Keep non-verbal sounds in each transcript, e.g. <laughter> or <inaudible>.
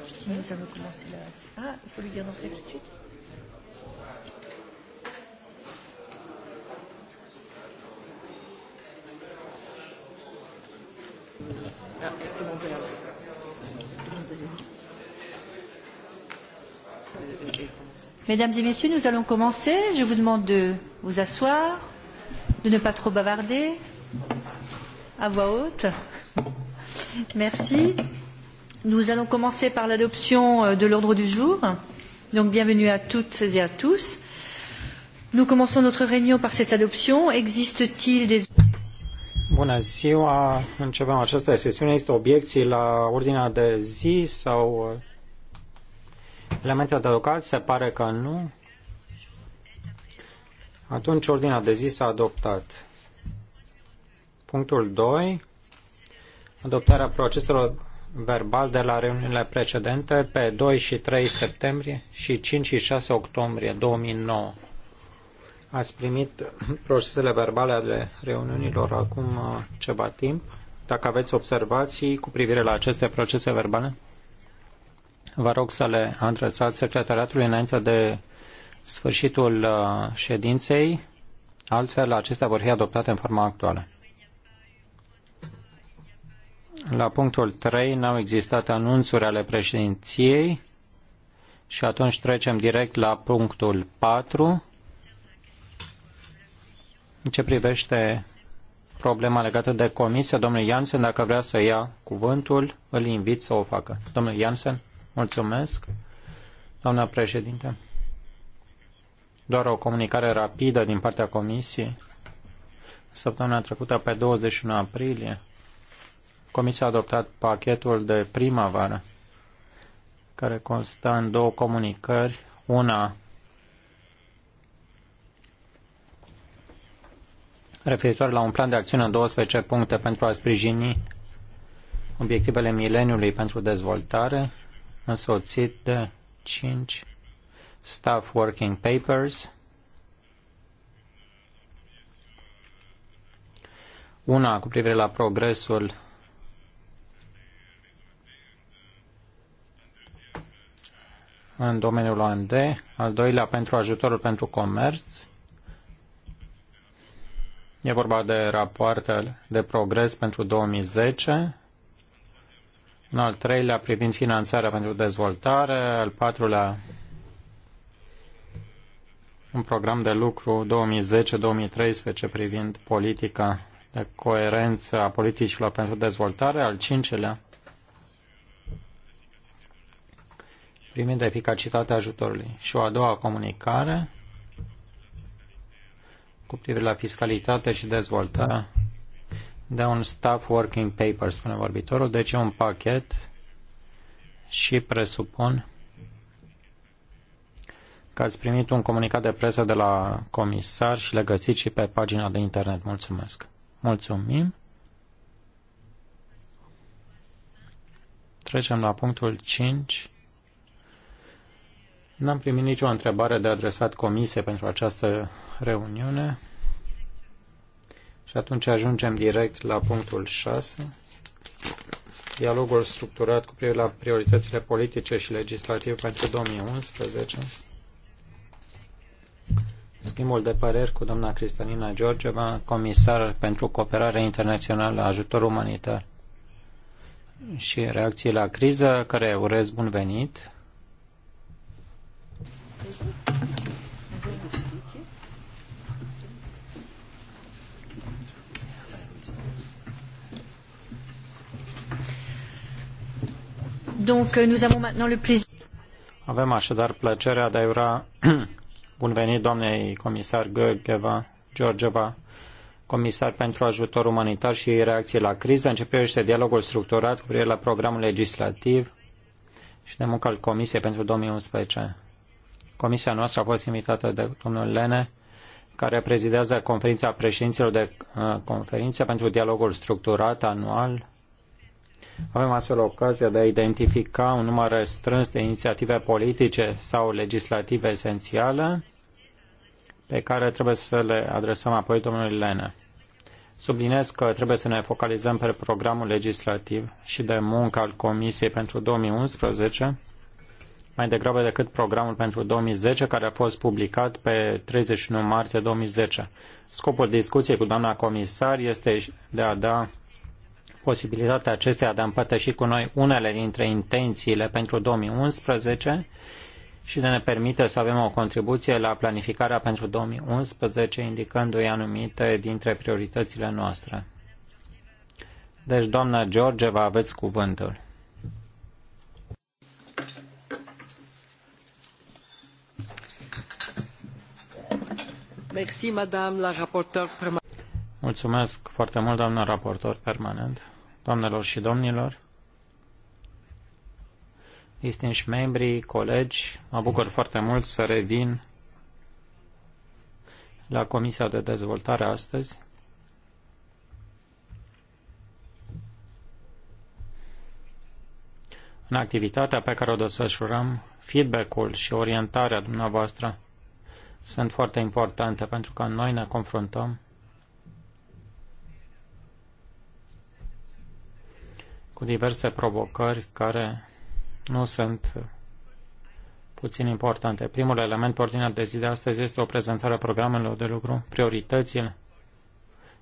Nous avons commencé la... Ah, il faut lui dire d'entrer tout de suite Mesdames et messieurs, nous allons commencer. Je vous demande de vous asseoir, de ne pas trop bavarder à voix haute. Merci. Nous allons commencer par l'adoption euh, de l'ordre du jour. Donc bienvenue à toutes et à tous. Nous commençons notre réunion par cette adoption. Existe-t-il des... Bună ziua, începem această sesiune. Există obiecții la ordinea de zi sau uh, elemente adăugate? Se pare că nu. Atunci ordinea de zi s-a adoptat. Punctul 2. Adoptarea proceselor verbal de la reuniunile precedente pe 2 și 3 septembrie și 5 și 6 octombrie 2009. Ați primit procesele verbale ale reuniunilor acum uh, ceva timp. Dacă aveți observații cu privire la aceste procese verbale, vă rog să le adresați secretariatului înainte de sfârșitul uh, ședinței, altfel acestea vor fi adoptate în forma actuală. La punctul 3 n-au existat anunțuri ale președinției și atunci trecem direct la punctul 4 în ce privește problema legată de comisie, domnul Jansen, dacă vrea să ia cuvântul, îl invit să o facă. Domnul Jansen, mulțumesc. Doamna președinte, doar o comunicare rapidă din partea comisiei. Săptămâna trecută, pe 21 aprilie, Comisia a adoptat pachetul de primăvară, care constă în două comunicări. Una referitor la un plan de acțiune în 12 puncte pentru a sprijini obiectivele mileniului pentru dezvoltare, însoțit de 5 staff working papers. Una cu privire la progresul în domeniul OMD, al doilea pentru ajutorul pentru comerț. E vorba de rapoarte de progres pentru 2010, în al treilea privind finanțarea pentru dezvoltare, al patrulea un program de lucru 2010-2013 privind politica de coerență a politicilor pentru dezvoltare, al cincelea privind eficacitatea ajutorului. Și o a doua comunicare cu privire la fiscalitate și dezvoltare de un staff working paper, spune vorbitorul, deci e un pachet și presupun că ați primit un comunicat de presă de la comisar și le găsiți și pe pagina de internet. Mulțumesc! Mulțumim! Trecem la punctul 5 N-am primit nicio întrebare de adresat comisie pentru această reuniune și atunci ajungem direct la punctul 6. Dialogul structurat cu privire la prioritățile politice și legislative pentru 2011. Schimbul de păreri cu doamna Cristalina Georgeva, comisar pentru cooperare internațională, ajutor umanitar și reacții la criză, care urez bun venit. Donc, euh, nous avons maintenant le plaisir. Avem așadar plăcerea de a ura <clears throat> bun venit doamnei comisar Gheorgheva, Georgeva, comisar pentru ajutor umanitar și reacții la criză. În ce dialogul structurat cu privire la programul legislativ și de muncă al Comisiei pentru 2011. Comisia noastră a fost invitată de domnul Lene, care prezidează conferința președinților de uh, conferință pentru dialogul structurat anual. Avem astfel ocazia de a identifica un număr restrâns de inițiative politice sau legislative esențiale pe care trebuie să le adresăm apoi domnului Lene. Subliniez că trebuie să ne focalizăm pe programul legislativ și de muncă al Comisiei pentru 2011 mai degrabă decât programul pentru 2010, care a fost publicat pe 31 martie 2010. Scopul discuției cu doamna comisar este de a da posibilitatea acesteia de a împărtăși cu noi unele dintre intențiile pentru 2011 și de ne permite să avem o contribuție la planificarea pentru 2011, indicându-i anumite dintre prioritățile noastre. Deci, doamna vă aveți cuvântul. Mulțumesc foarte mult, doamnă raportor permanent. Doamnelor și domnilor, distinși membri, colegi, mă bucur foarte mult să revin la Comisia de Dezvoltare astăzi. În activitatea pe care o desfășurăm, feedback-ul și orientarea dumneavoastră sunt foarte importante pentru că noi ne confruntăm cu diverse provocări care nu sunt puțin importante. Primul element pe ordinea de zi de astăzi este o prezentare a programelor de lucru, prioritățile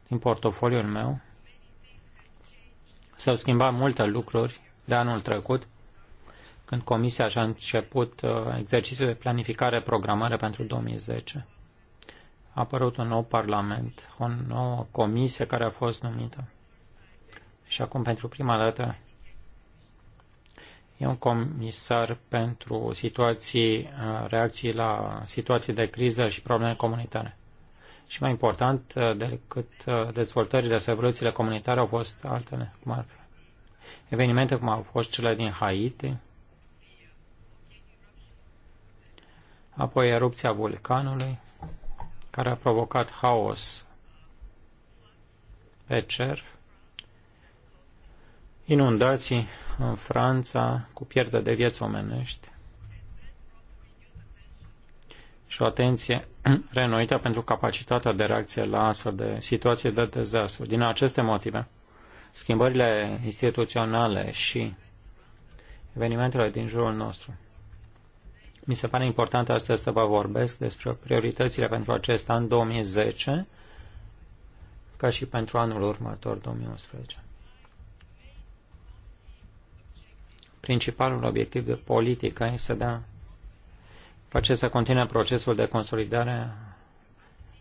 din portofoliul meu. S-au schimbat multe lucruri de anul trecut când Comisia și-a început uh, exercițiul de planificare programare pentru 2010. A apărut un nou Parlament, o nouă comisie care a fost numită. Și acum, pentru prima dată, e un comisar pentru situații, uh, reacții la situații de criză și probleme comunitare. Și mai important uh, decât dezvoltările sau evoluțiile comunitare au fost altele, cum ar fi evenimente cum au fost cele din Haiti, apoi erupția vulcanului, care a provocat haos pe cer, inundații în Franța cu pierdă de vieți omenești și o atenție <clears throat> renoită pentru capacitatea de reacție la astfel de situații de dezastru. Din aceste motive, schimbările instituționale și evenimentele din jurul nostru mi se pare important astăzi să vă vorbesc despre prioritățile pentru acest an 2010, ca și pentru anul următor, 2011. Principalul obiectiv de politică este să da, face să continue procesul de consolidare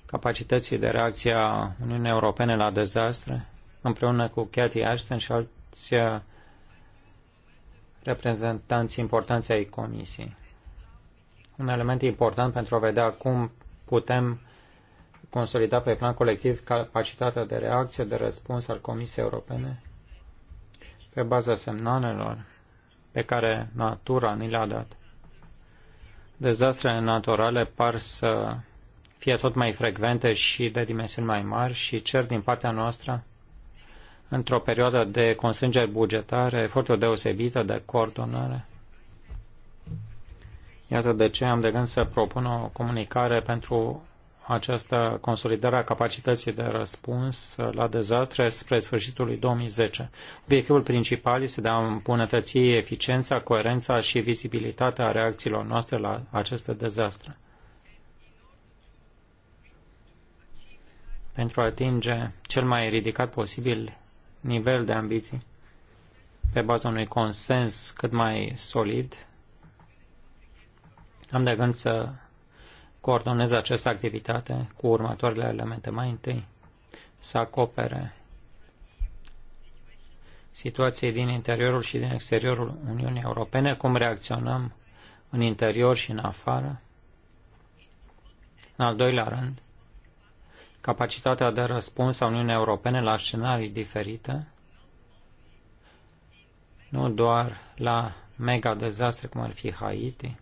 capacității de reacție a Uniunii Europene la dezastre, împreună cu Cathy Ashton și alții reprezentanți importanței Comisiei un element important pentru a vedea cum putem consolida pe plan colectiv capacitatea de reacție, de răspuns al Comisiei Europene pe baza semnalelor pe care natura ni le-a dat. Dezastrele naturale par să fie tot mai frecvente și de dimensiuni mai mari și cer din partea noastră, într-o perioadă de constrângeri bugetare, efortul deosebită de coordonare Iată de ce am de gând să propun o comunicare pentru această consolidare a capacității de răspuns la dezastre spre sfârșitul lui 2010. Obiectivul principal este de a îmbunătăți eficiența, coerența și vizibilitatea reacțiilor noastre la aceste dezastre. Pentru a atinge cel mai ridicat posibil nivel de ambiții, pe baza unui consens cât mai solid am de gând să coordonez această activitate cu următoarele elemente. Mai întâi, să acopere situației din interiorul și din exteriorul Uniunii Europene, cum reacționăm în interior și în afară. În al doilea rând, capacitatea de răspuns a Uniunii Europene la scenarii diferite, nu doar la mega dezastre cum ar fi Haiti,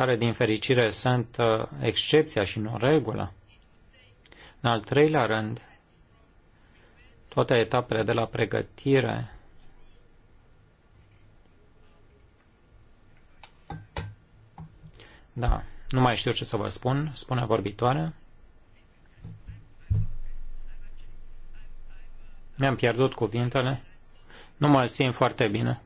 care din fericire sunt uh, excepția și nu regula. În al treilea rând, toate etapele de la pregătire Da, nu mai știu ce să vă spun, spune vorbitoarea. Mi-am pierdut cuvintele. Nu mă simt foarte bine.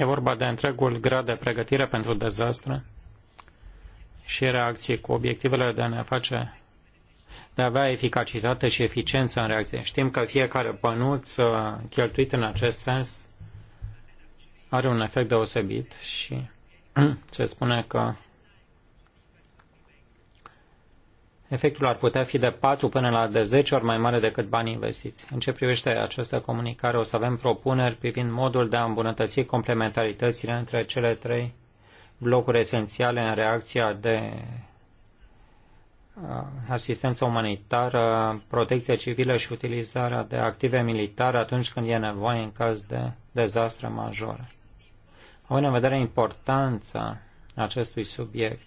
E vorba de întregul grad de pregătire pentru dezastre și reacție cu obiectivele de a ne face de a avea eficacitate și eficiență în reacție. Știm că fiecare bănuț uh, cheltuit în acest sens are un efect deosebit și <clears throat> se spune că efectul ar putea fi de 4 până la de 10 ori mai mare decât banii investiți. În ce privește această comunicare, o să avem propuneri privind modul de a îmbunătăți complementaritățile între cele trei blocuri esențiale în reacția de asistență umanitară, protecție civilă și utilizarea de active militare atunci când e nevoie în caz de dezastre majore. Având în vedere importanța acestui subiect,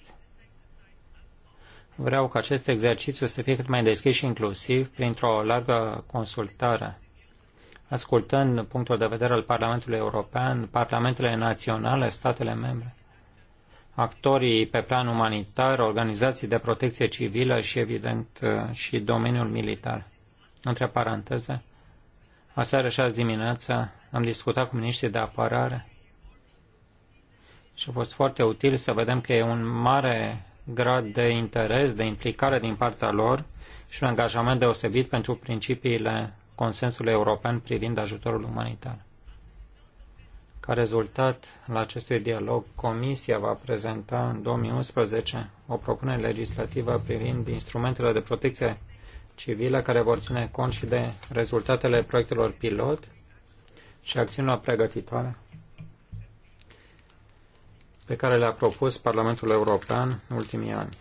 Vreau ca acest exercițiu să fie cât mai deschis și inclusiv printr-o largă consultare, ascultând punctul de vedere al Parlamentului European, Parlamentele Naționale, statele membre, actorii pe plan umanitar, organizații de protecție civilă și, evident, și domeniul militar. Între paranteze, aseară și azi dimineața am discutat cu miniștrii de apărare și a fost foarte util să vedem că e un mare grad de interes, de implicare din partea lor și un angajament deosebit pentru principiile consensului european privind ajutorul umanitar. Ca rezultat la acestui dialog, Comisia va prezenta în 2011 o propunere legislativă privind instrumentele de protecție civilă care vor ține cont și de rezultatele proiectelor pilot și acțiunilor pregătitoare pe care le-a propus Parlamentul European în ultimii ani.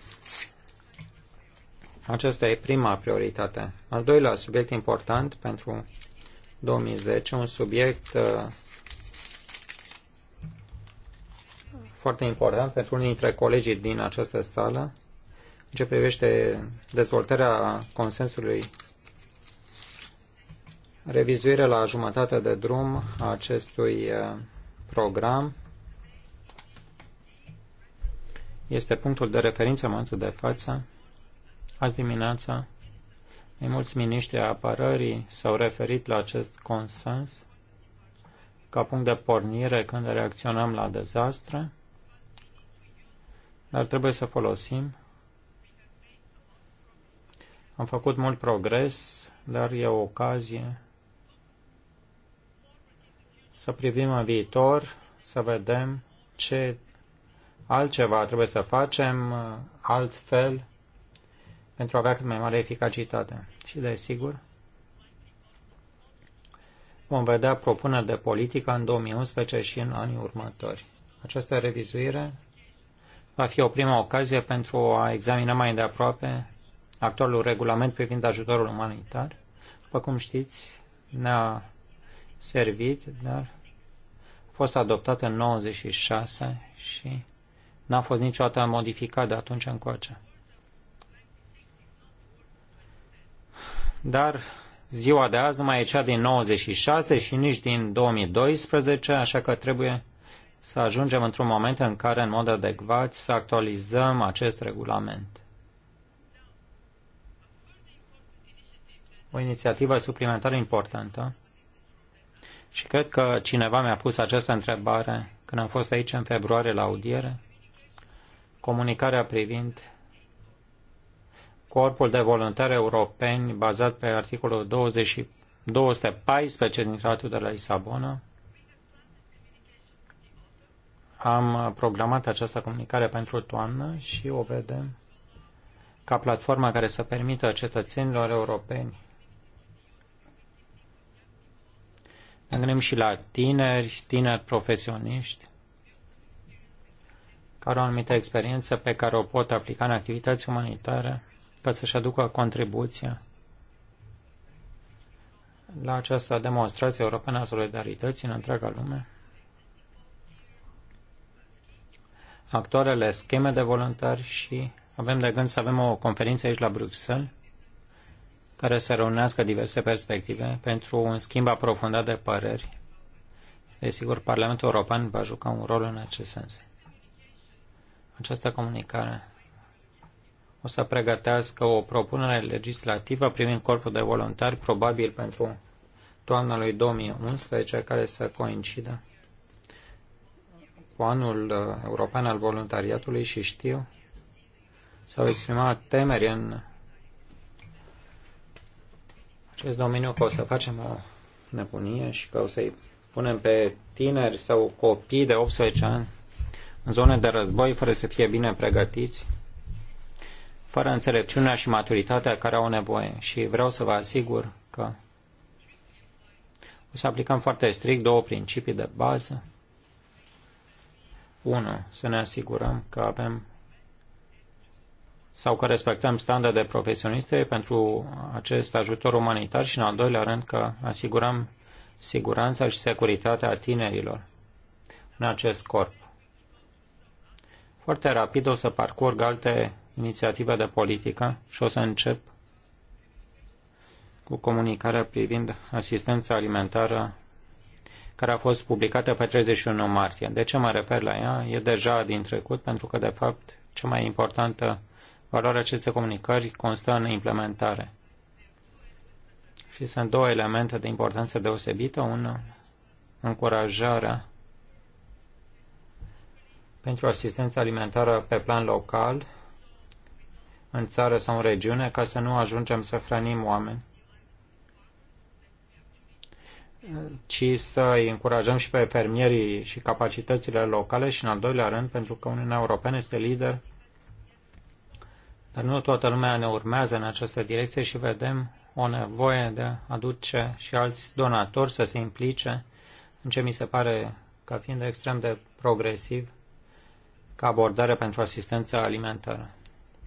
Aceasta e prima prioritate. Al doilea subiect important pentru 2010, un subiect uh, foarte important pentru unii dintre colegii din această sală, în ce privește dezvoltarea consensului, revizuirea la jumătate de drum a acestui uh, program este punctul de referință în momentul de față. Azi dimineața, mai mulți miniștri ai apărării s-au referit la acest consens ca punct de pornire când reacționăm la dezastre, dar trebuie să folosim. Am făcut mult progres, dar e o ocazie să privim în viitor, să vedem ce altceva trebuie să facem altfel pentru a avea cât mai mare eficacitate. Și desigur, vom vedea propuneri de politică în 2011 și în anii următori. Această revizuire va fi o primă ocazie pentru a examina mai îndeaproape actualul regulament privind ajutorul umanitar. După cum știți, ne-a servit, dar a fost adoptat în 96 și n-a fost niciodată modificat de atunci încoace. Dar ziua de azi nu mai e cea din 96 și nici din 2012, așa că trebuie să ajungem într-un moment în care, în mod adecvat, să actualizăm acest regulament. O inițiativă suplimentară importantă și cred că cineva mi-a pus această întrebare când am fost aici în februarie la audiere comunicarea privind corpul de voluntari europeni bazat pe articolul 20, 214 din Tratatul de la Lisabona. Am programat această comunicare pentru toamnă și o vedem ca platforma care să permită cetățenilor europeni ne gândim și la tineri, tineri profesioniști, care au anumită experiență pe care o pot aplica în activități umanitare ca să-și aducă contribuția la această demonstrație europeană a solidarității în întreaga lume. Actualele scheme de voluntari și avem de gând să avem o conferință aici la Bruxelles care să reunească diverse perspective pentru un schimb aprofundat de păreri. Desigur, Parlamentul European va juca un rol în acest sens. Această comunicare o să pregătească o propunere legislativă privind corpul de voluntari, probabil pentru toamna lui 2011, care să coincidă cu anul uh, european al voluntariatului și știu s-au exprimat temeri în acest domeniu că o să facem o nebunie și că o să-i punem pe tineri sau copii de 18 ani în zone de război fără să fie bine pregătiți, fără înțelepciunea și maturitatea care au nevoie. Și vreau să vă asigur că o să aplicăm foarte strict două principii de bază. Unu, Să ne asigurăm că avem sau că respectăm standarde profesioniste pentru acest ajutor umanitar și, în al doilea rând, că asigurăm siguranța și securitatea tinerilor în acest corp. Foarte rapid o să parcurg alte inițiative de politică și o să încep cu comunicarea privind asistența alimentară care a fost publicată pe 31 martie. De ce mă refer la ea? E deja din trecut, pentru că, de fapt, cea mai importantă valoare a acestei comunicări constă în implementare. Și sunt două elemente de importanță deosebită. Una, încurajarea pentru asistență alimentară pe plan local, în țară sau în regiune, ca să nu ajungem să hrănim oameni, ci să îi încurajăm și pe fermierii și capacitățile locale și, în al doilea rând, pentru că Uniunea Europeană este lider, dar nu toată lumea ne urmează în această direcție și vedem o nevoie de a aduce și alți donatori să se implice în ce mi se pare ca fiind extrem de progresiv ca abordare pentru asistența alimentară.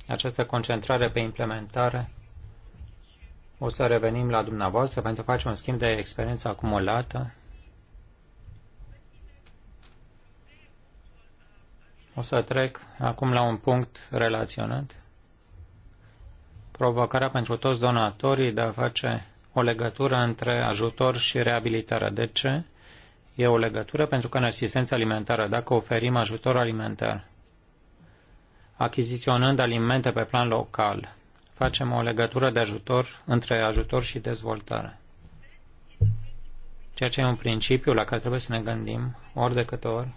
Această concentrare pe implementare o să revenim la dumneavoastră pentru a face un schimb de experiență acumulată. O să trec acum la un punct relaționat. Provocarea pentru toți donatorii de a face o legătură între ajutor și reabilitare. De ce? E o legătură pentru că în asistență alimentară, dacă oferim ajutor alimentar, achiziționând alimente pe plan local, facem o legătură de ajutor între ajutor și dezvoltare. Ceea ce e un principiu la care trebuie să ne gândim ori de câte ori.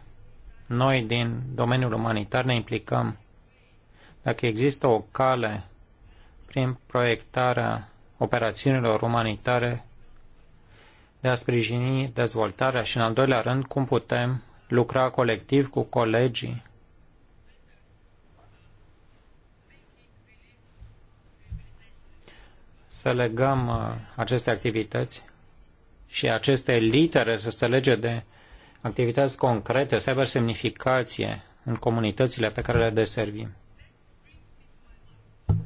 Noi din domeniul umanitar ne implicăm dacă există o cale prin proiectarea operațiunilor umanitare de a sprijini dezvoltarea și, în al doilea rând, cum putem lucra colectiv cu colegii să legăm uh, aceste activități și aceste litere să se lege de activități concrete, să aibă semnificație în comunitățile pe care le deservim.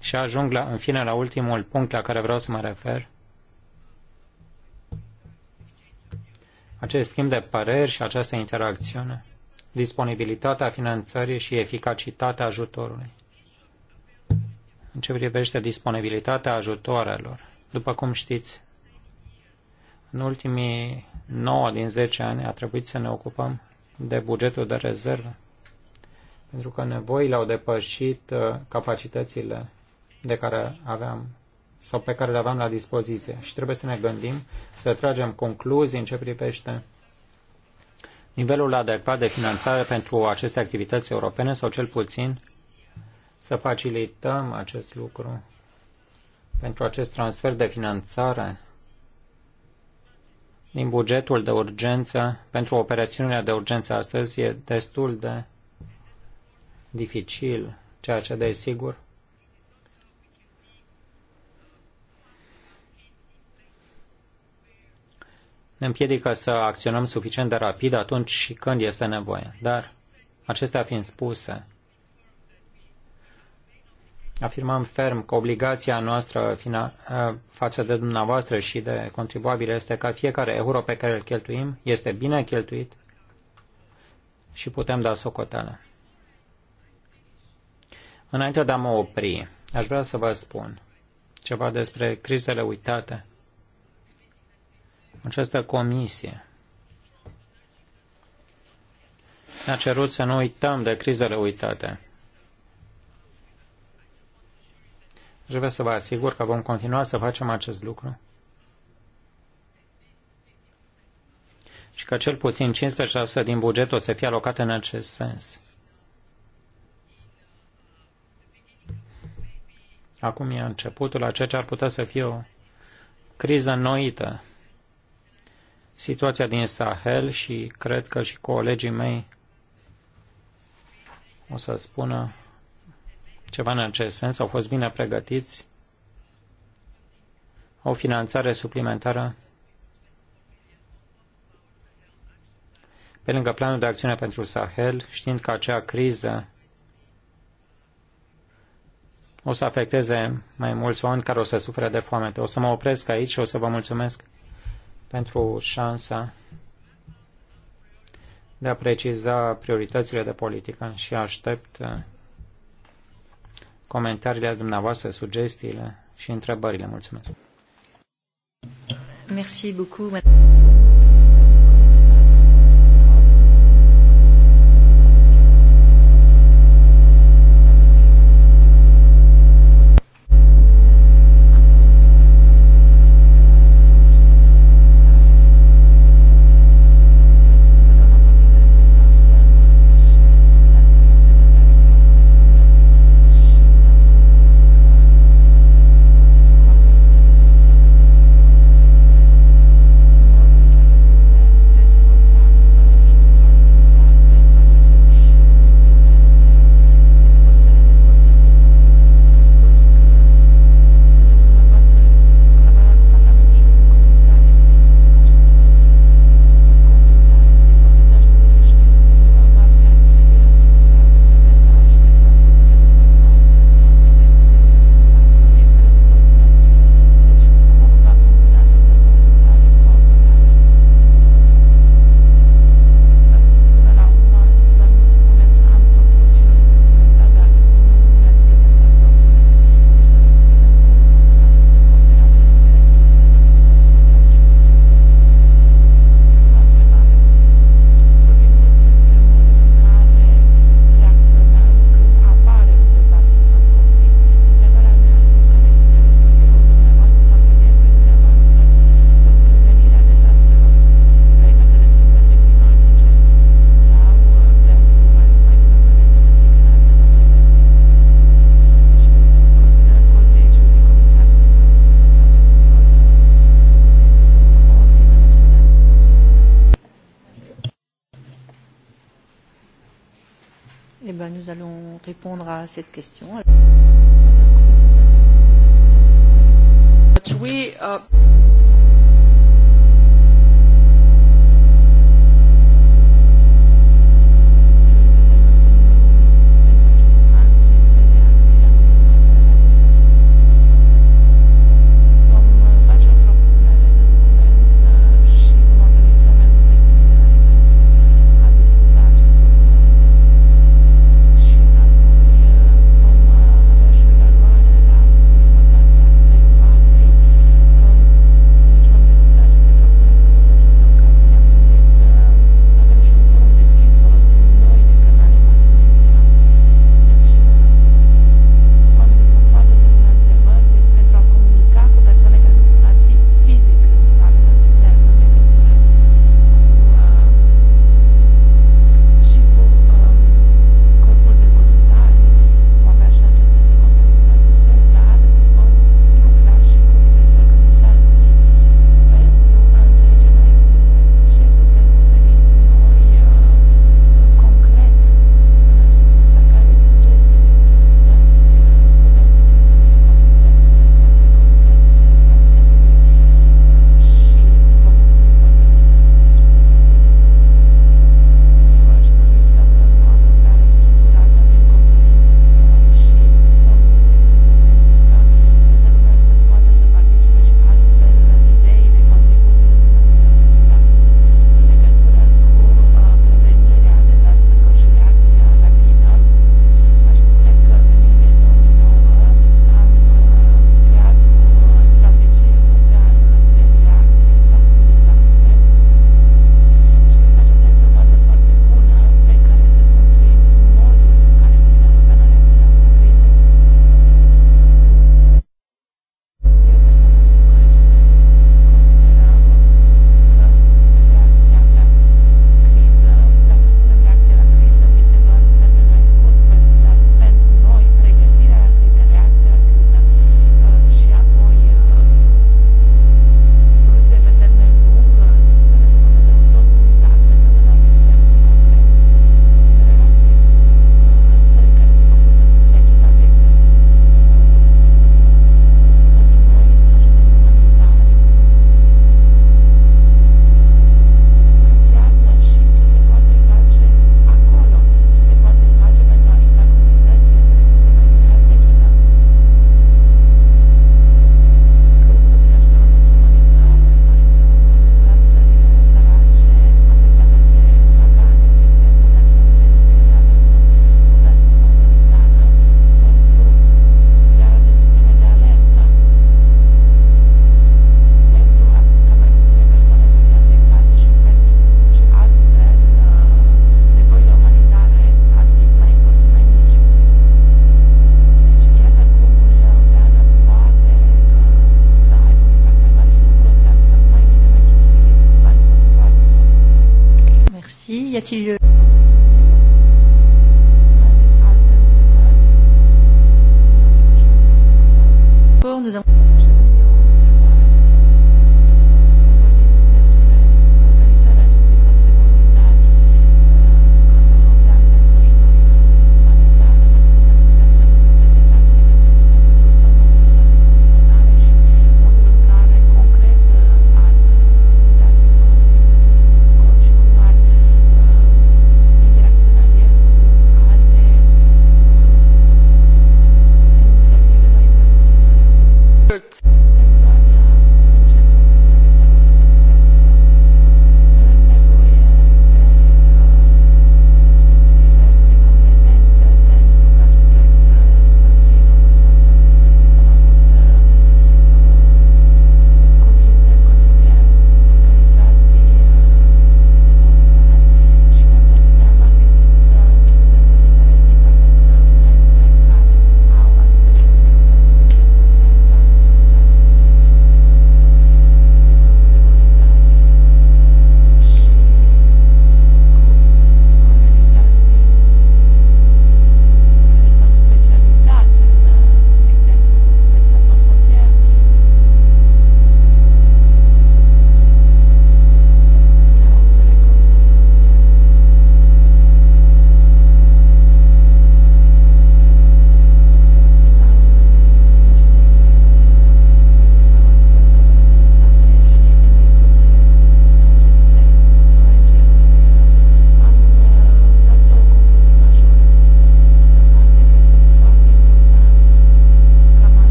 Și ajung la, în fine la ultimul punct la care vreau să mă refer – Acest schimb de păreri și această interacțiune, disponibilitatea finanțării și eficacitatea ajutorului. În ce privește disponibilitatea ajutoarelor, după cum știți, în ultimii 9 din 10 ani a trebuit să ne ocupăm de bugetul de rezervă, pentru că nevoile au depășit uh, capacitățile de care aveam sau pe care le aveam la dispoziție și trebuie să ne gândim, să tragem concluzii în ce privește nivelul adecvat de finanțare pentru aceste activități europene sau cel puțin să facilităm acest lucru pentru acest transfer de finanțare din bugetul de urgență pentru operațiunile de urgență astăzi e destul de dificil, ceea ce desigur ne împiedică să acționăm suficient de rapid atunci și când este nevoie. Dar, acestea fiind spuse, afirmăm ferm că obligația noastră față de dumneavoastră și de contribuabile este ca fiecare euro pe care îl cheltuim este bine cheltuit și putem da socoteală. Înainte de a mă opri, aș vrea să vă spun ceva despre crizele uitate această comisie ne-a cerut să nu uităm de crizele uitate. Și vreau să vă asigur că vom continua să facem acest lucru. Și că cel puțin 15% din buget o să fie alocat în acest sens. Acum e începutul a ceea ce ar putea să fie o criză noită situația din Sahel și cred că și colegii mei o să spună ceva în acest sens, au fost bine pregătiți, o finanțare suplimentară pe lângă planul de acțiune pentru Sahel, știind că acea criză o să afecteze mai mulți oameni care o să sufere de foamete. O să mă opresc aici și o să vă mulțumesc pentru șansa de a preciza prioritățile de politică și aștept uh, comentariile dumneavoastră, sugestiile și întrebările. Mulțumesc! Merci beaucoup. Eh bien, nous allons répondre à cette question. But uh...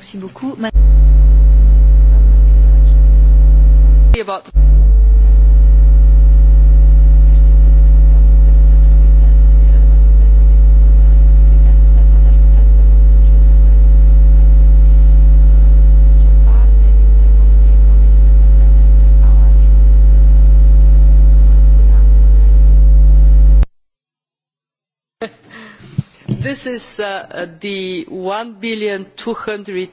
Merci beaucoup. this is uh, the one billion 200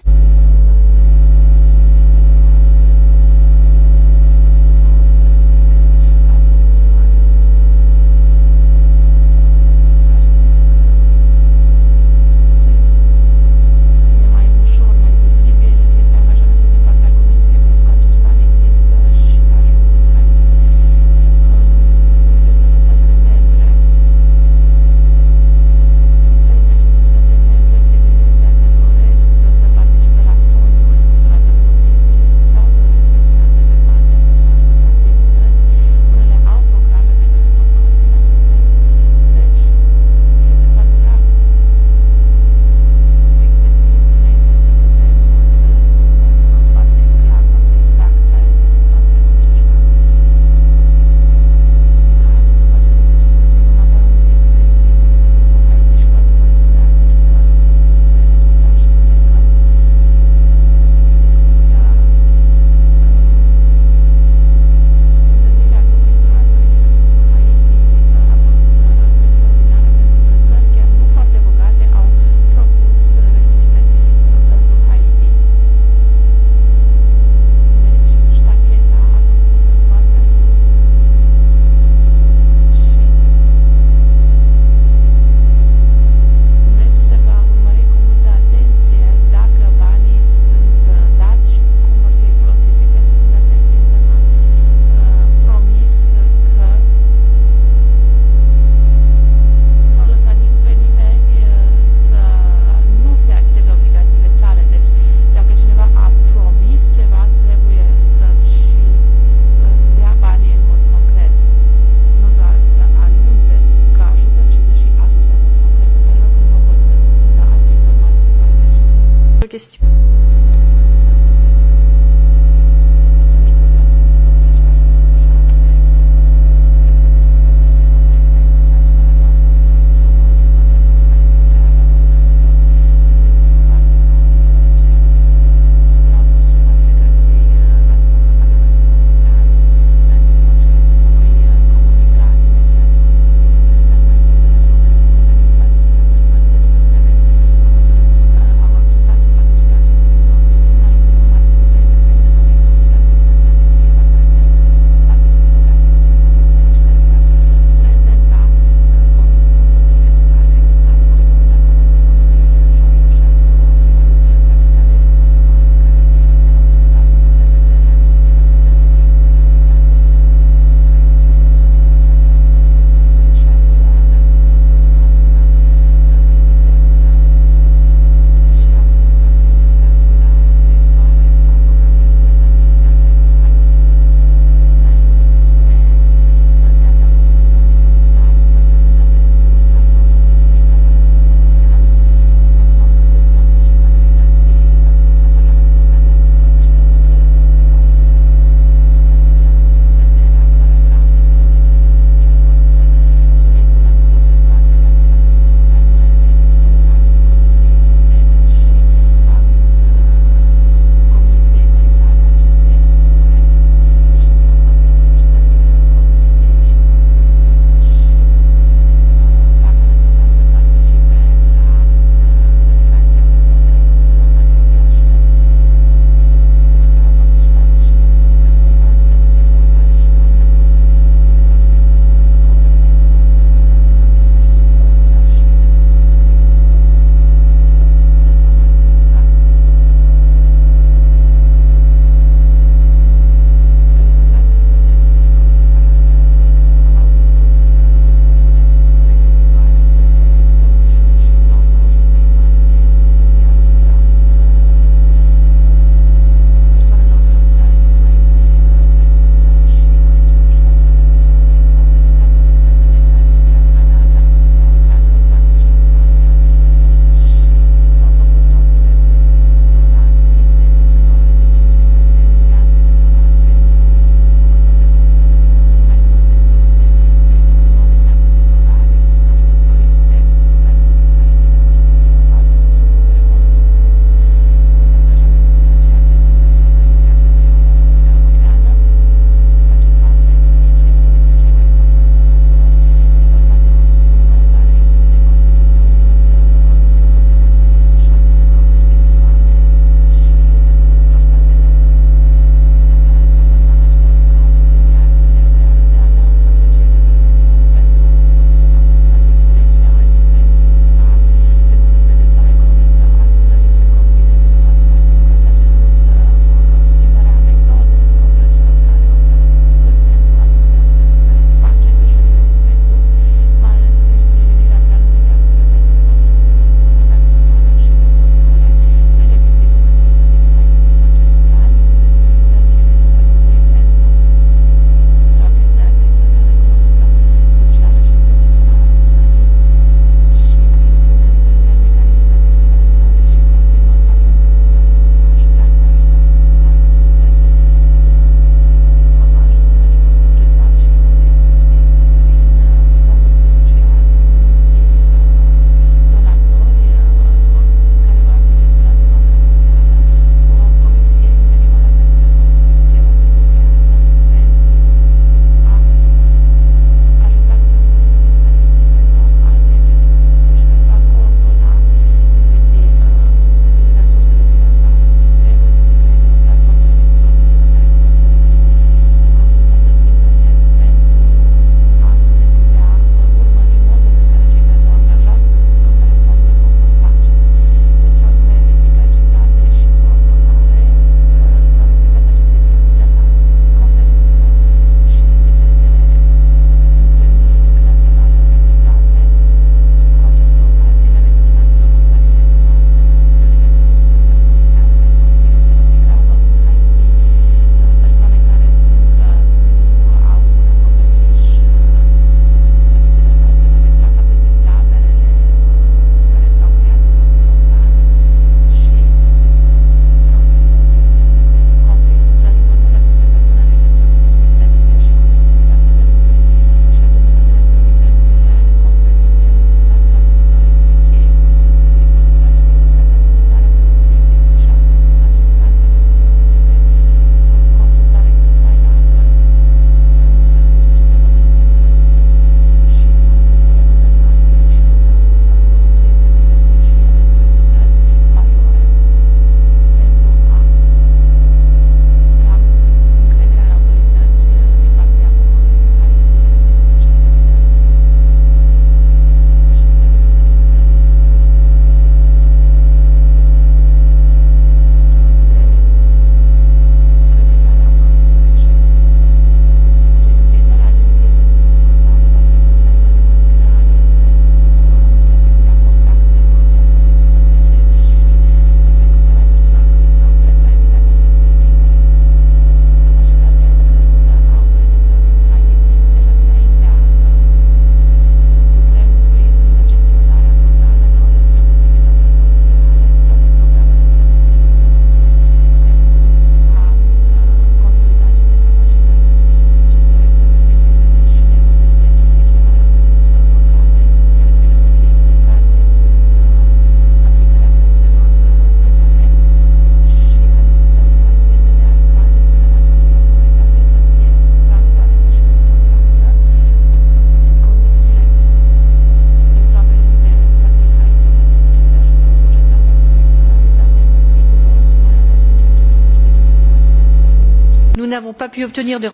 pu obtenir de...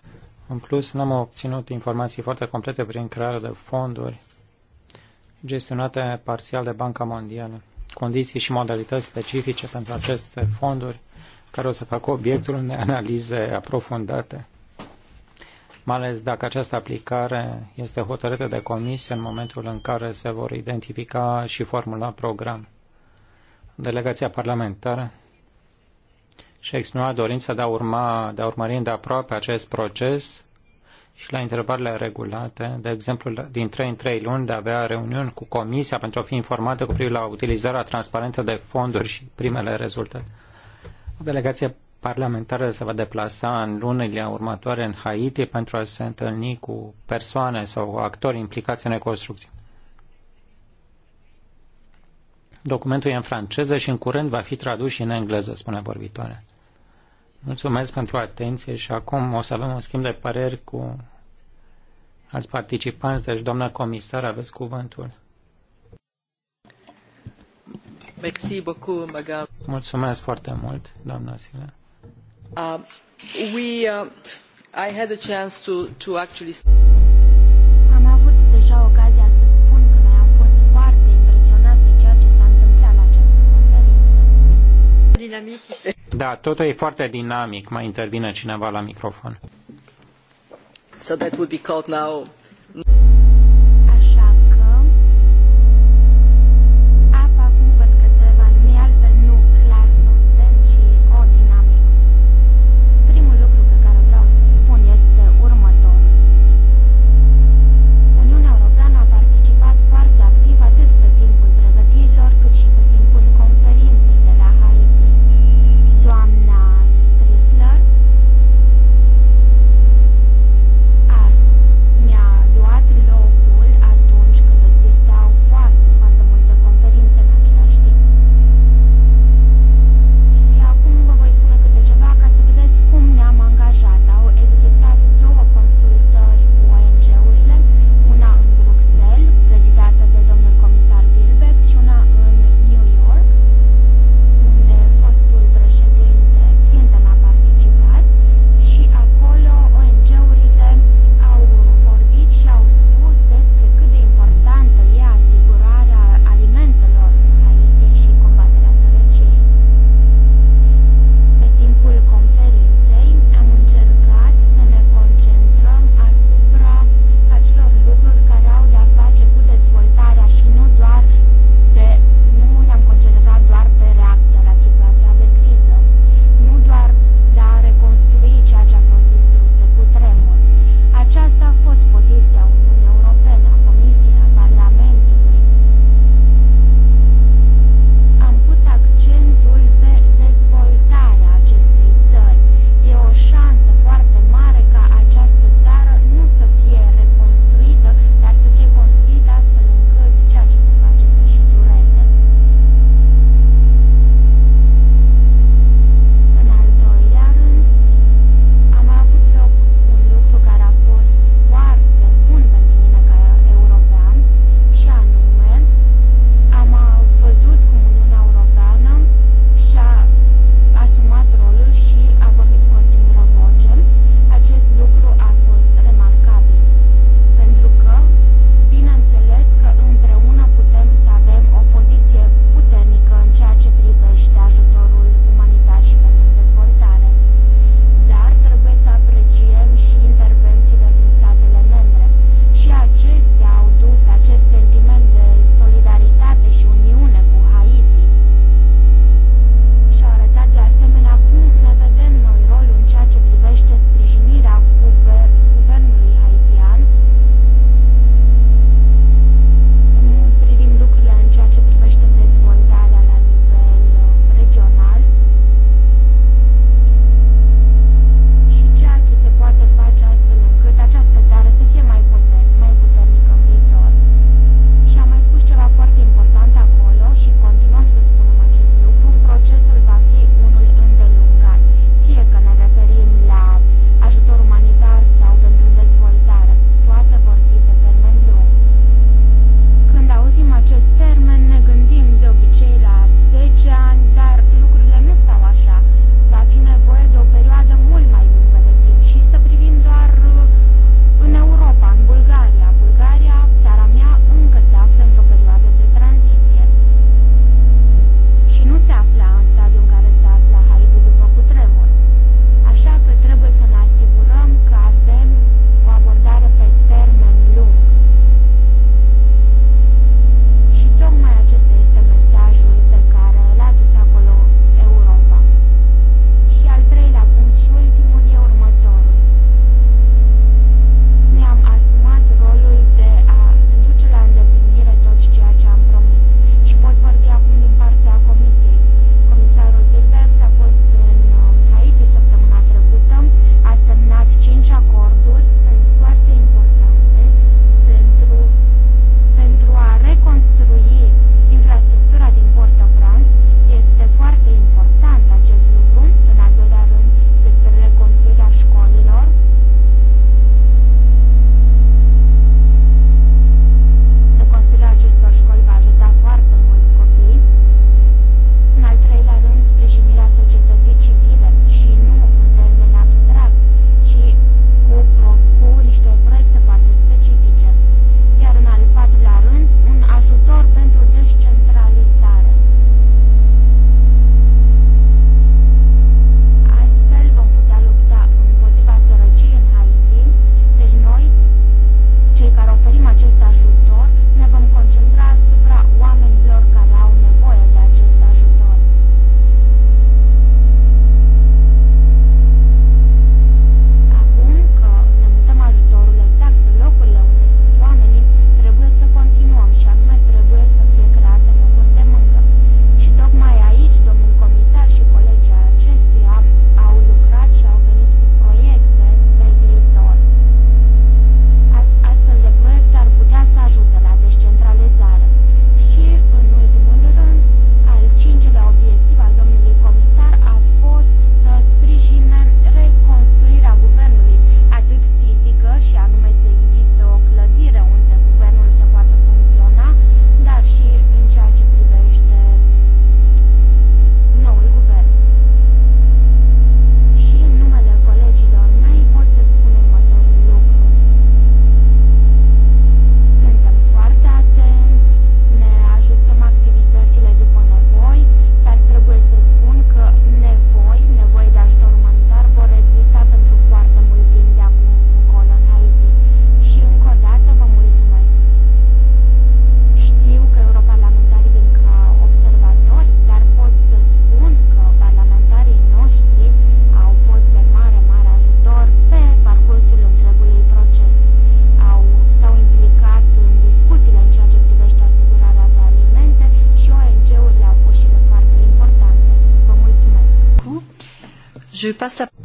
În plus, n-am obținut informații foarte complete prin crearea de fonduri gestionate parțial de Banca Mondială, condiții și modalități specifice pentru aceste fonduri care o să facă obiectul unei analize aprofundate, mai ales dacă această aplicare este hotărâtă de comisie în momentul în care se vor identifica și formula program. Delegația parlamentară și a exprimat dorința de a, urma, de a urmări îndeaproape acest proces și la întrebările regulate, de exemplu, din 3 în 3 luni de a avea reuniuni cu Comisia pentru a fi informată cu privire la utilizarea transparentă de fonduri și primele rezultate. O delegație parlamentară se va deplasa în lunile următoare în Haiti pentru a se întâlni cu persoane sau actori implicați în reconstrucție. Documentul e în franceză și în curând va fi tradus și în engleză, spune vorbitoarea. Mulțumesc pentru atenție și acum o să avem un schimb de păreri cu alți participanți. Deci, doamna comisar, aveți cuvântul. Mulțumesc foarte mult, doamna Sile. Uh, we, uh, I had a chance to, to actually... dinamic. Da, totul e foarte dinamic. Mai intervine cineva la microfon. So that would be called now.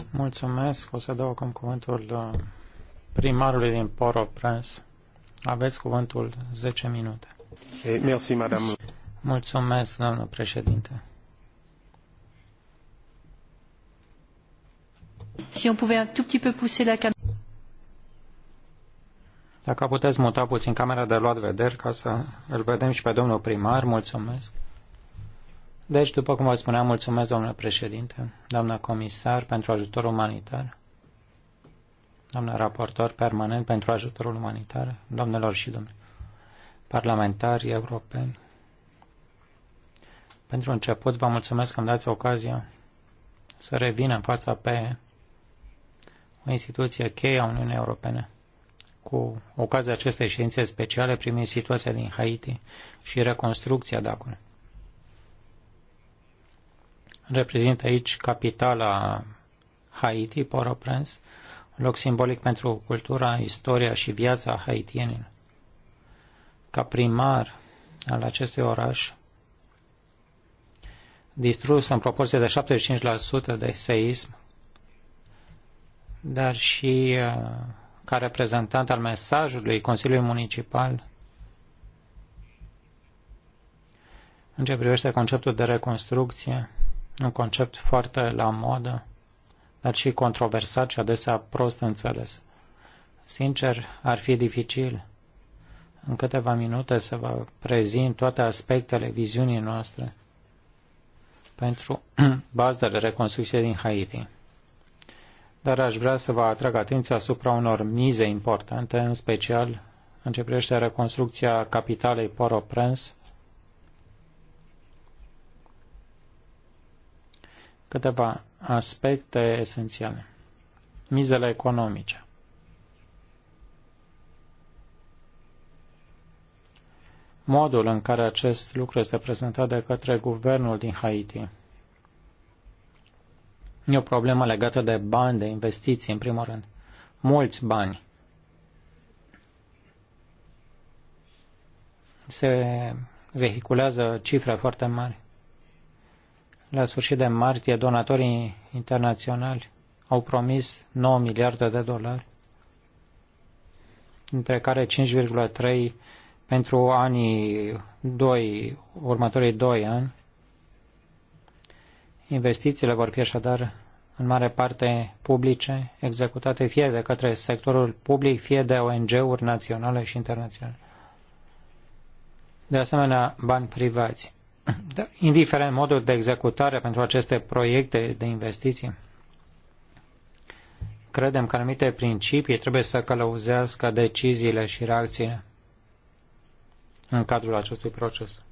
Mulțumesc. O să dau acum cuvântul uh, primarului din Port-au-Prince. Aveți cuvântul 10 minute. Eh, merci, madame. Mulțumesc, doamnă președinte. Si on pouvait un tout petit peu pousser la caméra. Dacă puteți muta puțin camera de luat vederi ca să îl vedem și pe domnul primar, mulțumesc. Deci, după cum vă spuneam, mulțumesc, domnule președinte, doamna comisar, pentru ajutor umanitar, doamna raportor permanent pentru ajutorul umanitar, domnilor și domnilor, parlamentari europeni. Pentru început, vă mulțumesc că îmi dați ocazia să revin în fața pe o instituție cheie a Uniunii Europene. Cu ocazia acestei ședințe speciale primind situația din Haiti și reconstrucția de acolo reprezintă aici capitala Haiti, Port-au-Prince, un loc simbolic pentru cultura, istoria și viața haitienilor. Ca primar al acestui oraș, distrus în proporție de 75% de seism, dar și uh, ca reprezentant al mesajului Consiliului Municipal în ce privește conceptul de reconstrucție un concept foarte la modă, dar și controversat și adesea prost înțeles. Sincer, ar fi dificil în câteva minute să vă prezint toate aspectele viziunii noastre pentru <clears throat> bazele reconstrucției din Haiti. Dar aș vrea să vă atrag atenția asupra unor mize importante, în special în ce privește reconstrucția capitalei Port-au-Prince câteva aspecte esențiale. Mizele economice. Modul în care acest lucru este prezentat de către guvernul din Haiti. E o problemă legată de bani, de investiții, în primul rând. Mulți bani. Se vehiculează cifre foarte mari. La sfârșit de martie, donatorii internaționali au promis 9 miliarde de dolari, dintre care 5,3 pentru anii 2, următorii 2 ani. Investițiile vor fi așadar în mare parte publice, executate fie de către sectorul public, fie de ONG-uri naționale și internaționale. De asemenea, bani privați. Da, indiferent modul de executare pentru aceste proiecte de investiții, credem că anumite principii trebuie să călăuzească deciziile și reacțiile în cadrul acestui proces.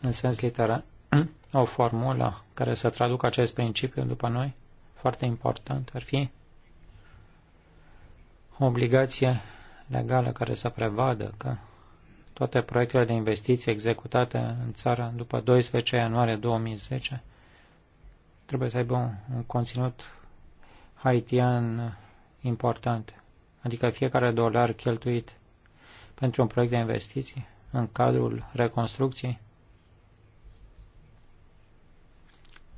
În sens literal, o formulă care să traducă acest principiu după noi, foarte important, ar fi o obligație legală care să prevadă că toate proiectele de investiții executate în țară după 12 ianuarie 2010 trebuie să aibă un, un conținut haitian important. Adică fiecare dolar cheltuit pentru un proiect de investiții în cadrul reconstrucției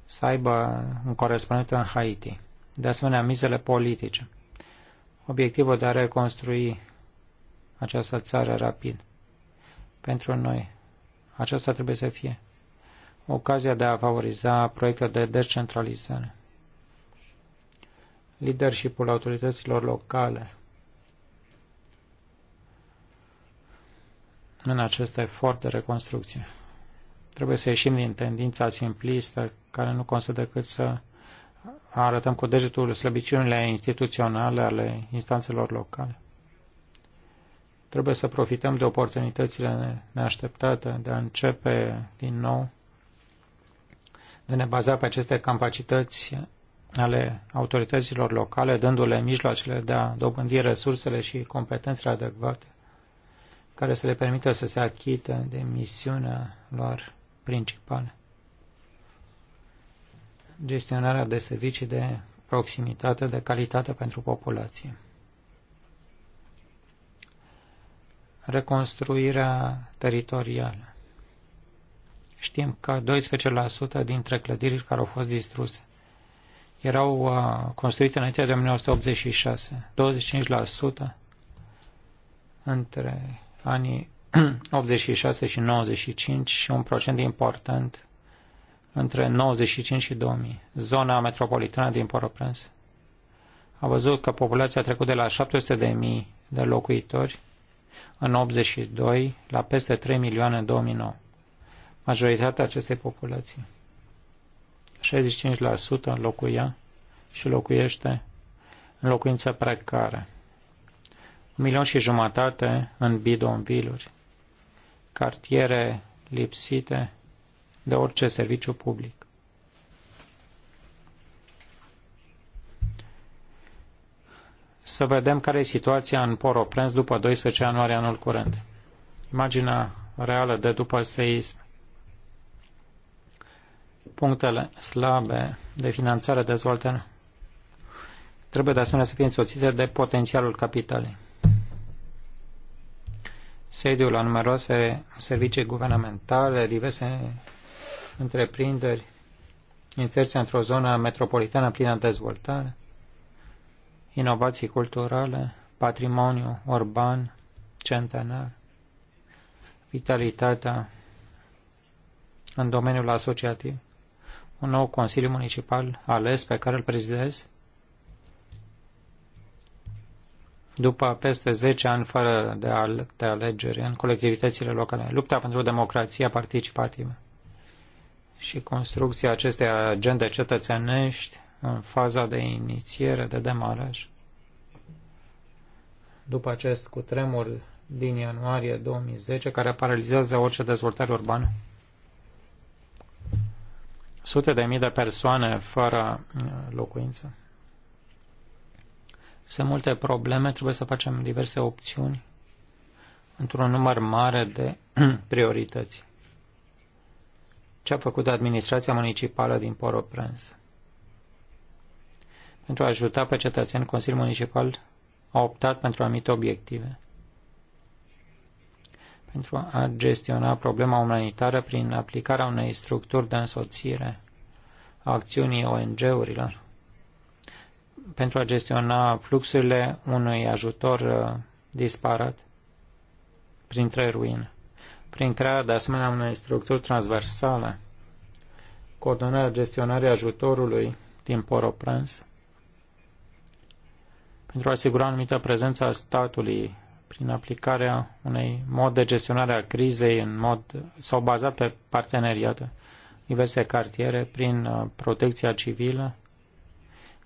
să aibă un corespondent în Haiti. De asemenea, mizele politice. Obiectivul de a reconstrui această țară rapid pentru noi. Aceasta trebuie să fie ocazia de a favoriza proiecte de descentralizare. Leadershipul autorităților locale. În acest efort de reconstrucție. Trebuie să ieșim din tendința simplistă care nu constă decât să arătăm cu degetul slăbiciunile instituționale ale instanțelor locale. Trebuie să profităm de oportunitățile neașteptate de a începe din nou, de ne baza pe aceste capacități ale autorităților locale, dându-le mijloacele de a dobândi resursele și competențele adecvate care să le permită să se achită de misiunea lor principală. Gestionarea de servicii de proximitate, de calitate pentru populație. reconstruirea teritorială. Știm că 12% dintre clădirile care au fost distruse erau uh, construite înainte de 1986, 25% între anii 86 <clears throat> și 95 și un procent important între 95 și 2000. Zona metropolitană din Port-au-Prince a văzut că populația a trecut de la 700.000 de locuitori în 82 la peste 3 milioane în 2009. Majoritatea acestei populații, 65% locuia și locuiește în locuință precare. Un milion și jumătate în bidonviluri, cartiere lipsite de orice serviciu public. să vedem care e situația în Poroprens după 12 ianuarie anul curent. Imaginea reală de după seism. Punctele slabe de finanțare dezvoltare trebuie de asemenea să fie însoțite de potențialul capitalei. Sediul la numeroase servicii guvernamentale, diverse întreprinderi, inserția într-o zonă metropolitană plină de dezvoltare, inovații culturale, patrimoniu urban, centenar, vitalitatea în domeniul asociativ, un nou Consiliu Municipal ales pe care îl prezidez, după peste 10 ani fără de, al, de alegeri în colectivitățile locale, lupta pentru democrația participativă și construcția acestei agende cetățenești în faza de inițiere, de demaraj. După acest cutremur din ianuarie 2010, care paralizează orice dezvoltare urbană, sute de mii de persoane fără uh, locuință. Sunt multe probleme, trebuie să facem diverse opțiuni într-un număr mare de <clears throat> priorități. Ce a făcut administrația municipală din Poroprens? pentru a ajuta pe cetățeni, Consiliul Municipal a optat pentru anumite obiective. Pentru a gestiona problema umanitară prin aplicarea unei structuri de însoțire a acțiunii ONG-urilor, pentru a gestiona fluxurile unui ajutor uh, disparat printre ruine, prin crearea de asemenea unei structuri transversale, coordonarea gestionării ajutorului din port pentru a asigura anumită prezență a statului prin aplicarea unei mod de gestionare a crizei în mod sau bazat pe parteneriate, diverse cartiere, prin uh, protecția civilă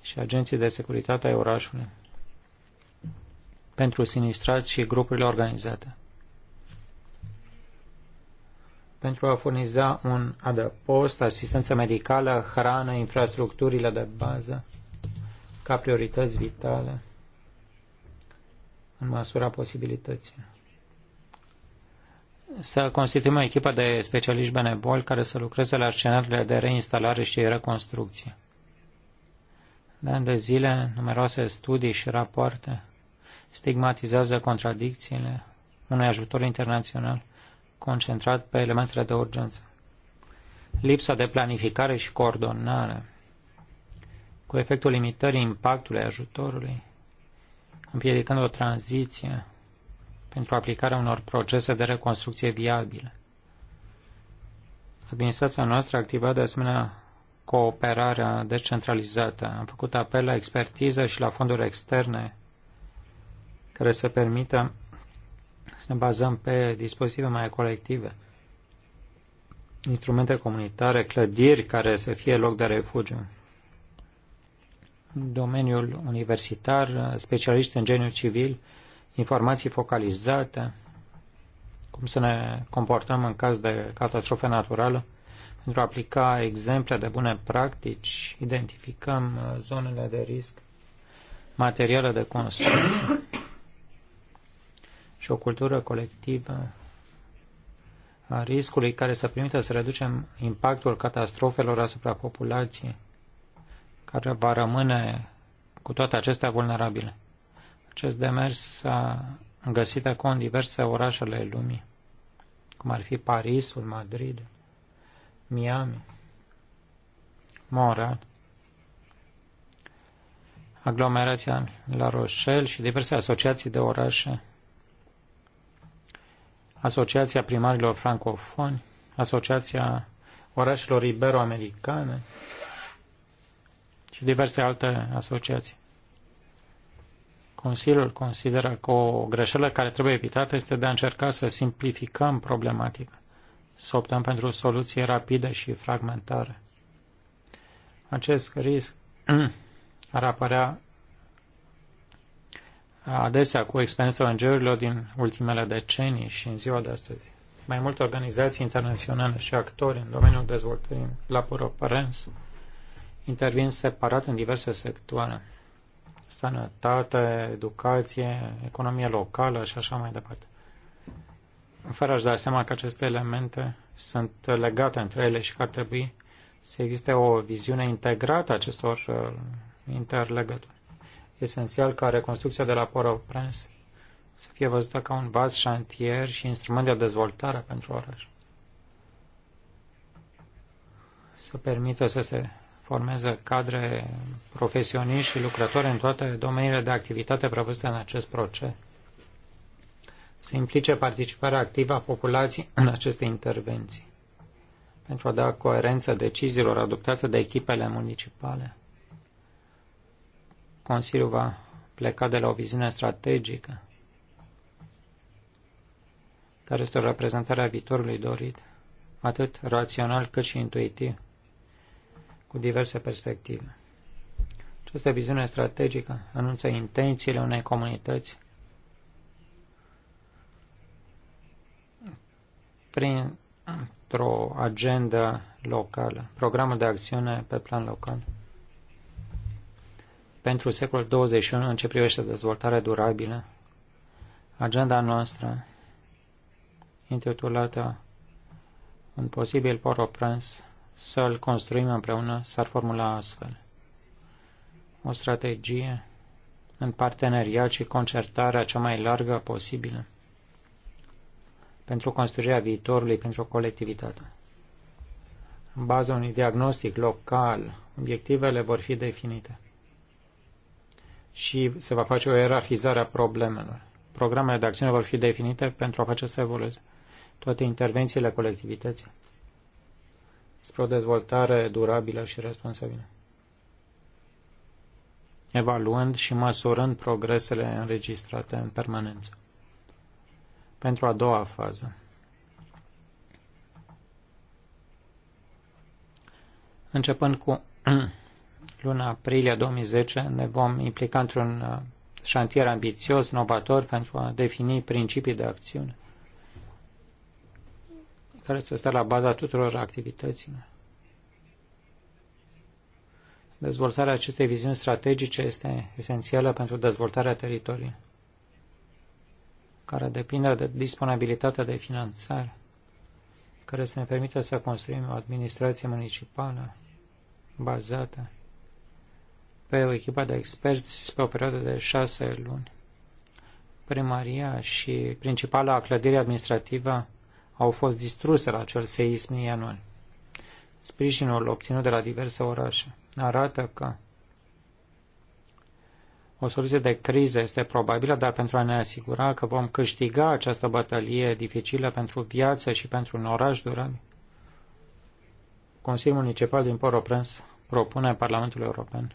și agenții de securitate ai orașului pentru sinistrați și grupurile organizate. Pentru a furniza un adăpost, asistență medicală, hrană, infrastructurile de bază ca priorități vitale în măsura posibilității. Să constituim o echipă de specialiști benevoli care să lucreze la scenariile de reinstalare și reconstrucție. De ani de zile, numeroase studii și rapoarte stigmatizează contradicțiile unui ajutor internațional concentrat pe elementele de urgență. Lipsa de planificare și coordonare, cu efectul limitării impactului ajutorului, împiedicând o tranziție pentru aplicarea unor procese de reconstrucție viabile. Administrația noastră activa de asemenea cooperarea decentralizată. Am făcut apel la expertiză și la fonduri externe care să permită să ne bazăm pe dispozitive mai colective, instrumente comunitare, clădiri care să fie loc de refugiu domeniul universitar, specialiști în geniu civil, informații focalizate, cum să ne comportăm în caz de catastrofe naturală. Pentru a aplica exemple de bune practici, identificăm uh, zonele de risc, materiale de construcție și o cultură colectivă a riscului care să permită să reducem impactul catastrofelor asupra populației care va rămâne cu toate acestea vulnerabile. Acest demers s-a găsit acum în diverse orașele lumii, cum ar fi Parisul, Madrid, Miami, Montreal, aglomerația La Rochelle și diverse asociații de orașe, Asociația Primarilor Francofoni, Asociația Orașelor Ibero-Americane, și diverse alte asociații. Consiliul consideră că o greșeală care trebuie evitată este de a încerca să simplificăm problematica, să optăm pentru soluții rapide și fragmentare. Acest risc <clears throat> ar apărea adesea cu experiența ong din ultimele decenii și în ziua de astăzi. Mai multe organizații internaționale și actori în domeniul dezvoltării la Poroparens intervin separat în diverse sectoare. Sănătate, educație, economie locală și așa mai departe. Fără aș da seama că aceste elemente sunt legate între ele și că ar trebui să existe o viziune integrată acestor uh, interlegături. Esențial ca reconstrucția de la Port-au-Prince să fie văzută ca un vas șantier și instrument de dezvoltare pentru oraș. Să permită să se formeze cadre profesioniști și lucrători în toate domeniile de activitate prevăzute în acest proces. Se implice participarea activă a populației în aceste intervenții pentru a da coerență deciziilor adoptate de echipele municipale. Consiliul va pleca de la o viziune strategică care este o reprezentare a viitorului dorit, atât rațional cât și intuitiv cu diverse perspective. Această viziune strategică anunță intențiile unei comunități printr-o agendă locală, programul de acțiune pe plan local pentru secolul 21 în ce privește dezvoltarea durabilă. Agenda noastră, intitulată Un posibil poroprens să-l construim împreună, s-ar formula astfel. O strategie în parteneriat și concertarea cea mai largă posibilă pentru construirea viitorului pentru colectivitate. În baza unui diagnostic local, obiectivele vor fi definite și se va face o ierarhizare a problemelor. Programele de acțiune vor fi definite pentru a face să evolueze toate intervențiile colectivității spre o dezvoltare durabilă și responsabilă. Evaluând și măsurând progresele înregistrate în permanență. Pentru a doua fază. Începând cu <clears throat> luna aprilie 2010, ne vom implica într-un uh, șantier ambițios, novator, pentru a defini principii de acțiune care să stea la baza tuturor activităților. Dezvoltarea acestei viziuni strategice este esențială pentru dezvoltarea teritoriului, care depinde de disponibilitatea de finanțare, care să ne permită să construim o administrație municipală bazată pe o echipă de experți pe o perioadă de șase luni. Primaria și principala clădire administrativă au fost distruse la acel seism în ianuarie. Sprijinul obținut de la diverse orașe arată că o soluție de criză este probabilă, dar pentru a ne asigura că vom câștiga această bătălie dificilă pentru viață și pentru un oraș durabil, Consiliul Municipal din Port-au-Prince propune Parlamentului European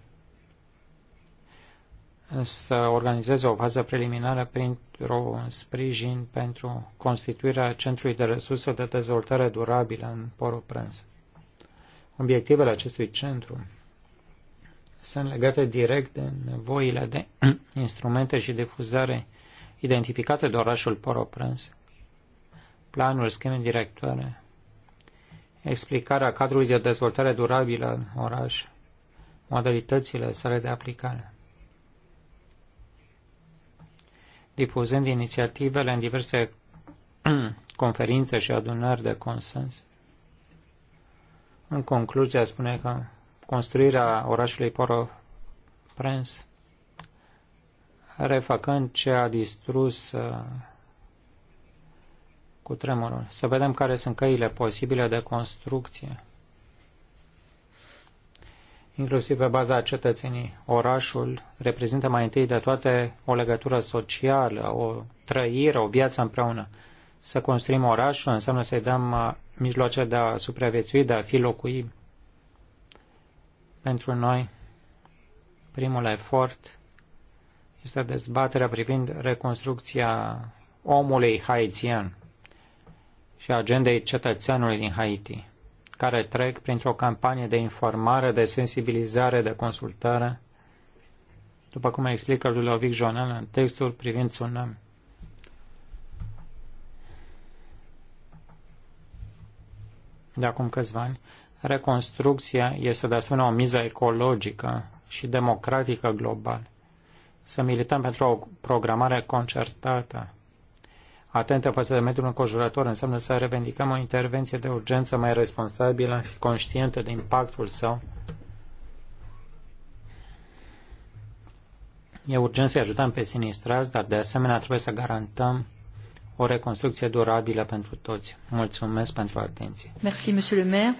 să organizeze o fază preliminară printr-un sprijin pentru constituirea Centrului de Resurse de Dezvoltare Durabilă în Prânz. Obiectivele acestui centru sunt legate direct de nevoile de <clears throat> instrumente și difuzare identificate de orașul Poroprens, planul schemei directoare, explicarea cadrului de dezvoltare durabilă în oraș, modalitățile sale de aplicare. difuzând inițiativele în diverse <clears throat> conferințe și adunări de consens. În concluzie, spune că construirea orașului Poro au refăcând ce a distrus uh, cu tremurul. Să vedem care sunt căile posibile de construcție inclusiv pe baza cetățenii. Orașul reprezintă mai întâi de toate o legătură socială, o trăire, o viață împreună. Să construim orașul înseamnă să-i dăm uh, mijloace de a supraviețui, de a fi locui. Pentru noi, primul efort este dezbaterea privind reconstrucția omului haitian și agendei cetățeanului din Haiti care trec printr-o campanie de informare, de sensibilizare, de consultare, după cum explică Ludovic Jonel în textul privind tsunami. De acum câțiva ani, reconstrucția este de asemenea o miză ecologică și democratică globală. Să milităm pentru o programare concertată atentă față de mediul înconjurător înseamnă să revendicăm o intervenție de urgență mai responsabilă și conștientă de impactul său. E urgent să ajutăm pe sinistrați, dar de asemenea trebuie să garantăm o reconstrucție durabilă pentru toți. Mulțumesc pentru atenție. Merci, monsieur le maire.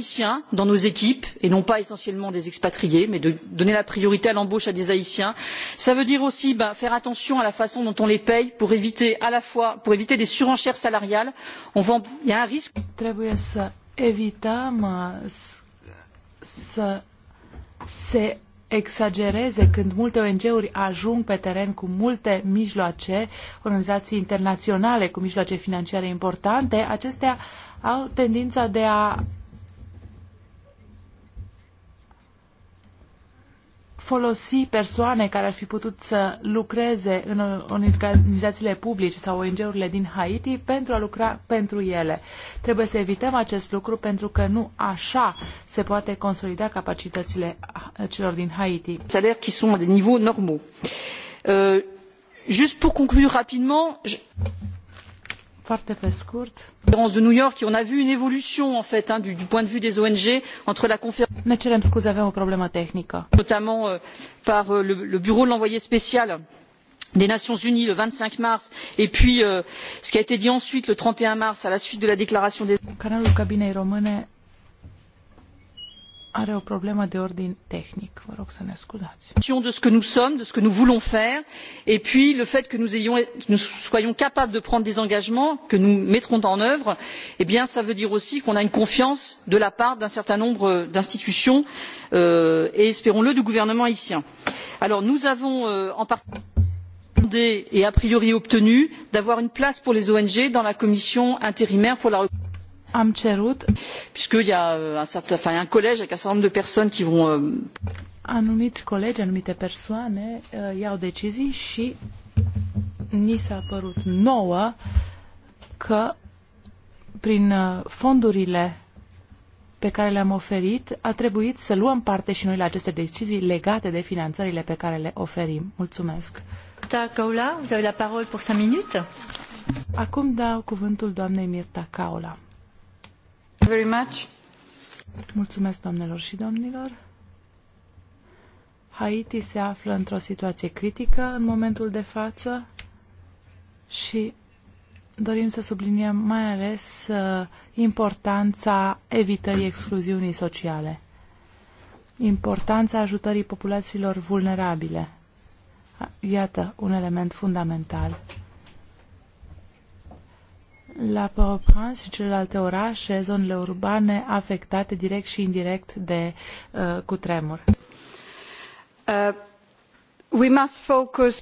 haïtiens dans nos équipes et non pas essentiellement des expatriés mais de donner la priorité à l'embauche à des haïtiens. cela veut dire aussi faire attention à la façon dont on les paie pour éviter à la fois pour éviter des surenchères salariales on va, il y a un risque trebuie să evităm uh, să se exagereze când multe ONG-uri ajung pe teren cu multe mijloace, organizații internaționale cu mijloace financiare importante, acestea au tendința de a folosi persoane care ar fi putut să lucreze în organizațiile publice sau ONG-urile din Haiti pentru a lucra pentru ele. Trebuie să evităm acest lucru pentru că nu așa se poate consolida capacitățile celor din Haiti. Salarii care sunt la nivel normal. normaux. pentru euh, a pour conclure rapidement, je... Foarte pe scurt. de New York, on a vu une évolution en fait hein, du, du point de vue des ONG entre la conférence. Ne cerem scuze, avem o problemă tehnică. Notamment euh, par euh, le, le bureau de l'envoyé spécial des nations unies le vingt cinq mars et puis euh, ce qui a été dit ensuite le trente et un mars à la suite de la déclaration des. Canalul cabinei române are o problemă de ordin tehnic. Vă rog să ne scuzați. de ce nous sommes, de ce que nous voulons faire et puis le fait que nous ayons nous soyons capables de prendre des engagements que nous mettrons en œuvre, eh bien ça veut dire aussi qu'on a une confiance de la part d'un certain nombre d'institutions euh, et espérons-le du gouvernement haïtien. Alors nous avons euh, en particulier demandé et a priori obtenu d'avoir une place pour les ong dans la commission intérimaire pour la am cerut puisqu'il euh, un certain enfin, un collège de personnes qui vont euh, anumiți colegi, anumite persoane uh, iau decizii și ni s-a părut nouă că prin uh, fondurile pe care le-am oferit, a trebuit să luăm parte și noi la aceste decizii legate de finanțările pe care le oferim. Mulțumesc. Ta Kaula, vous avez la parole pour 5 minutes. Acum dau cuvântul doamnei Mirta Kaula. Very much. Mulțumesc, doamnelor și domnilor. Haiti se află într-o situație critică în momentul de față și dorim să subliniem mai ales uh, importanța evitării excluziunii sociale, importanța ajutării populațiilor vulnerabile. Iată un element fundamental la Port-au-Prince și celelalte orașe, zonele urbane afectate direct și indirect de uh, cutremur. Uh, we must focus...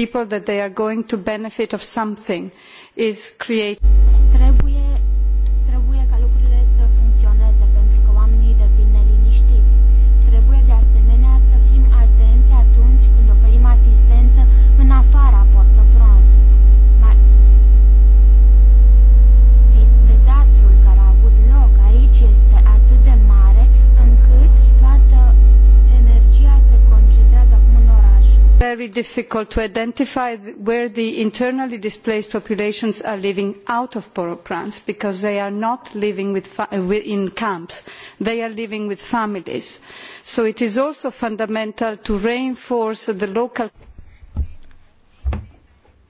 people that they are going to benefit of something is created. very difficult to identify where the internally displaced populations are living out of Port-au-Prince because they are not living uh, in camps. They are living with families. So it is also fundamental to reinforce the local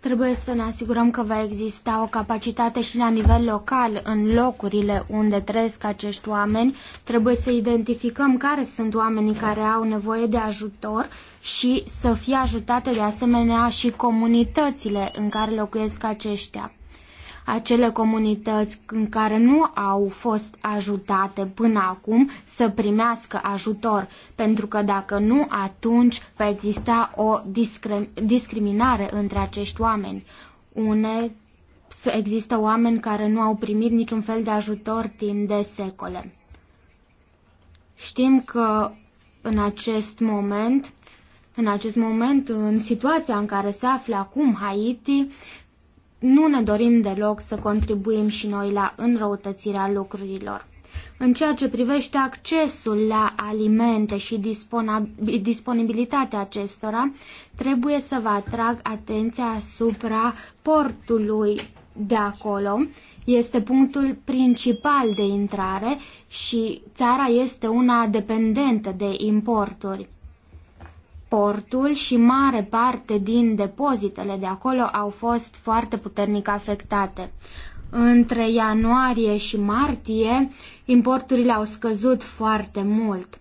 Trebuie să ne asigurăm că va exista o capacitate și la nivel local, în locurile unde trăiesc acești oameni. Trebuie să identificăm care sunt oamenii care au nevoie de ajutor și să fie ajutate de asemenea și comunitățile în care locuiesc aceștia acele comunități în care nu au fost ajutate până acum să primească ajutor, pentru că dacă nu, atunci va exista o discriminare între acești oameni. Une, există oameni care nu au primit niciun fel de ajutor timp de secole. Știm că în acest moment în acest moment, în situația în care se află acum Haiti, nu ne dorim deloc să contribuim și noi la înrăutățirea lucrurilor. În ceea ce privește accesul la alimente și disponibilitatea acestora, trebuie să vă atrag atenția asupra portului de acolo. Este punctul principal de intrare și țara este una dependentă de importuri portul și mare parte din depozitele de acolo au fost foarte puternic afectate. Între ianuarie și martie, importurile au scăzut foarte mult.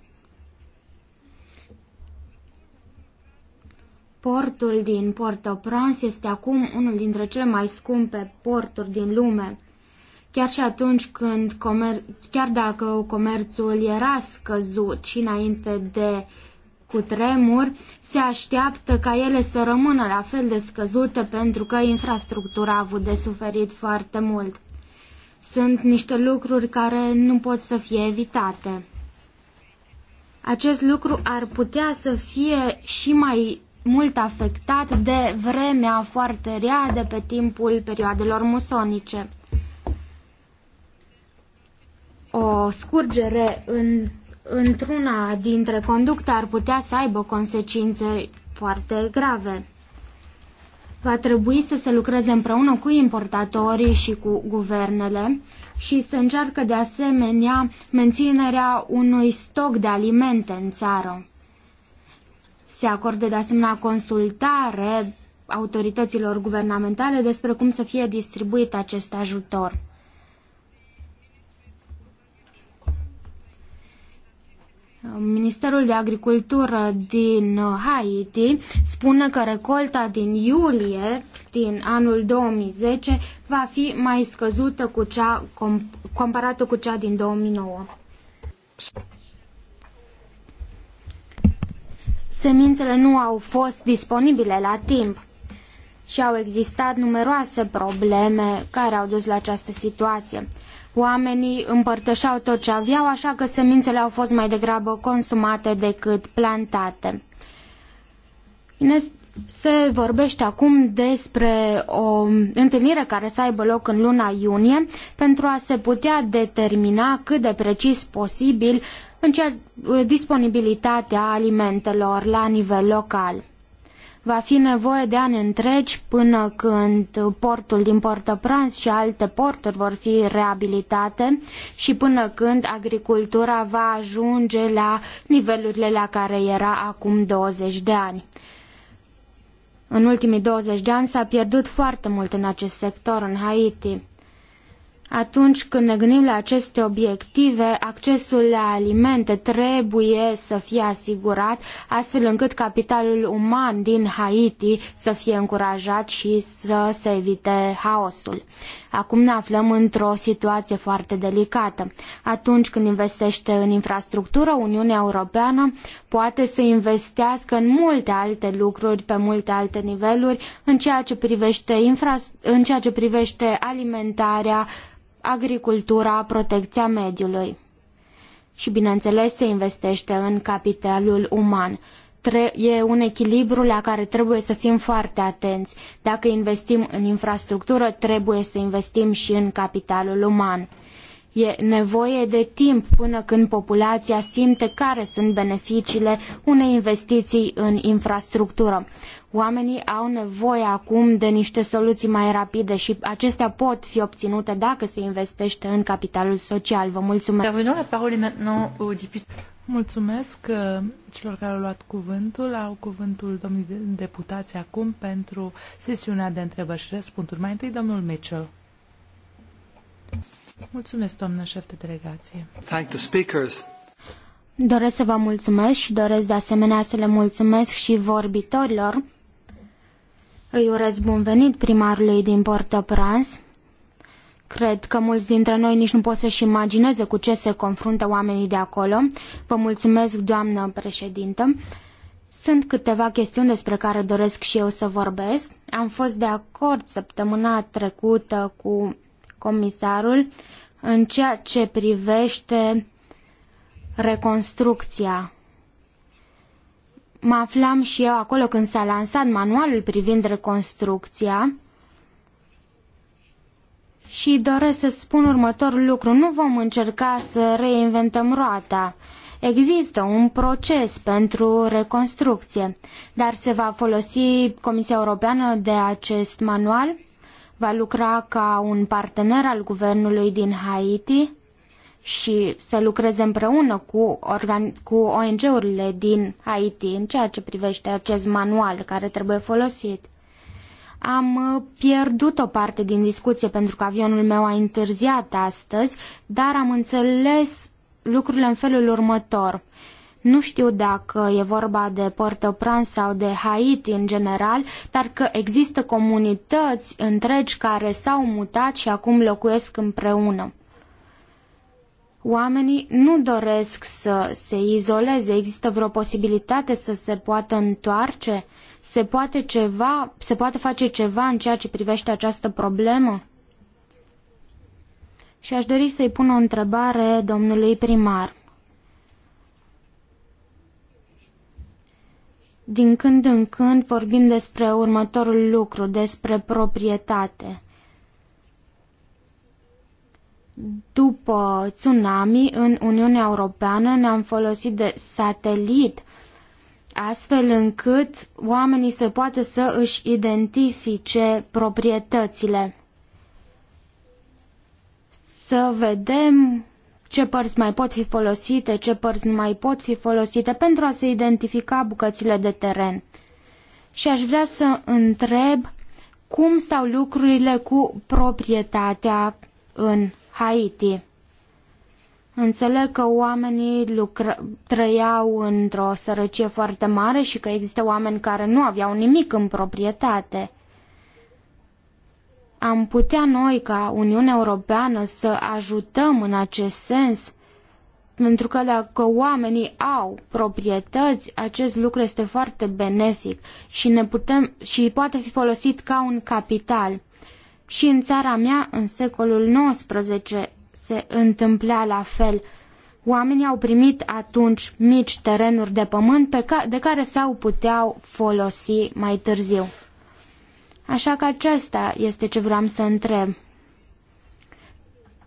Portul din Port-au-Prince este acum unul dintre cele mai scumpe porturi din lume. Chiar și atunci când, comer- chiar dacă comerțul era scăzut și înainte de uh, cu tremur, se așteaptă ca ele să rămână la fel de scăzute pentru că infrastructura a avut de suferit foarte mult. Sunt niște lucruri care nu pot să fie evitate. Acest lucru ar putea să fie și mai mult afectat de vremea foarte rea de pe timpul perioadelor musonice. O scurgere în într-una dintre conducte ar putea să aibă consecințe foarte grave. Va trebui să se lucreze împreună cu importatorii și cu guvernele și să încearcă de asemenea menținerea unui stoc de alimente în țară. Se acordă de asemenea consultare autorităților guvernamentale despre cum să fie distribuit acest ajutor. Ministerul de Agricultură din Haiti spune că recolta din iulie din anul 2010 va fi mai scăzută cu cea comparată cu cea din 2009. Semințele nu au fost disponibile la timp și au existat numeroase probleme care au dus la această situație. Oamenii împărtășeau tot ce aveau, așa că semințele au fost mai degrabă consumate decât plantate. Se vorbește acum despre o întâlnire care să aibă loc în luna iunie pentru a se putea determina cât de precis posibil în disponibilitatea alimentelor la nivel local. Va fi nevoie de ani întregi până când portul din Port-au-Prince și alte porturi vor fi reabilitate și până când agricultura va ajunge la nivelurile la care era acum 20 de ani. În ultimii 20 de ani s-a pierdut foarte mult în acest sector în Haiti. Atunci când ne gândim la aceste obiective, accesul la alimente trebuie să fie asigurat, astfel încât capitalul uman din Haiti să fie încurajat și să se evite haosul. Acum ne aflăm într-o situație foarte delicată. Atunci când investește în infrastructură, Uniunea Europeană poate să investească în multe alte lucruri, pe multe alte niveluri, în ceea ce privește, infra... în ceea ce privește alimentarea, agricultura, protecția mediului. Și, bineînțeles, se investește în capitalul uman e un echilibru la care trebuie să fim foarte atenți. Dacă investim în infrastructură, trebuie să investim și în capitalul uman. E nevoie de timp până când populația simte care sunt beneficiile unei investiții în infrastructură. Oamenii au nevoie acum de niște soluții mai rapide și acestea pot fi obținute dacă se investește în capitalul social. Vă mulțumesc. la Mulțumesc uh, celor care au luat cuvântul. Au cuvântul domnii deputați acum pentru sesiunea de întrebări și răspunsuri. Mai întâi domnul Mitchell. Mulțumesc, doamnă șef de delegație. Thank the speakers. Doresc să vă mulțumesc și doresc de asemenea să le mulțumesc și vorbitorilor îi urez bun venit primarului din Port-au-Prince. Cred că mulți dintre noi nici nu pot să-și imagineze cu ce se confruntă oamenii de acolo. Vă mulțumesc, doamnă președintă. Sunt câteva chestiuni despre care doresc și eu să vorbesc. Am fost de acord săptămâna trecută cu comisarul în ceea ce privește reconstrucția mă aflam și eu acolo când s-a lansat manualul privind reconstrucția și doresc să spun următorul lucru. Nu vom încerca să reinventăm roata. Există un proces pentru reconstrucție, dar se va folosi Comisia Europeană de acest manual? Va lucra ca un partener al guvernului din Haiti? și să lucreze împreună cu, organ- cu ONG-urile din Haiti în ceea ce privește acest manual care trebuie folosit. Am pierdut o parte din discuție pentru că avionul meu a întârziat astăzi, dar am înțeles lucrurile în felul următor. Nu știu dacă e vorba de Port-au-Prince sau de Haiti în general, dar că există comunități întregi care s-au mutat și acum locuiesc împreună. Oamenii nu doresc să se izoleze. Există vreo posibilitate să se poată întoarce? Se poate, ceva, se poate face ceva în ceea ce privește această problemă? Și aș dori să-i pun o întrebare domnului primar. Din când în când vorbim despre următorul lucru, despre proprietate. După tsunami, în Uniunea Europeană ne-am folosit de satelit, astfel încât oamenii să poată să își identifice proprietățile. Să vedem ce părți mai pot fi folosite, ce părți nu mai pot fi folosite pentru a se identifica bucățile de teren. Și aș vrea să întreb cum stau lucrurile cu proprietatea în Haiti. Înțeleg că oamenii lucră, trăiau într-o sărăcie foarte mare și că există oameni care nu aveau nimic în proprietate. Am putea noi, ca Uniunea Europeană, să ajutăm în acest sens? pentru că dacă oamenii au proprietăți, acest lucru este foarte benefic și, ne putem, și poate fi folosit ca un capital. Și în țara mea, în secolul XIX, se întâmpla la fel. Oamenii au primit atunci mici terenuri de pământ pe ca- de care s-au puteau folosi mai târziu. Așa că acesta este ce vreau să întreb.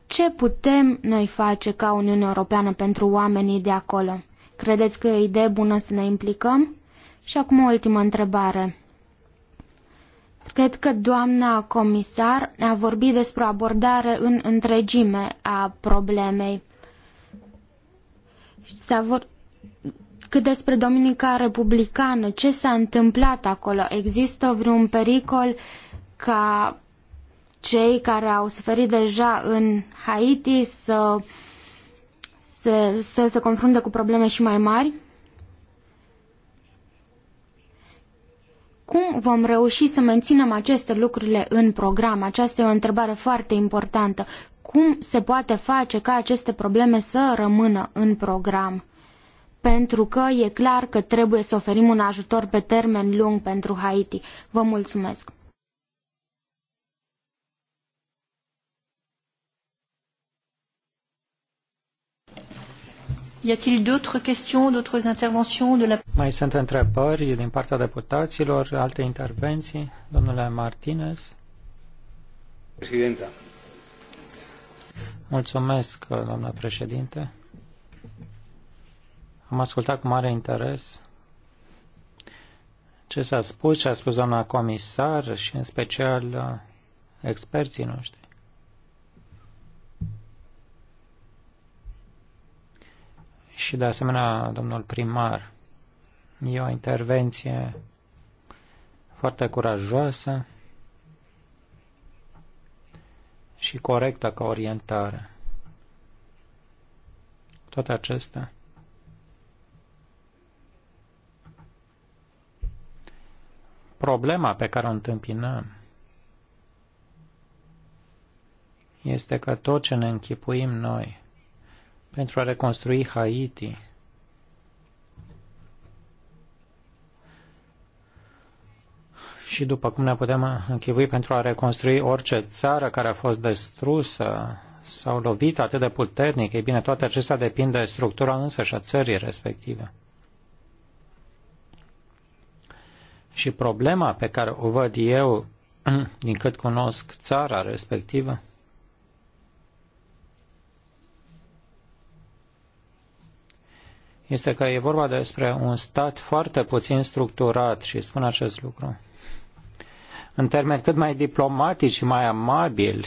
Ce putem noi face ca Uniunea Europeană pentru oamenii de acolo? Credeți că e o idee bună să ne implicăm? Și acum o ultimă întrebare. Cred că doamna comisar a vorbit despre o abordare în întregime a problemei. S-a cât despre Dominica Republicană, ce s-a întâmplat acolo? Există vreun pericol ca cei care au suferit deja în Haiti să, să se confrunte cu probleme și mai mari? Cum vom reuși să menținem aceste lucruri în program? Aceasta e o întrebare foarte importantă. Cum se poate face ca aceste probleme să rămână în program? Pentru că e clar că trebuie să oferim un ajutor pe termen lung pentru Haiti. Vă mulțumesc! Y a-t-il d'autres questions, d'autres interventions de la... Mai sunt întrebări din partea deputaților, alte intervenții? Domnule Martinez. Președinte. Mulțumesc, doamnă președinte. Am ascultat cu mare interes ce s-a spus, ce a spus doamna comisar și în special uh, experții noștri. și de asemenea domnul primar. E o intervenție foarte curajoasă și corectă ca orientare. Toate acestea problema pe care o întâmpinăm este că tot ce ne închipuim noi pentru a reconstrui Haiti. Și după cum ne putem închivui pentru a reconstrui orice țară care a fost destrusă sau lovită atât de puternic, ei bine, toate acestea depind de structura însă și a țării respective. Și problema pe care o văd eu, <clears throat> din cât cunosc țara respectivă, este că e vorba despre un stat foarte puțin structurat și spun acest lucru. În termeni cât mai diplomatici și mai amabili,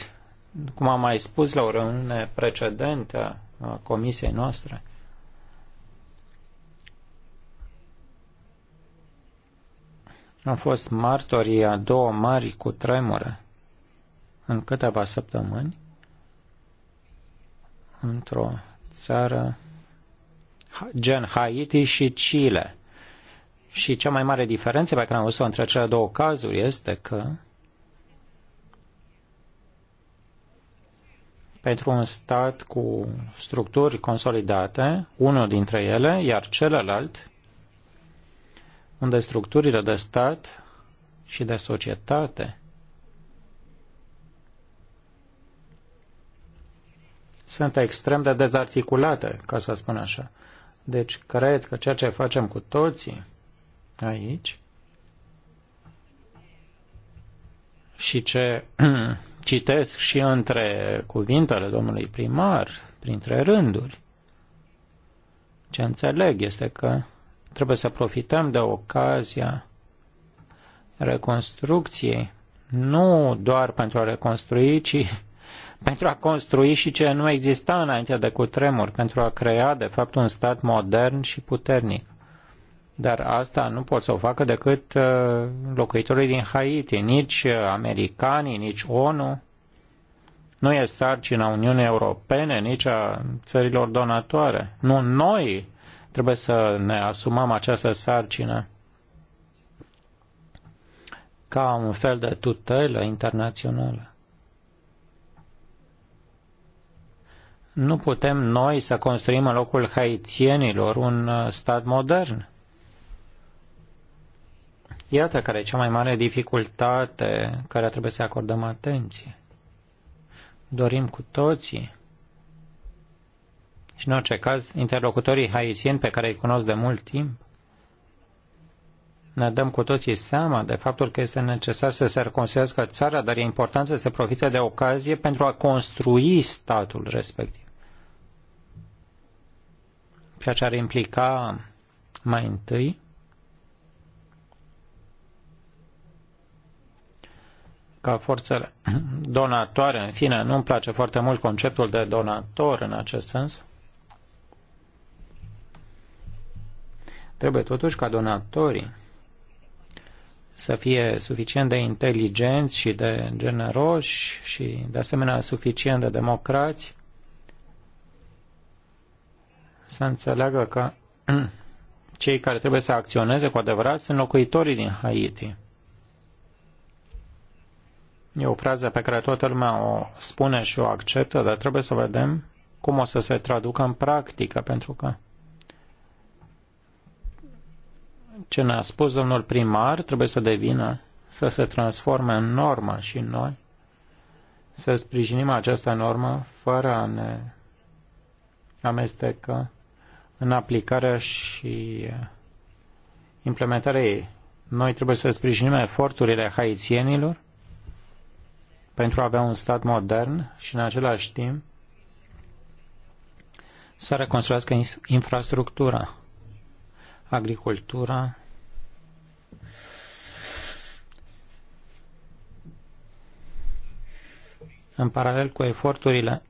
cum am mai spus la o reuniune precedentă a comisiei noastre, am fost martorii a două mari cu tremură în câteva săptămâni într-o țară gen Haiti și Chile. Și cea mai mare diferență pe care am văzut-o între cele două cazuri este că pentru un stat cu structuri consolidate, unul dintre ele, iar celălalt, unde structurile de stat și de societate sunt extrem de dezarticulate, ca să spun așa. Deci, cred că ceea ce facem cu toții aici și ce <clears throat> citesc și între cuvintele domnului primar, printre rânduri, ce înțeleg este că trebuie să profităm de ocazia reconstrucției, nu doar pentru a reconstrui, ci pentru a construi și ce nu exista înainte de cutremur, pentru a crea, de fapt, un stat modern și puternic. Dar asta nu pot să o facă decât uh, locuitorii din Haiti, nici uh, americanii, nici ONU. Nu e sarcina Uniunii Europene, nici a țărilor donatoare. Nu noi trebuie să ne asumăm această sarcină ca un fel de tutelă internațională. Nu putem noi să construim în locul haitienilor un uh, stat modern. Iată care e cea mai mare dificultate care trebuie să acordăm atenție. Dorim cu toții și în orice caz, interlocutorii haitieni pe care îi cunosc de mult timp, ne dăm cu toții seama de faptul că este necesar să se reconstruiască țara, dar e important să se profite de ocazie pentru a construi statul respectiv ceea ce ar implica mai întâi ca forțele donatoare, în fine, nu-mi place foarte mult conceptul de donator în acest sens. Trebuie totuși ca donatorii să fie suficient de inteligenți și de generoși și de asemenea suficient de democrați să înțeleagă că <clears throat> cei care trebuie să acționeze cu adevărat sunt locuitorii din Haiti. E o frază pe care toată lumea o spune și o acceptă, dar trebuie să vedem cum o să se traducă în practică, pentru că ce ne-a spus domnul primar trebuie să devină, să se transforme în normă și noi să sprijinim această normă fără a ne amesteca în aplicarea și implementarea ei. Noi trebuie să sprijinim eforturile haitienilor pentru a avea un stat modern și în același timp să reconstruiască infrastructura, agricultura, în paralel cu eforturile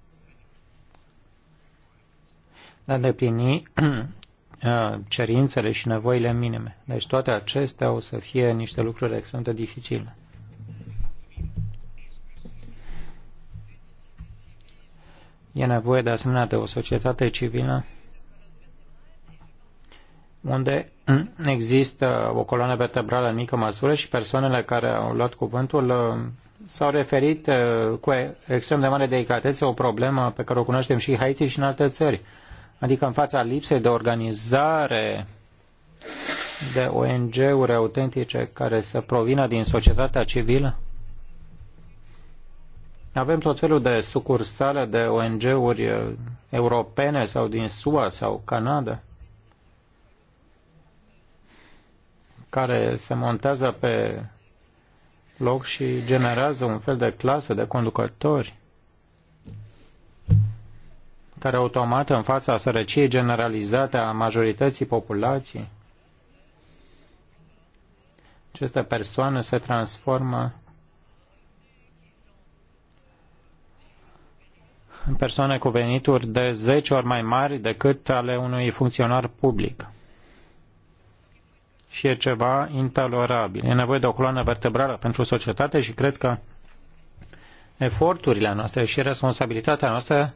a îndeplini <clears throat> uh, cerințele și nevoile minime. Deci toate acestea o să fie niște lucruri extrem de dificile. E nevoie de asemenea de o societate civilă unde <clears throat> există o coloană vertebrală în mică măsură și persoanele care au luat cuvântul uh, s-au referit uh, cu extrem de mare delicatețe o problemă pe care o cunoaștem și Haiti și în alte țări Adică în fața lipsei de organizare de ONG-uri autentice care să provină din societatea civilă? Avem tot felul de sucursale de ONG-uri uh, europene sau din SUA sau Canada care se montează pe loc și generează un fel de clasă de conducători care automat în fața sărăciei generalizate a majorității populației, această persoană se transformă în persoane cu venituri de 10 ori mai mari decât ale unui funcționar public. Și e ceva intolerabil. E nevoie de o coloană vertebrală pentru societate și cred că eforturile noastre și responsabilitatea noastră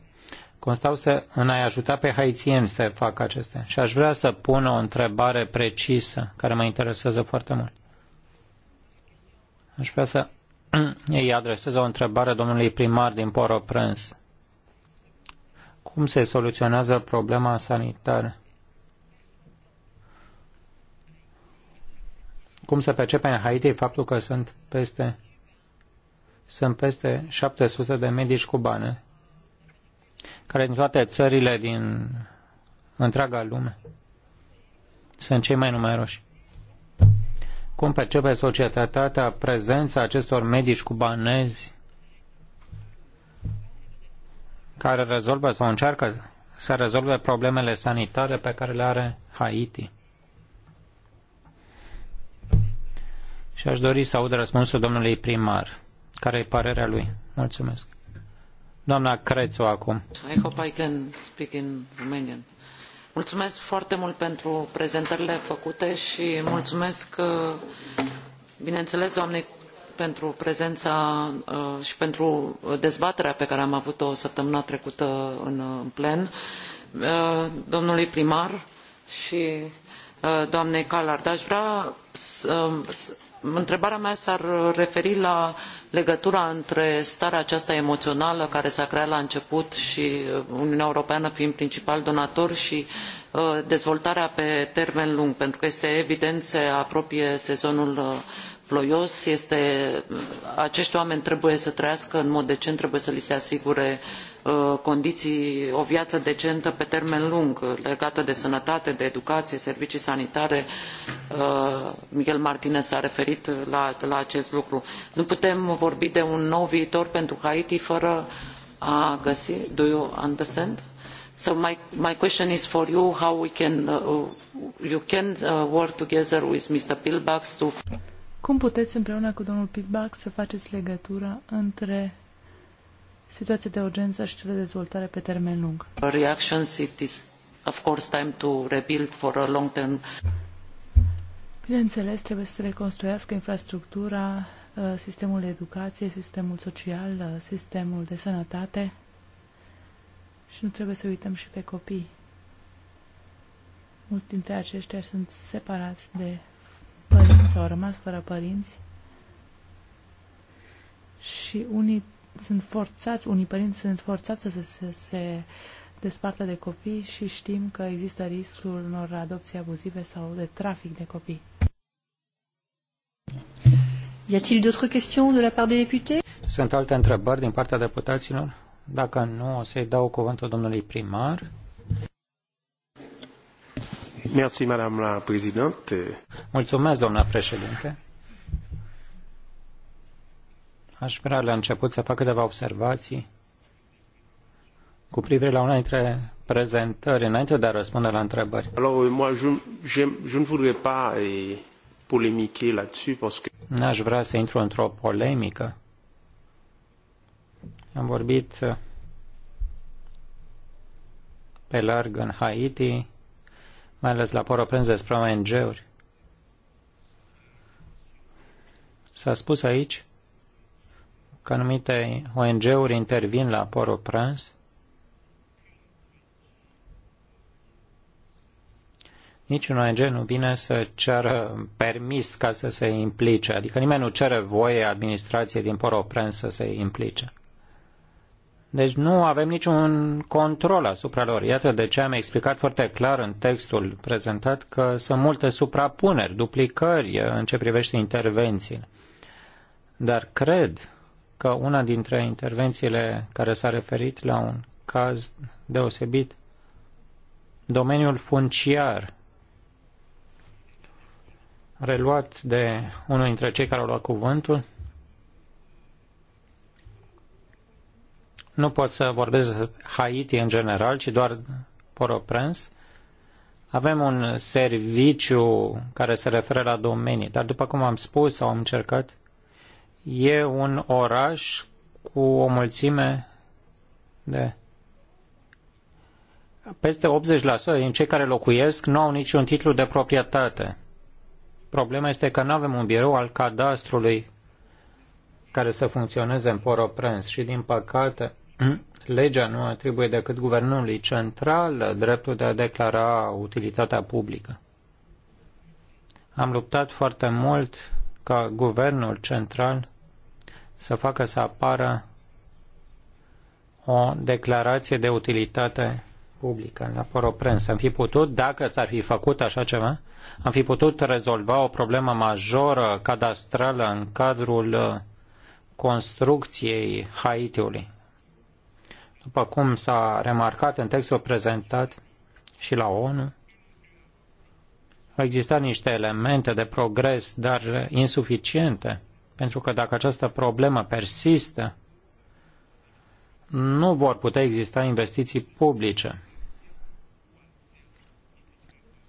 constau să, în a-i ajuta pe haitieni să facă acestea. Și aș vrea să pun o întrebare precisă care mă interesează foarte mult. Aș vrea să <clears throat> îi adresez o întrebare domnului primar din Poroprens. Cum se soluționează problema sanitară? Cum se percepe în Haiti faptul că sunt peste sunt peste 700 de medici cubane care din toate țările din întreaga lume sunt cei mai numeroși. Cum percepe societatea prezența acestor medici cubanezi care rezolvă sau încearcă să rezolve problemele sanitare pe care le are Haiti? Și aș dori să aud răspunsul domnului primar. Care e părerea lui? Mulțumesc. Doamna Crețu acum. I hope I can speak in Romanian. Mulțumesc foarte mult pentru prezentările făcute și mulțumesc, uh, bineînțeles, doamnei pentru prezența uh, și pentru dezbaterea pe care am avut-o săptămâna trecută în uh, plen, domnului primar și doamnei Calar. aș vrea, întrebarea mea s-ar referi la legătura între starea aceasta emoțională care s-a creat la început și uh, Uniunea Europeană fiind principal donator și uh, dezvoltarea pe termen lung, pentru că este evident se apropie sezonul uh, ploios, este, acești oameni trebuie să trăiască în mod decent, trebuie să li se asigure uh, condiții, o viață decentă pe termen lung, legată de sănătate, de educație, servicii sanitare. Uh, Miguel Martinez s-a referit la, la acest lucru. Nu putem vorbi de un nou viitor pentru Haiti fără a găsi... Do you understand? so my, my question is for you how we can uh, you can uh, work together with mr pilbax to cum puteți împreună cu domnul Pitback să faceți legătura între situația de urgență și cea de dezvoltare pe termen lung? Reactions, it is of course time to rebuild for a long term. Bineînțeles, trebuie să reconstruiască infrastructura, uh, sistemul de educație, sistemul social, uh, sistemul de sănătate și nu trebuie să uităm și pe copii. Mulți dintre aceștia sunt separați de părinți au rămas fără părinți și unii sunt forțați, unii părinți sunt forțați să se, se, se despartă de copii și știm că există riscul unor adopții abuzive sau de trafic de copii. Y a-t-il d'autres questions de la part des députés? Sunt alte întrebări din partea deputaților? Dacă nu, o să-i dau cuvântul domnului primar. Merci, Madame la Présidente. Mulțumesc, doamna președinte. Aș vrea la început să fac câteva observații cu privire la una dintre prezentări, înainte de a răspunde la întrebări. Alors, euh, moi, je, je, je ne voudrais pas euh, polémiquer là-dessus parce que... N-aș vrea să intru într-o polemică. Am vorbit uh, pe larg în Haiti, mai ales la Poroprânz despre ONG-uri. S-a spus aici că anumite ONG-uri intervin la Poroprânz niciun ONG nu vine să ceară permis ca să se implice, adică nimeni nu cere voie administrației din poroprânz să se implice. Deci nu avem niciun control asupra lor. Iată de ce am explicat foarte clar în textul prezentat că sunt multe suprapuneri, duplicări în ce privește intervențiile. Dar cred că una dintre intervențiile care s-a referit la un caz deosebit, domeniul funciar, reluat de unul dintre cei care au luat cuvântul, Nu pot să vorbesc Haiti în general, ci doar Poroprens. Avem un serviciu care se referă la domenii, dar după cum am spus sau am încercat, e un oraș cu o mulțime de peste 80% din cei care locuiesc nu au niciun titlu de proprietate. Problema este că nu avem un birou al cadastrului care să funcționeze în Poroprens și, din păcate, Mm-hmm. legea nu atribuie decât guvernului central dreptul de a declara utilitatea publică. Am luptat foarte mult ca guvernul central să facă să apară o declarație de utilitate publică la Poroprens. Am fi putut, dacă s-ar fi făcut așa ceva, am fi putut rezolva o problemă majoră cadastrală în cadrul construcției Haitiului. După cum s-a remarcat în textul prezentat și la ONU, au existat niște elemente de progres, dar insuficiente, pentru că dacă această problemă persistă, nu vor putea exista investiții publice,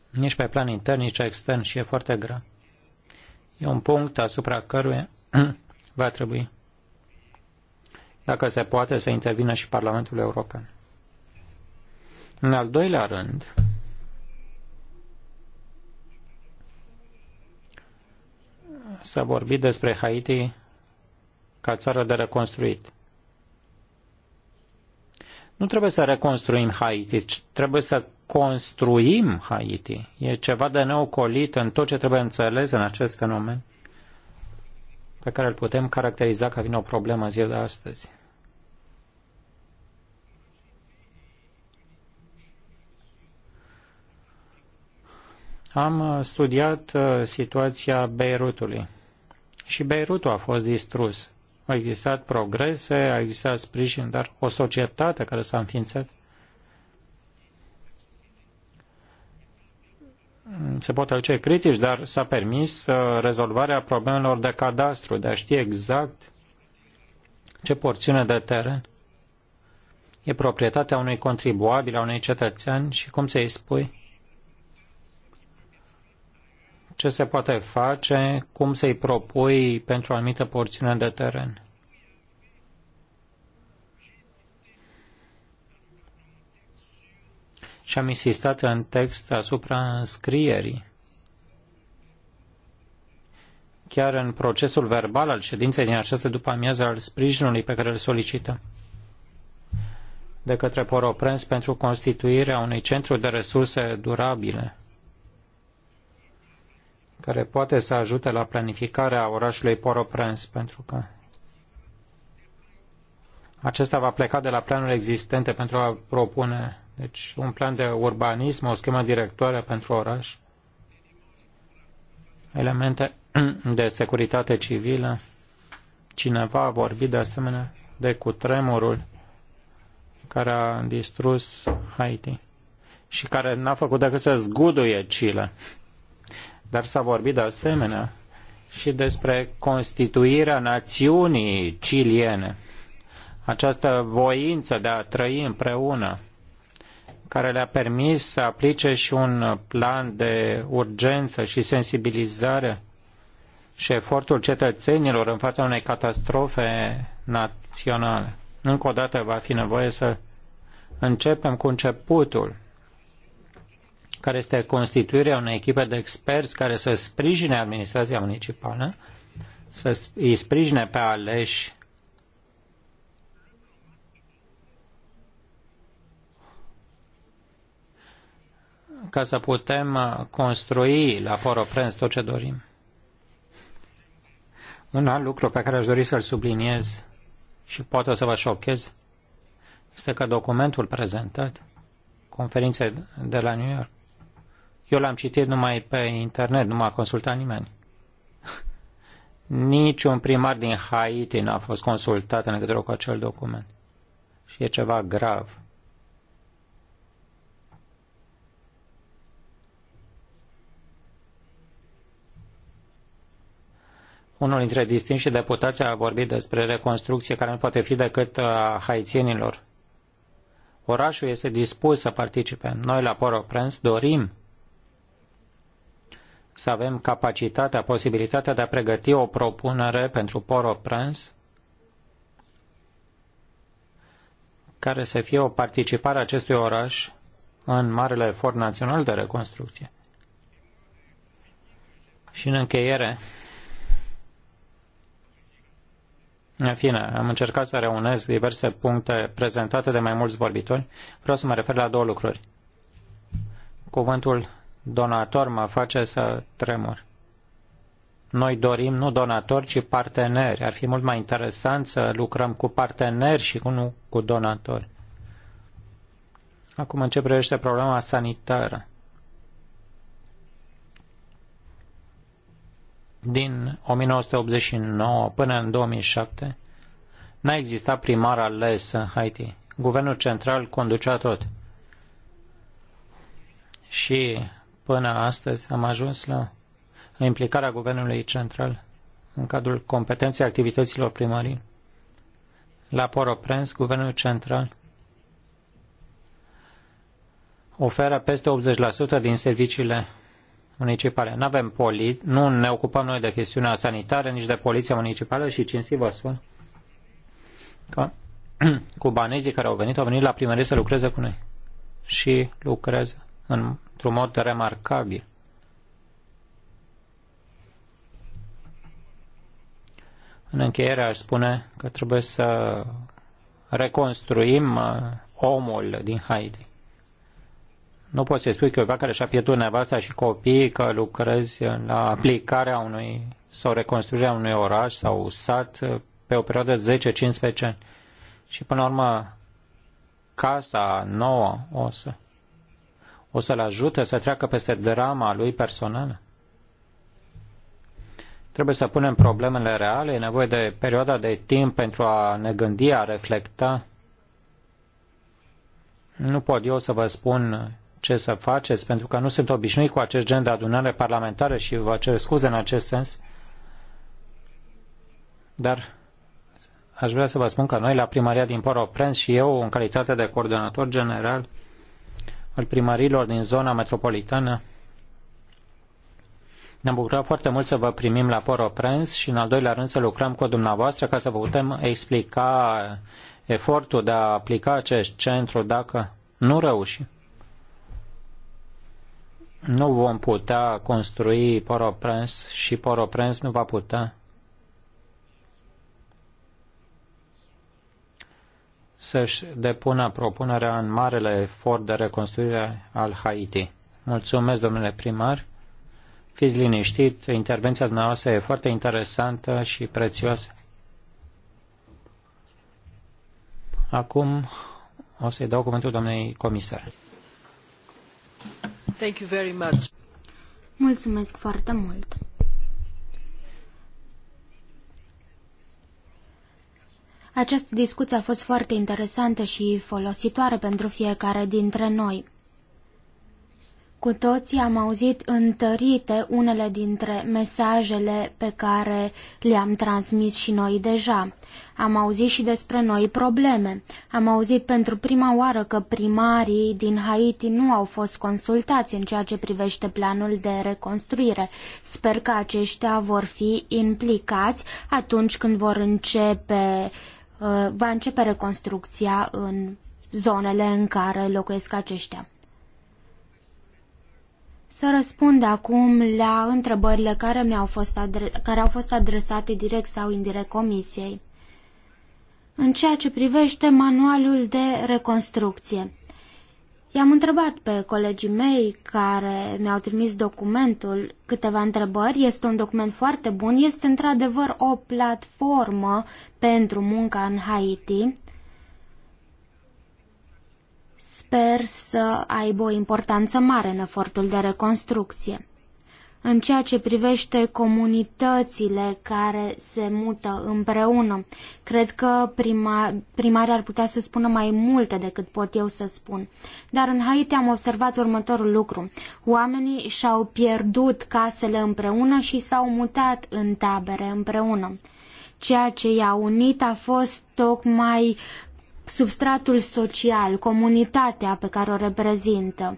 nici pe plan intern, nici extern și e foarte greu. E un punct asupra căruia <clears throat> va trebui dacă se poate să intervină și Parlamentul European. În al doilea rând, s-a vorbit despre Haiti ca țară de reconstruit. Nu trebuie să reconstruim Haiti, ci trebuie să construim Haiti. E ceva de neocolit în tot ce trebuie înțeles în acest fenomen pe care îl putem caracteriza ca fiind o problemă în ziua de astăzi. Am uh, studiat uh, situația Beirutului și Beirutul a fost distrus. Au existat progrese, a existat sprijin, dar o societate care s-a înființat mm, se pot aduce critici, dar s-a permis uh, rezolvarea problemelor de cadastru, de a ști exact ce porțiune de teren e proprietatea unui contribuabil, a unui cetățean și cum să-i spui ce se poate face, cum să-i propui pentru o anumită porțiune de teren. Și am insistat în text asupra scrierii. Chiar în procesul verbal al ședinței din această după amiază al sprijinului pe care îl solicităm de către Poroprens pentru constituirea unui centru de resurse durabile care poate să ajute la planificarea orașului Poroprens, pentru că acesta va pleca de la planul existente pentru a propune deci un plan de urbanism, o schemă directoare pentru oraș, elemente de securitate civilă. Cineva a vorbit de asemenea de cutremurul care a distrus Haiti și care n-a făcut decât să zguduie Chile. Dar s-a vorbit de asemenea și despre constituirea națiunii ciliene, această voință de a trăi împreună, care le-a permis să aplice și un plan de urgență și sensibilizare și efortul cetățenilor în fața unei catastrofe naționale. Încă o dată va fi nevoie să începem cu începutul care este constituirea unei echipe de experți care să sprijine administrația municipală, să îi sprijine pe aleși ca să putem uh, construi la Port-au-Prince tot ce dorim. Un alt lucru pe care aș dori să-l subliniez și poate o să vă șochez este că documentul prezentat conferinței de la New York eu l-am citit numai pe internet, nu m-a consultat nimeni. Niciun primar din Haiti n-a fost consultat în legătură cu acel document. Și e ceva grav. Unul dintre distinși deputați a vorbit despre reconstrucție care nu poate fi decât uh, a haițienilor. Orașul este dispus să participe. Noi la Port-au-Prince dorim să avem capacitatea, posibilitatea de a pregăti o propunere pentru port au care să fie o participare a acestui oraș în marele efort național de reconstrucție. Și în încheiere, în fine, am încercat să reunez diverse puncte prezentate de mai mulți vorbitori. Vreau să mă refer la două lucruri. Cuvântul donator mă face să tremur. Noi dorim nu donatori, ci parteneri. Ar fi mult mai interesant să lucrăm cu parteneri și nu cu donatori. Acum în ce privește problema sanitară. Din 1989 până în 2007 n-a existat primar ales în Haiti. Guvernul central conducea tot. Și până astăzi am ajuns la implicarea Guvernului Central în cadrul competenței activităților primării. La Poroprens, Guvernul Central oferă peste 80% din serviciile municipale. Nu avem poli, nu ne ocupăm noi de chestiunea sanitară, nici de poliția municipală și cinstit vă spun că <clears throat> cubanezii care au venit, au venit la primărie să lucreze cu noi și lucrează într-un mod remarcabil. În încheiere aș spune că trebuie să reconstruim uh, omul din Haiti. Nu poți să spui că cuiva care și-a pierdut nevasta și copiii că lucrezi la aplicarea unui sau reconstruirea unui oraș sau sat uh, pe o perioadă de 10-15 ani. Și până la urmă, casa nouă o să o să-l ajute să treacă peste drama lui personală? Trebuie să punem problemele reale, e nevoie de perioada de timp pentru a ne gândi, a reflecta. Nu pot eu să vă spun ce să faceți, pentru că nu sunt obișnuit cu acest gen de adunare parlamentară și vă cer scuze în acest sens, dar aș vrea să vă spun că noi la primăria din Poroprens și eu, în calitate de coordonator general, al primărilor din zona metropolitană. Ne-am bucurat foarte mult să vă primim la Poro au și în al doilea rând să lucrăm cu dumneavoastră ca să vă putem explica efortul de a aplica acest centru dacă nu reușim. Nu vom putea construi poroprens și poroprens nu va putea să-și depună propunerea în marele efort de reconstruire al Haiti. Mulțumesc, domnule primar. Fiți liniștit, intervenția dumneavoastră e foarte interesantă și prețioasă. Acum o să-i dau cuvântul doamnei comisar. Thank you very much. Mulțumesc foarte mult. Această discuție a fost foarte interesantă și folositoare pentru fiecare dintre noi. Cu toții am auzit întărite unele dintre mesajele pe care le-am transmis și noi deja. Am auzit și despre noi probleme. Am auzit pentru prima oară că primarii din Haiti nu au fost consultați în ceea ce privește planul de reconstruire. Sper că aceștia vor fi implicați atunci când vor începe uh, Uh, va începe reconstrucția în zonele în care locuiesc aceștia. Să răspund acum la întrebările care, mi-au fost care au fost adresate direct sau indirect comisiei. În ceea ce privește manualul de reconstrucție, I-am întrebat pe colegii mei care mi-au trimis documentul câteva întrebări. Este un document foarte bun. Este într-adevăr o platformă pentru munca în Haiti. Sper să aibă o importanță mare în efortul de reconstrucție în ceea ce privește comunitățile care se mută împreună. Cred că prima, primarii ar putea să spună mai multe decât pot eu să spun. Dar în Haiti am observat următorul lucru. Oamenii și-au pierdut casele împreună și s-au mutat în tabere împreună. Ceea ce i-a unit a fost tocmai substratul social, comunitatea pe care o reprezintă.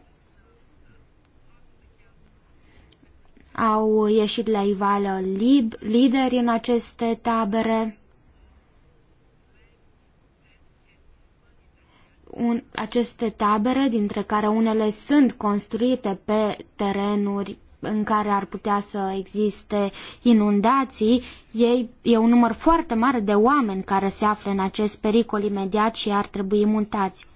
Au ieșit la ivală lib, lideri în aceste tabere. Un, aceste tabere, dintre care unele sunt construite pe terenuri în care ar putea să existe inundații, ei, e un număr foarte mare de oameni care se află în acest pericol imediat și ar trebui mutați.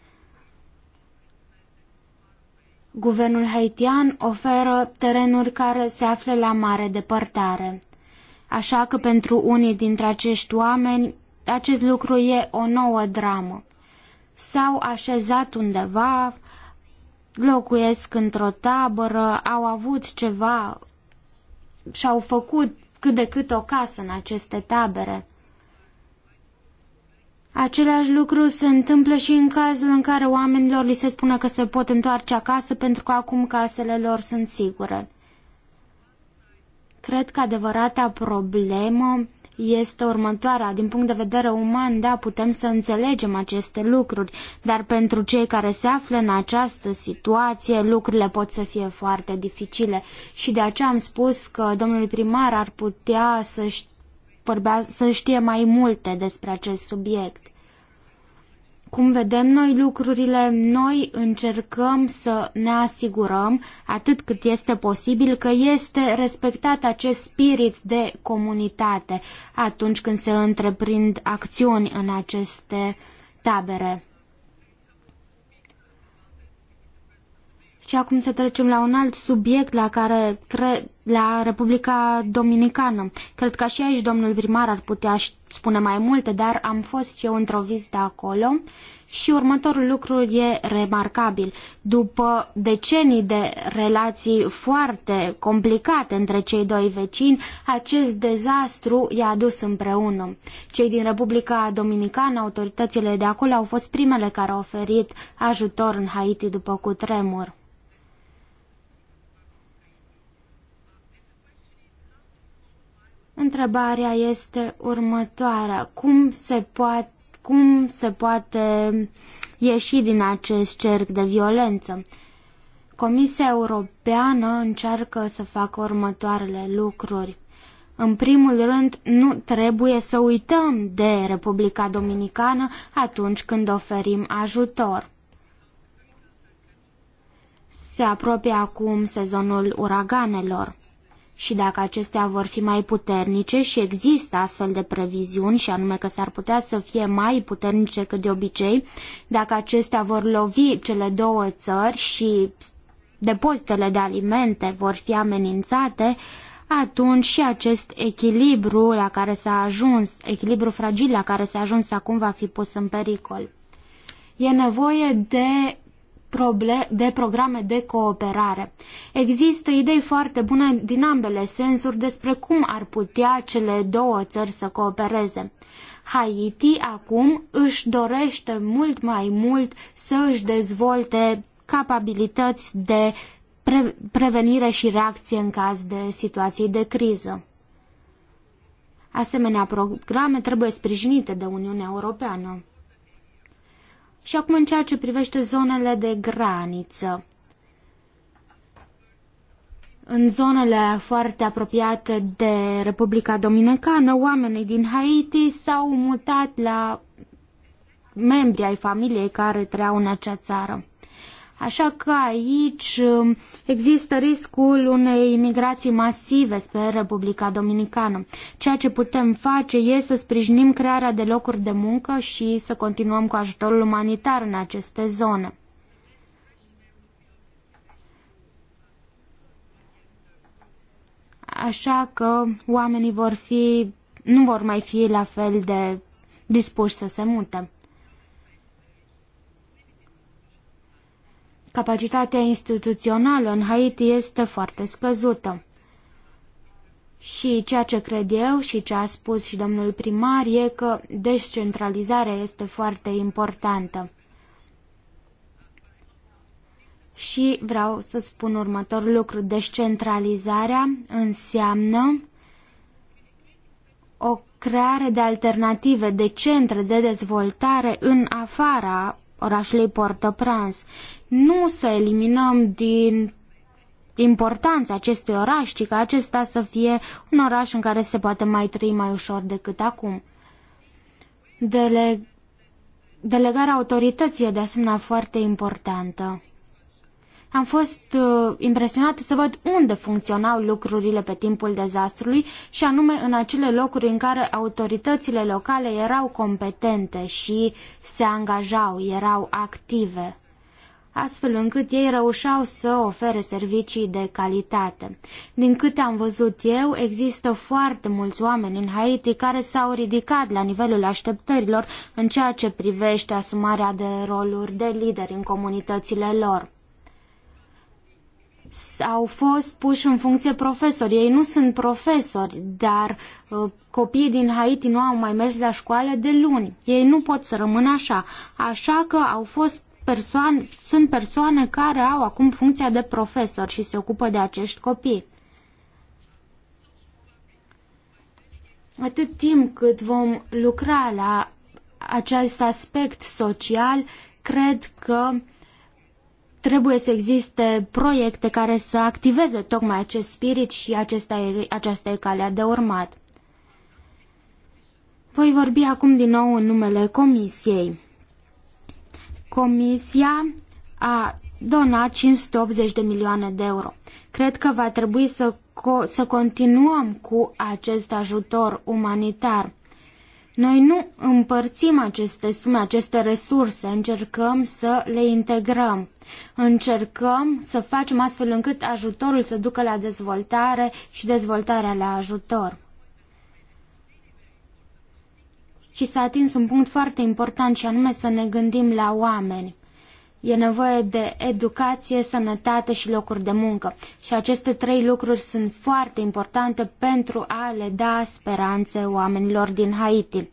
Guvernul haitian oferă terenuri care se află la mare depărtare. Așa că pentru unii dintre acești oameni acest lucru e o nouă dramă. S-au așezat undeva, locuiesc într-o tabără, au avut ceva și-au făcut cât de cât o casă în aceste tabere. Același lucru se întâmplă și în cazul în care oamenilor li se spune că se pot întoarce acasă pentru că acum casele lor sunt sigure. Cred că adevărata problemă este următoarea. Din punct de vedere uman, da, putem să înțelegem aceste lucruri, dar pentru cei care se află în această situație, lucrurile pot să fie foarte dificile. Și de aceea am spus că domnul primar ar putea să-și vorbea, să știe mai multe despre acest subiect. Cum vedem noi lucrurile, noi încercăm să ne asigurăm, atât cât este posibil, că este respectat acest spirit de comunitate atunci când se întreprind acțiuni în aceste tabere. Și acum să trecem la un alt subiect la care cre- la Republica Dominicană. Cred că și aici domnul primar ar putea spune mai multe, dar am fost și eu într-o vizită acolo și următorul lucru e remarcabil. După decenii de relații foarte complicate între cei doi vecini, acest dezastru i-a adus împreună. Cei din Republica Dominicană, autoritățile de acolo, au fost primele care au oferit ajutor în Haiti după cutremur. Întrebarea este următoarea. Cum se, poate, cum se poate ieși din acest cerc de violență? Comisia Europeană încearcă să facă următoarele lucruri. În primul rând, nu trebuie să uităm de Republica Dominicană atunci când oferim ajutor. Se apropie acum sezonul uraganelor și dacă acestea vor fi mai puternice și există astfel de previziuni și anume că s-ar putea să fie mai puternice decât de obicei, dacă acestea vor lovi cele două țări și depozitele de alimente vor fi amenințate, atunci și acest echilibru la care s-a ajuns, echilibru fragil la care s-a ajuns acum va fi pus în pericol. E nevoie de de programe de cooperare. Există idei foarte bune din ambele sensuri despre cum ar putea cele două țări să coopereze. Haiti acum își dorește mult mai mult să își dezvolte capabilități de pre- prevenire și reacție în caz de situații de criză. Asemenea programe trebuie sprijinite de Uniunea Europeană. Și acum în ceea ce privește zonele de graniță. În zonele foarte apropiate de Republica Dominicană, oamenii din Haiti s-au mutat la membri ai familiei care trăiau în acea țară. Așa că aici um, există riscul unei imigrații masive spre Republica Dominicană. Ceea ce putem face e să sprijinim crearea de locuri de muncă și să continuăm cu ajutorul umanitar în aceste zone. Așa că oamenii vor fi, nu vor mai fi la fel de dispuși să se mute. Capacitatea instituțională în Haiti este foarte scăzută. Și ceea ce cred eu și ce a spus și domnul primar e că descentralizarea este foarte importantă. Și vreau să spun următorul lucru. Descentralizarea înseamnă o creare de alternative, de centre de dezvoltare în afara orașului Port-au-Prince nu să eliminăm din importanța acestui oraș, ci ca acesta să fie un oraș în care se poate mai trăi mai ușor decât acum. Dele... Delegarea autorității e de asemenea foarte importantă. Am fost uh, impresionată să văd unde funcționau lucrurile pe timpul dezastrului și anume în acele locuri în care autoritățile locale erau competente și se angajau, erau active astfel încât ei reușeau să ofere servicii de calitate. Din câte am văzut eu, există foarte mulți oameni în Haiti care s-au ridicat la nivelul așteptărilor în ceea ce privește asumarea de roluri de lideri în comunitățile lor au fost puși în funcție profesori. Ei nu sunt profesori, dar uh, copiii din Haiti nu au mai mers la școală de luni. Ei nu pot să rămână așa. Așa că au fost persoane, sunt persoane care au acum funcția de profesor și se ocupă de acești copii. Atât timp cât vom lucra la acest aspect social, cred că trebuie să existe proiecte care să activeze tocmai acest spirit și acesta e, aceasta e calea de urmat. Voi vorbi acum din nou în numele Comisiei. Comisia a donat 580 de milioane de euro. Cred că va trebui să, co- să continuăm cu acest ajutor umanitar. Noi nu împărțim aceste sume, aceste resurse, încercăm să le integrăm. Încercăm să facem astfel încât ajutorul să ducă la dezvoltare și dezvoltarea la ajutor. și s-a atins un punct foarte important și anume să ne gândim la oameni. E nevoie de educație, sănătate și locuri de muncă. Și aceste trei lucruri sunt foarte importante pentru a le da speranțe oamenilor din Haiti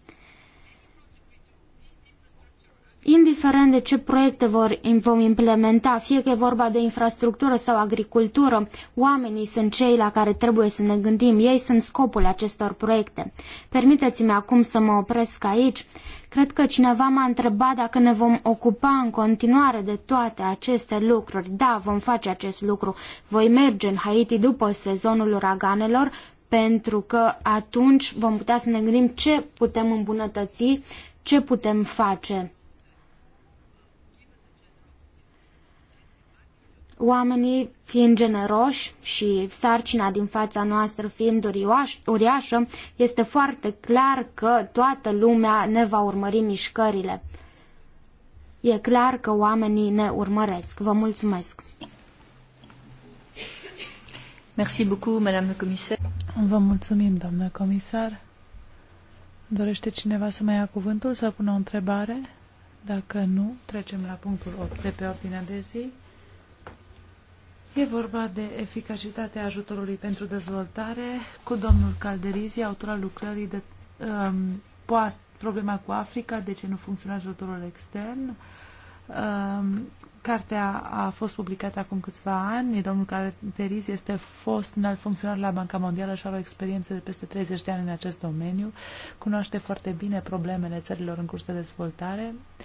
indiferent de ce proiecte vor, vom implementa, fie că e vorba de infrastructură sau agricultură, oamenii sunt cei la care trebuie să ne gândim, ei sunt scopul acestor proiecte. Permiteți-mi acum să mă opresc aici. Cred că cineva m-a întrebat dacă ne vom ocupa în continuare de toate aceste lucruri. Da, vom face acest lucru. Voi merge în Haiti după sezonul uraganelor, pentru că atunci vom putea să ne gândim ce putem îmbunătăți, ce putem face. Oamenii fiind generoși și sarcina din fața noastră fiind uriașă, este foarte clar că toată lumea ne va urmări mișcările. E clar că oamenii ne urmăresc. Vă mulțumesc! Merci beaucoup, Madame la Vă mulțumim, doamnă comisar. Dorește cineva să mai ia cuvântul, să pună o întrebare? Dacă nu, trecem la punctul 8 de pe ordinea de zi. E vorba de eficacitatea ajutorului pentru dezvoltare cu domnul Calderizi, al lucrării de um, poate, problema cu Africa, de ce nu funcționează ajutorul extern. Um, cartea a fost publicată acum câțiva ani. Domnul Calderizi este fost înalt funcționar la Banca Mondială și are o experiență de peste 30 de ani în acest domeniu. Cunoaște foarte bine problemele țărilor în curs de dezvoltare. Uh,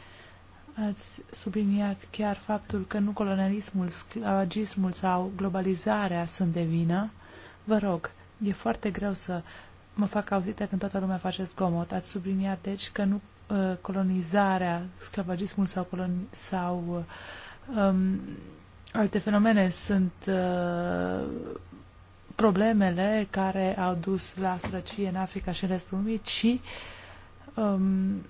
Ați subliniat chiar faptul că nu colonialismul, sclavagismul sau globalizarea sunt de vină. Vă rog, e foarte greu să mă fac auzită când toată lumea face zgomot. Ați subliniat, deci, că nu uh, colonizarea, sclavagismul sau, coloni- sau um, alte fenomene sunt uh, problemele care au dus la sărăcie în Africa și în restul lumii, ci um,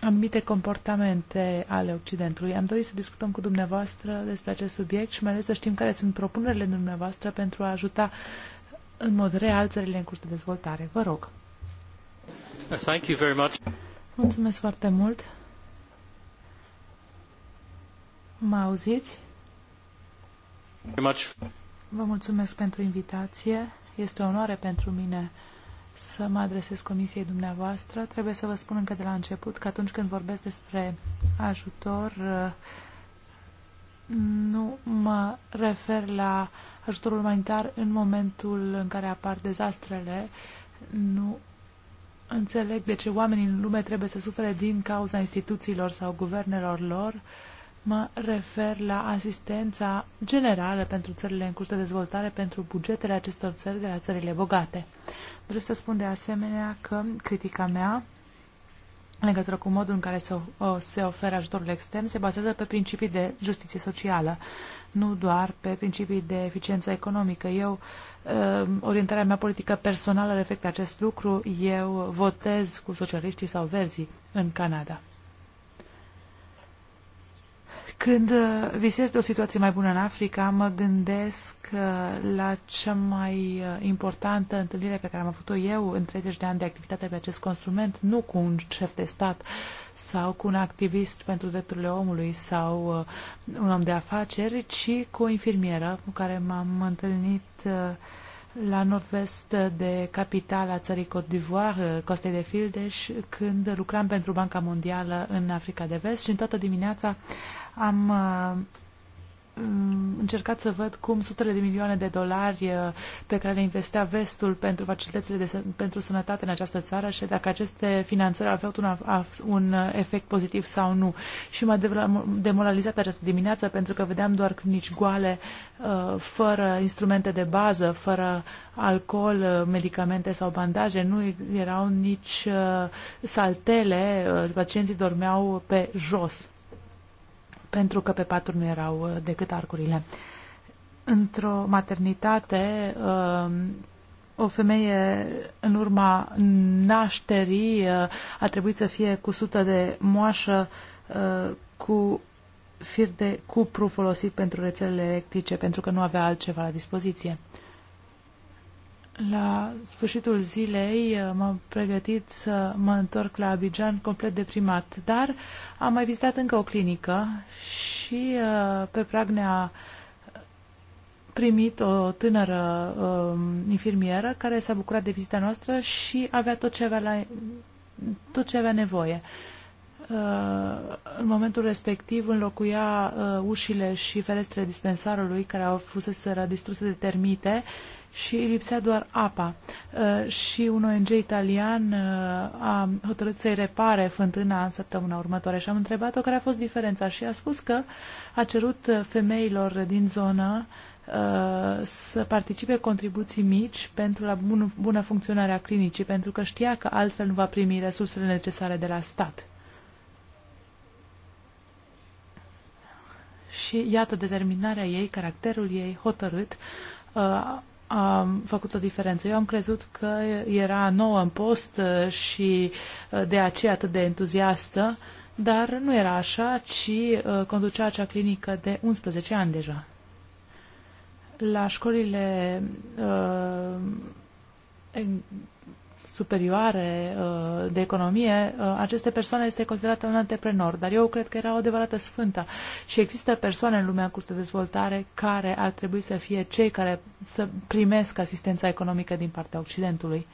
anumite comportamente ale Occidentului. Am dorit să discutăm cu dumneavoastră despre acest subiect și mai ales să știm care sunt propunerile dumneavoastră pentru a ajuta în mod real țările în curs de dezvoltare. Vă rog. Thank you very much. Mulțumesc foarte mult. Mă auziți? Very much. Vă mulțumesc pentru invitație. Este o onoare pentru mine să mă adresez comisiei dumneavoastră. Trebuie să vă spun încă de la început că atunci când vorbesc despre ajutor, nu mă refer la ajutorul umanitar în momentul în care apar dezastrele. Nu înțeleg de ce oamenii în lume trebuie să sufere din cauza instituțiilor sau guvernelor lor. Mă refer la asistența generală pentru țările în curs de dezvoltare, pentru bugetele acestor țări de la țările bogate. Vreau să spun de asemenea că critica mea în legătură cu modul în care se, se oferă ajutorul extern se bazează pe principii de justiție socială, nu doar pe principii de eficiență economică. Eu, um, orientarea mea politică personală reflectă acest lucru. Eu votez cu socialiștii sau verzii în Canada. Când uh, visez de o situație mai bună în Africa, mă gândesc uh, la cea mai uh, importantă întâlnire pe care am avut-o eu în 30 de ani de activitate pe acest instrument, nu cu un șef de stat sau cu un activist pentru drepturile omului sau un om de afaceri, ci cu o infirmieră cu care m-am întâlnit la nord-vest de capitala țării Côte d'Ivoire, Costei de Fildeș, când lucram pentru Banca Mondială în Africa de Vest și în toată dimineața am uh, mm, încercat să văd cum sutele de milioane de dolari uh, pe care le investea vestul pentru facilitățile de, pentru sănătate în această țară și dacă aceste finanțări aveau un, un uh, efect pozitiv sau nu. Și m-a demoralizat această dimineață pentru că vedeam doar clinici goale, fără instrumente de bază, fără alcool, medicamente sau bandaje, nu erau nici saltele, pacienții dormeau pe jos pentru că pe patru nu erau uh, decât arcurile. Într-o maternitate, uh, o femeie în urma nașterii uh, a trebuit să fie cusută de moașă cu fir de cupru folosit pentru rețelele electrice, pentru că nu avea altceva la dispoziție. La sfârșitul zilei uh, m-am pregătit să mă întorc la Abidjan complet deprimat, dar am mai vizitat încă o clinică și uh, pe a primit o tânără um, infirmieră care s-a bucurat de vizita noastră și avea tot ce avea, la, tot ce avea nevoie. Uh, în momentul respectiv înlocuia uh, ușile și ferestrele dispensarului care au fost distruse de termite și lipsea doar apa. Uh, și un ONG italian uh, a hotărât să-i repare fântâna în săptămâna următoare și am întrebat-o care a fost diferența și a spus că a cerut uh, femeilor din zonă uh, să participe contribuții mici pentru la bună funcționare a clinicii, pentru că știa că altfel nu va primi resursele necesare de la stat. și iată determinarea ei, caracterul ei hotărât uh, a făcut o diferență. Eu am crezut că era nouă în post uh, și uh, de aceea atât de entuziastă, dar nu era așa, ci conducea acea clinică de 11 ani deja. La școlile superioare uh, de economie, uh, aceste persoane este considerată un antreprenor, dar eu cred că era o adevărată sfântă și există persoane în lumea în curs de dezvoltare care ar trebui să fie cei care să primesc asistența economică din partea Occidentului.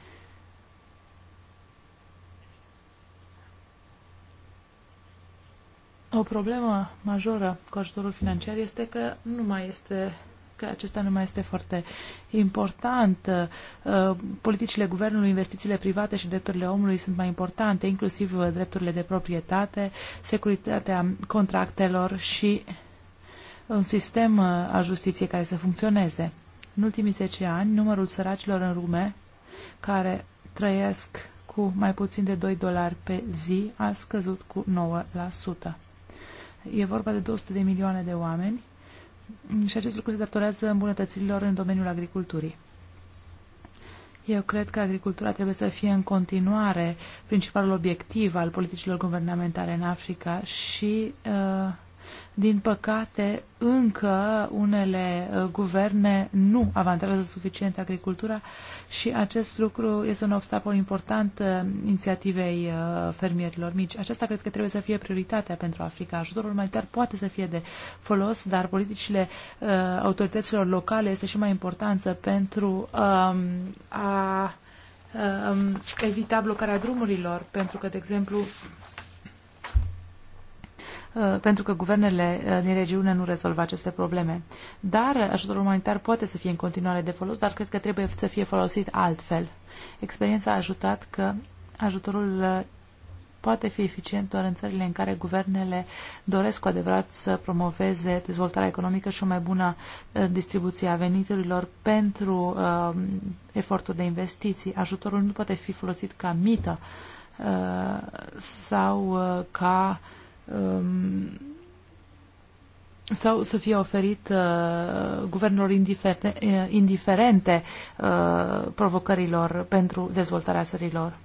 O problemă majoră cu ajutorul financiar este că nu mai este că acesta nu mai este foarte important. Uh, politicile guvernului, investițiile private și drepturile omului sunt mai importante, inclusiv uh, drepturile de proprietate, securitatea contractelor și un sistem uh, al justiției care să funcționeze. În ultimii 10 ani, numărul săracilor în lume care trăiesc cu mai puțin de 2 dolari pe zi a scăzut cu 9%. E vorba de 200 de milioane de oameni și acest lucru se datorează îmbunătățirilor în domeniul agriculturii. Eu cred că agricultura trebuie să fie în continuare principalul obiectiv al politicilor guvernamentale în Africa și uh, din păcate, încă unele uh, guverne nu avantajează suficient agricultura și acest lucru este un obstacol important uh, inițiativei uh, fermierilor mici. Aceasta cred că trebuie să fie prioritatea pentru Africa. Ajutorul umanitar poate să fie de folos, dar politicile autorităților locale este și mai importanță pentru um, a um, evita blocarea drumurilor, pentru că, de exemplu, Uh, pentru că guvernele uh, din regiune nu rezolvă aceste probleme. Dar ajutorul umanitar poate să fie în continuare de folos, dar cred că trebuie să fie folosit altfel. Experiența a ajutat că ajutorul uh, poate fi eficient doar în țările în care guvernele doresc cu adevărat să promoveze dezvoltarea economică și o mai bună distribuție a veniturilor pentru uh, efortul de investiții. Ajutorul nu poate fi folosit ca mită uh, sau uh, ca uh, um, sau să fie oferit uh, guvernelor uh, indiferente uh, provocărilor pentru dezvoltarea sărilor?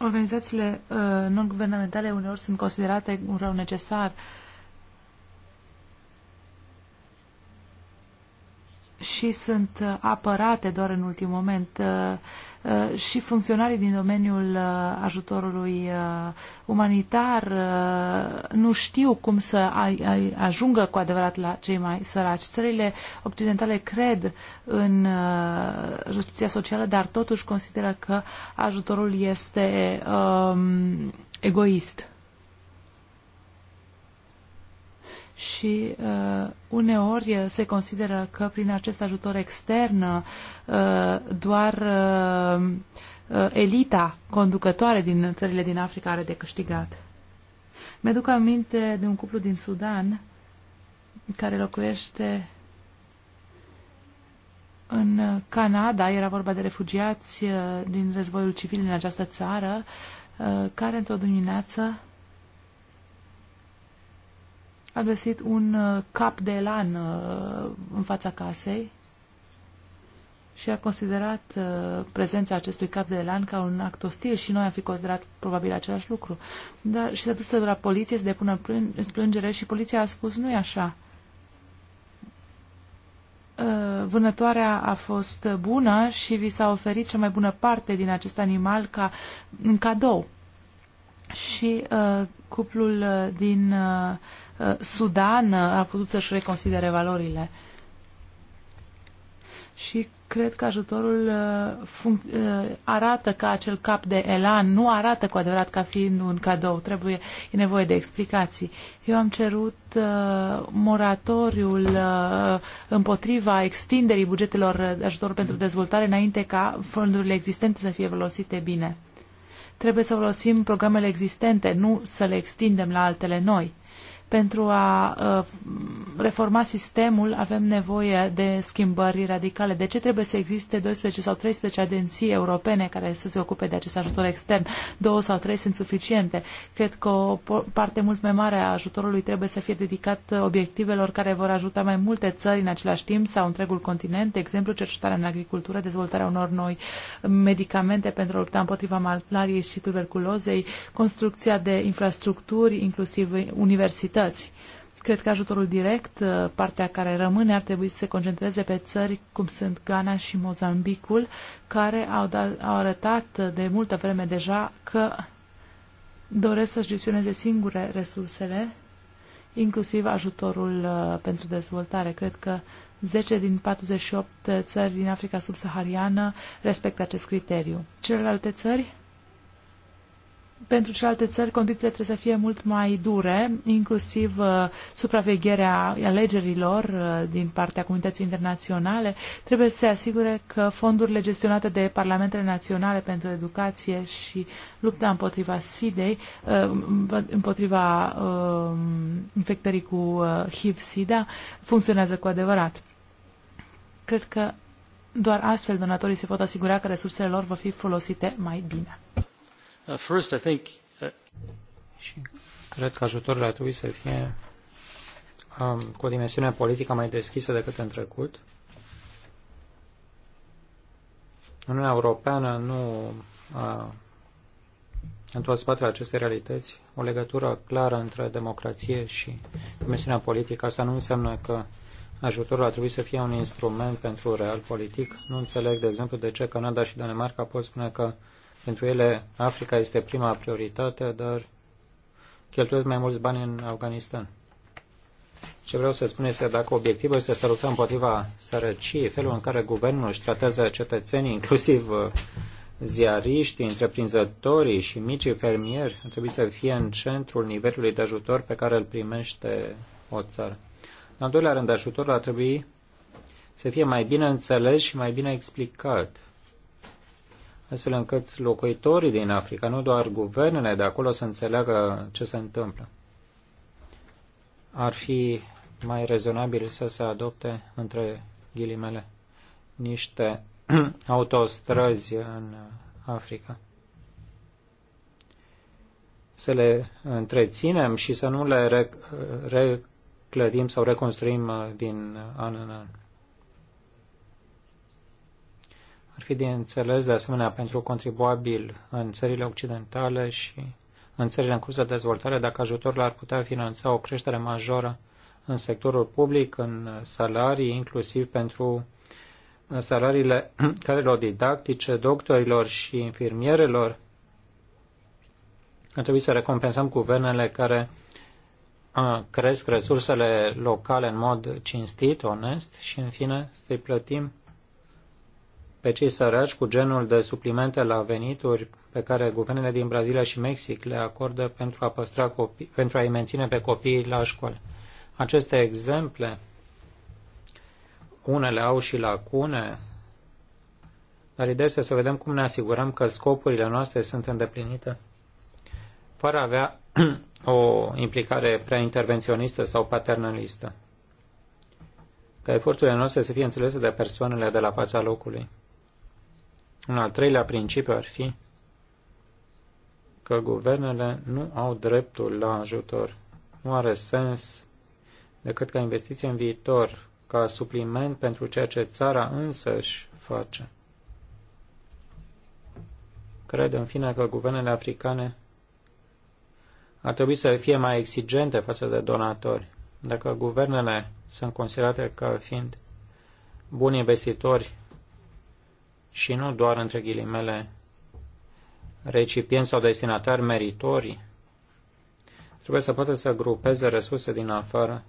Organizațiile uh, non-guvernamentale uneori sunt considerate un rău necesar uh, și sunt uh, apărate doar în ultim moment uh, uh, și funcționarii din domeniul ajutorului umanitar nu știu cum să ajungă cu adevărat la cei mai săraci. Țările occidentale cred în justiția socială, dar totuși consideră că ajutorul este um, egoist. și uh, uneori uh, se consideră că prin acest ajutor extern uh, doar uh, uh, elita conducătoare din țările din Africa are de câștigat. Mi-aduc aminte de un cuplu din Sudan care locuiește în Canada, era vorba de refugiați uh, din războiul civil în această țară, care într-o dimineață a găsit un uh, cap de elan uh, în fața casei și a considerat uh, prezența acestui cap de elan ca un act ostil și noi am fi considerat probabil același lucru. Dar și s-a dus la poliție să depună plângere și poliția a spus nu e așa. Vânătoarea a fost bună și vi s-a oferit cea mai bună parte din acest animal ca în cadou. Și uh, cuplul uh, din uh, Uh, Sudan uh, a putut să-și reconsidere valorile. Și cred că ajutorul uh, arată ca acel cap de elan, nu arată cu adevărat ca fiind un cadou, trebuie, e nevoie de explicații. Eu am cerut uh, moratoriul uh, împotriva extinderii bugetelor de ajutor pentru dezvoltare înainte ca fondurile existente să fie folosite bine. Trebuie să folosim programele existente, nu să le extindem la altele noi. Pentru a uh, reforma sistemul avem nevoie de schimbări radicale. De ce trebuie să existe 12 sau 13 agenții europene care să se ocupe de acest ajutor extern? Două sau trei sunt suficiente. Cred că o parte mult mai mare a ajutorului trebuie să fie dedicat obiectivelor care vor ajuta mai multe țări în același timp sau întregul continent, de exemplu cercetarea în agricultură, dezvoltarea unor noi medicamente pentru a lupta împotriva malariei și tuberculozei, construcția de infrastructuri, inclusiv universități, priorități. Cred că ajutorul direct, uh, partea care rămâne, ar trebui să se concentreze pe țări cum sunt Ghana și Mozambicul, care au, dat, au arătat uh, de multă vreme deja că doresc să-și gestioneze singure resursele, inclusiv ajutorul uh, pentru dezvoltare. Cred că 10 din 48 țări din Africa subsahariană respectă acest criteriu. Celelalte țări pentru celelalte țări condițiile trebuie să fie mult mai dure, inclusiv uh, supravegherea alegerilor uh, din partea comunității internaționale. Trebuie să se asigure că fondurile gestionate de parlamentele naționale pentru educație și lupta împotriva SIDEI, uh, împotriva uh, infectării cu uh, HIV-SIDA, funcționează cu adevărat. Cred că doar astfel donatorii se pot asigura că resursele lor vor fi folosite mai bine. Uh, first, I think... Uh, cred că ajutorul ar trebui să fie um, cu o dimensiune politică mai deschisă decât în trecut. Uniunea Europeană nu a uh, întors spatele acestei realități o legătură clară între democrație și dimensiunea politică. Asta nu înseamnă că ajutorul ar trebui să fie un instrument pentru real politic. Nu înțeleg, de exemplu, de ce Canada și Danemarca pot spune că pentru ele, Africa este prima prioritate, dar cheltuiesc mai mulți bani în Afganistan. Ce vreau să spun este dacă obiectivul este să luptăm împotriva sărăciei, felul în care guvernul își tratează cetățenii, inclusiv uh, ziariștii, întreprinzătorii și micii fermieri, ar trebui să fie în centrul nivelului de ajutor pe care îl primește o țară. În al doilea rând, ajutorul ar trebui să fie mai bine înțeles și mai bine explicat astfel încât locuitorii din Africa, nu doar guvernele de acolo, să înțeleagă ce se întâmplă. Ar fi mai rezonabil să se adopte, între ghilimele, niște <clears throat> autostrăzi în Africa. Să le întreținem și să nu le reclădim sau reconstruim din an în an. Ar fi de înțeles, de asemenea, pentru contribuabil în țările occidentale și în țările în curs de dezvoltare, dacă ajutorul ar putea finanța o creștere majoră în sectorul public, în salarii, inclusiv pentru salariile <clears throat> carelor didactice, doctorilor și infirmierelor. Ar trebui să recompensăm guvernele care cresc resursele locale în mod cinstit, onest și, în fine, să-i plătim pe cei săraci cu genul de suplimente la venituri pe care guvernele din Brazilia și Mexic le acordă pentru a, păstra copii, pentru a-i menține pe copiii la școală. Aceste exemple, unele au și lacune, dar ideea este să vedem cum ne asigurăm că scopurile noastre sunt îndeplinite fără a avea <clears throat> o implicare prea intervenționistă sau paternalistă. Ca eforturile noastre să fie înțelese de persoanele de la fața locului. Un al treilea principiu ar fi că guvernele nu au dreptul la ajutor. Nu are sens decât ca investiție în viitor, ca supliment pentru ceea ce țara însăși face. Cred, în fine, că guvernele africane ar trebui să fie mai exigente față de donatori. Dacă guvernele sunt considerate ca fiind buni investitori și nu doar între ghilimele recipienți sau destinatari meritorii, trebuie să poată să grupeze resurse din afară.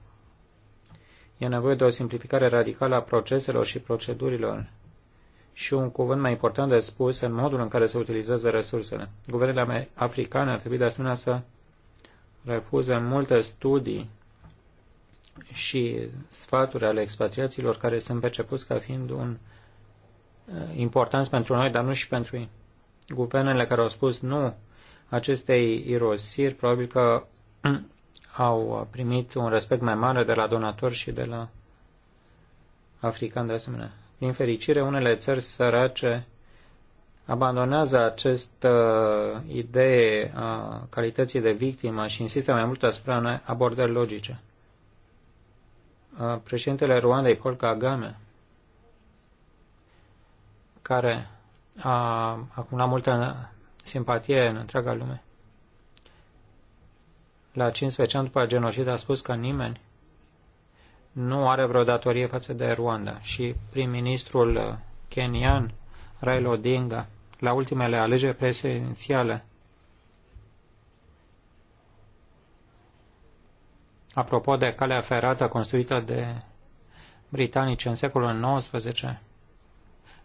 E nevoie de o simplificare radicală a proceselor și procedurilor și un cuvânt mai important de spus în modul în care se utilizează resursele. Guvernele africane ar trebui de asemenea să refuze multe studii și sfaturi ale expatriaților care sunt percepuți ca fiind un uh, Uh, importanți pentru noi, dar nu și pentru ei. Guvernele care au spus nu acestei irosiri, probabil că <clears throat> au primit un respect mai mare de la donatori și de la africani de asemenea. Din fericire, unele țări sărace abandonează această uh, idee a calității de victimă și insistă mai mult asupra abordări logice. Uh, președintele Ruandei, Paul Kagame, care a acumulat multă simpatie în întreaga lume. La 15 ani după genocid a spus că nimeni nu are vreo datorie față de Rwanda și prim-ministrul kenian Raila Odinga la ultimele alegeri prezidențiale apropo de calea ferată construită de britanici în secolul XIX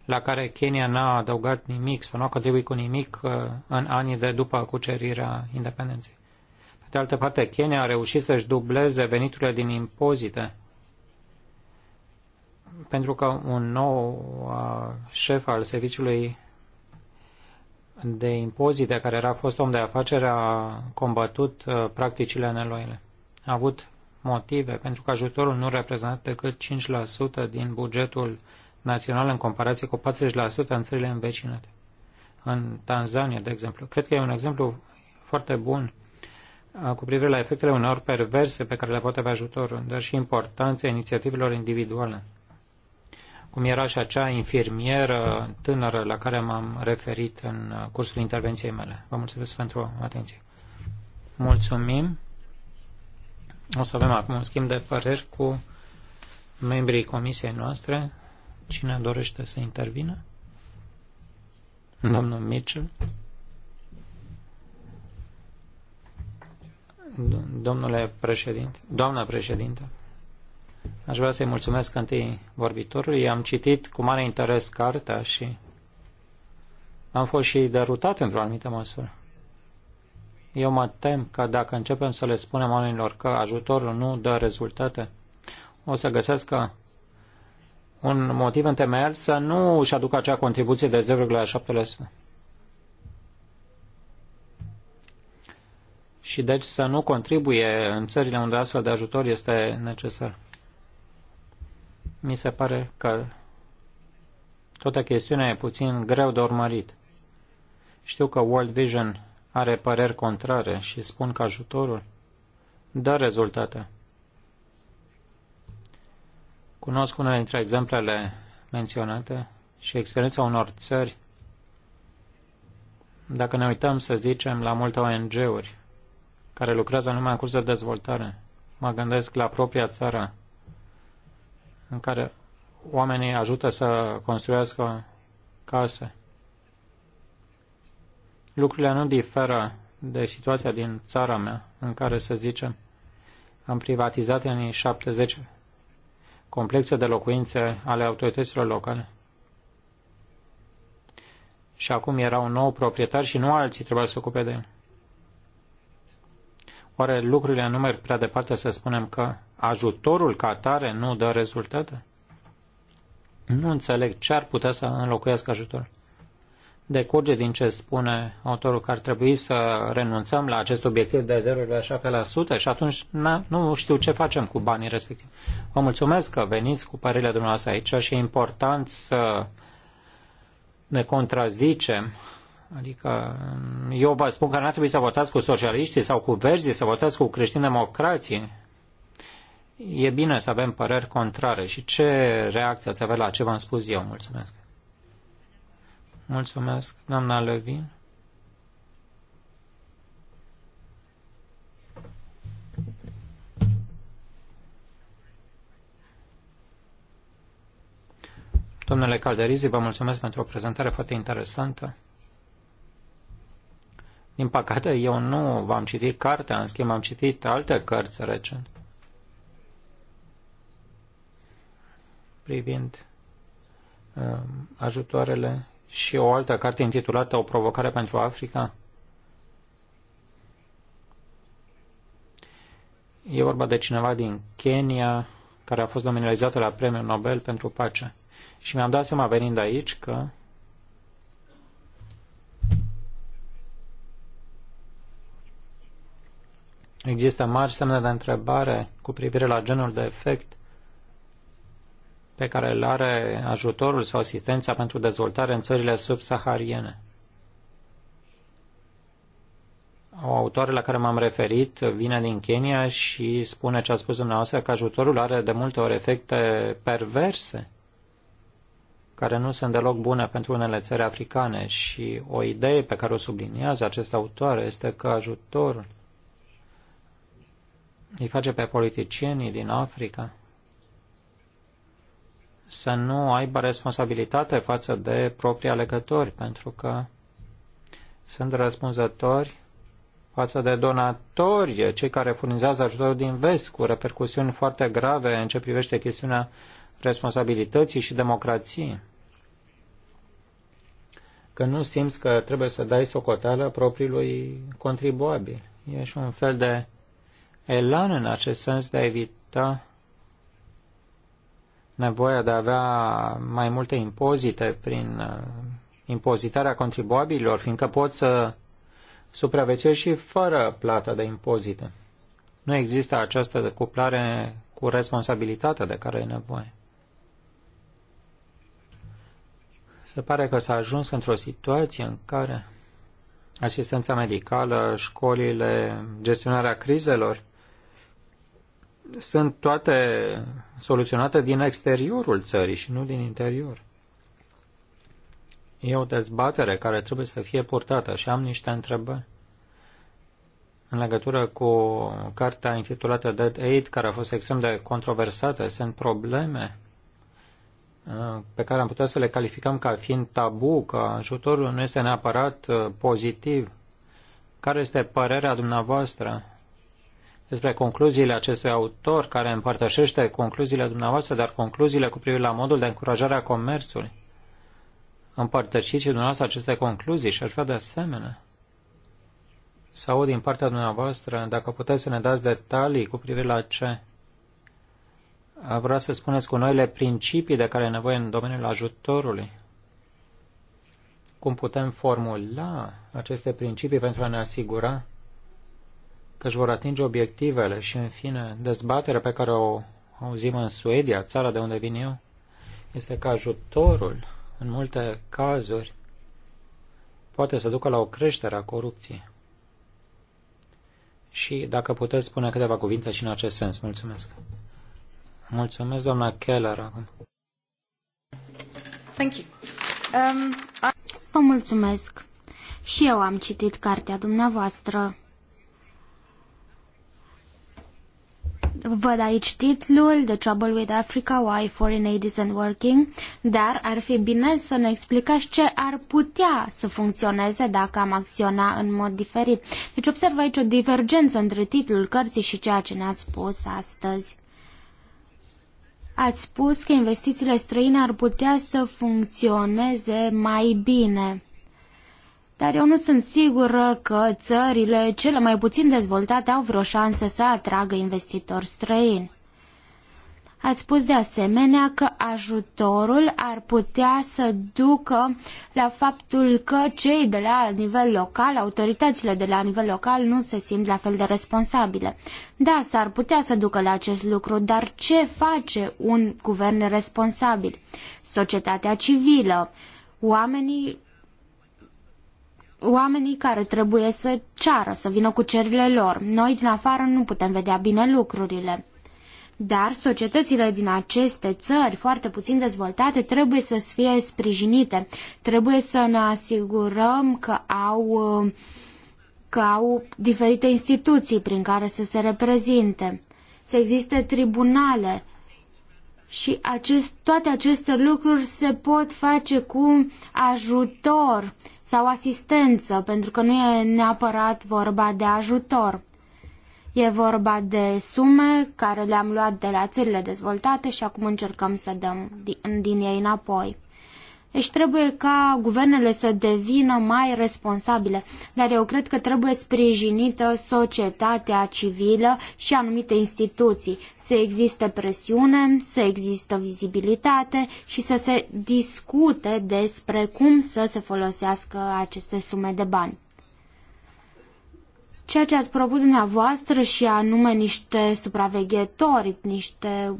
la care Kenya n-a adăugat nimic sau nu a contribuit cu nimic uh, în anii de după cucerirea independenței. Pe de altă parte, Kenya a reușit să-și dubleze veniturile din impozite pentru că un nou uh, șef al serviciului de impozite, care era fost om de afaceri, a combatut uh, practicile neloile. A avut motive pentru că ajutorul nu reprezentat decât 5% din bugetul națională în comparație cu 40% în țările învecinate. În Tanzania, de exemplu. Cred că e un exemplu foarte bun uh, cu privire la efectele unor perverse pe care le poate avea ajutorul, dar și importanța inițiativelor individuale. Cum era și acea infirmieră tânără la care m-am referit în uh, cursul intervenției mele. Vă mulțumesc pentru atenție. Mulțumim. O să avem acum un schimb de păreri cu membrii comisiei noastre. Cine dorește să intervină? Domnul Mitchell? Domnule președinte, doamna președinte, aș vrea să-i mulțumesc întâi vorbitorului. Am citit cu mare interes cartea și am fost și derutat într-o anumită măsură. Eu mă tem că dacă începem să le spunem oamenilor că ajutorul nu dă rezultate, o să găsească un motiv întemeiat să nu își aducă acea contribuție de 0,7%. Și deci să nu contribuie în țările unde astfel de ajutor este necesar. Mi se pare că toată chestiunea e puțin greu de urmărit. Știu că World Vision are păreri contrare și spun că ajutorul dă rezultate. Cunosc unele dintre exemplele menționate și experiența unor țări. Dacă ne uităm, să zicem, la multe ONG-uri care lucrează numai în curs de dezvoltare, mă gândesc la propria țară în care oamenii ajută să construiască case. Lucrurile nu diferă de situația din țara mea, în care, să zicem, am privatizat în anii 70 complexe de locuințe ale autorităților locale. Și acum era un nou proprietar și nu alții trebuia să se ocupe de el. Oare lucrurile nu merg prea departe să spunem că ajutorul ca atare nu dă rezultate? Nu înțeleg ce ar putea să înlocuiască ajutorul decurge din ce spune autorul că ar trebui să renunțăm la acest obiectiv de 0,7% și atunci na, nu știu ce facem cu banii respectivi. Vă mulțumesc că veniți cu părerile dumneavoastră aici și e important să ne contrazicem. Adică eu vă spun că nu ar trebui să votați cu socialiștii sau cu verzii, să votați cu creștini-democrații. E bine să avem păreri contrare și ce reacție ați avea la ce v-am spus eu. Mulțumesc. Mulțumesc, doamna Levin. Domnule Calderizi, vă mulțumesc pentru o prezentare foarte interesantă. Din păcate, eu nu v-am citit cartea, în schimb am citit alte cărți recent. Privind uh, ajutoarele și o altă carte intitulată O provocare pentru Africa? E vorba de cineva din Kenya care a fost nominalizată la Premiul Nobel pentru Pace. Și mi-am dat seama venind aici că există mari semne de întrebare cu privire la genul de efect pe care îl are ajutorul sau asistența pentru dezvoltare în țările subsahariene. O autoare la care m-am referit vine din Kenya și spune ce a spus dumneavoastră, că ajutorul are de multe ori efecte perverse, care nu sunt deloc bune pentru unele țări africane și o idee pe care o subliniază acest autor este că ajutorul îi face pe politicienii din Africa să nu aibă responsabilitate față de proprii alegători, pentru că sunt răspunzători față de donatori, cei care furnizează ajutorul din vest, cu repercusiuni foarte grave în ce privește chestiunea responsabilității și democrației. Că nu simți că trebuie să dai socoteală propriului contribuabil. E și un fel de elan în acest sens de a evita nevoia de a avea mai multe impozite prin uh, impozitarea contribuabililor, fiindcă pot să supraviețuiesc și fără plată de impozite. Nu există această decuplare cu responsabilitatea de care e nevoie. Se pare că s-a ajuns într-o situație în care asistența medicală, școlile, gestionarea crizelor sunt toate soluționate din exteriorul țării și nu din interior. E o dezbatere care trebuie să fie purtată și am niște întrebări în legătură cu cartea intitulată Dead Aid, care a fost extrem de controversată. Sunt probleme uh, pe care am putea să le calificăm ca fiind tabu, că ajutorul nu este neapărat uh, pozitiv. Care este părerea dumneavoastră despre concluziile acestui autor care împărtășește concluziile dumneavoastră, dar concluziile cu privire la modul de încurajare a comerțului. Împărtășiți și dumneavoastră aceste concluzii și aș vrea de asemenea sau din partea dumneavoastră, dacă puteți să ne dați detalii cu privire la ce vreau să spuneți cu noile principii de care e nevoie în domeniul ajutorului. Cum putem formula aceste principii pentru a ne asigura că își vor atinge obiectivele și, în fine, dezbaterea pe care o auzim în Suedia, țara de unde vin eu, este că ajutorul, în multe cazuri, poate să ducă la o creștere a corupției. Și dacă puteți spune câteva cuvinte și în acest sens, mulțumesc. Mulțumesc, doamna Keller, acum. Thank you. Um, I... Vă mulțumesc. Și eu am citit cartea dumneavoastră. Văd aici titlul The Trouble with Africa, Why Foreign Aid Isn't Working, dar ar fi bine să ne explicați ce ar putea să funcționeze dacă am acționa în mod diferit. Deci observ aici o divergență între titlul cărții și ceea ce ne-ați spus astăzi. Ați spus că investițiile străine ar putea să funcționeze mai bine dar eu nu sunt sigură că țările cele mai puțin dezvoltate au vreo șansă să atragă investitori străini. Ați spus de asemenea că ajutorul ar putea să ducă la faptul că cei de la nivel local, autoritățile de la nivel local nu se simt la fel de responsabile. Da, s-ar putea să ducă la acest lucru, dar ce face un guvern responsabil? Societatea civilă, oamenii oamenii care trebuie să ceară, să vină cu cerile lor. Noi din afară nu putem vedea bine lucrurile. Dar societățile din aceste țări foarte puțin dezvoltate trebuie să fie sprijinite. Trebuie să ne asigurăm că au, că au diferite instituții prin care să se reprezinte. Să existe tribunale și acest, toate aceste lucruri se pot face cu ajutor sau asistență, pentru că nu e neapărat vorba de ajutor. E vorba de sume care le-am luat de la țările dezvoltate și acum încercăm să dăm din ei înapoi. Deci trebuie ca guvernele să devină mai responsabile, dar eu cred că trebuie sprijinită societatea civilă și anumite instituții, să existe presiune, să există vizibilitate și să se discute despre cum să se folosească aceste sume de bani ceea ce ați propus dumneavoastră și anume niște supraveghetori, niște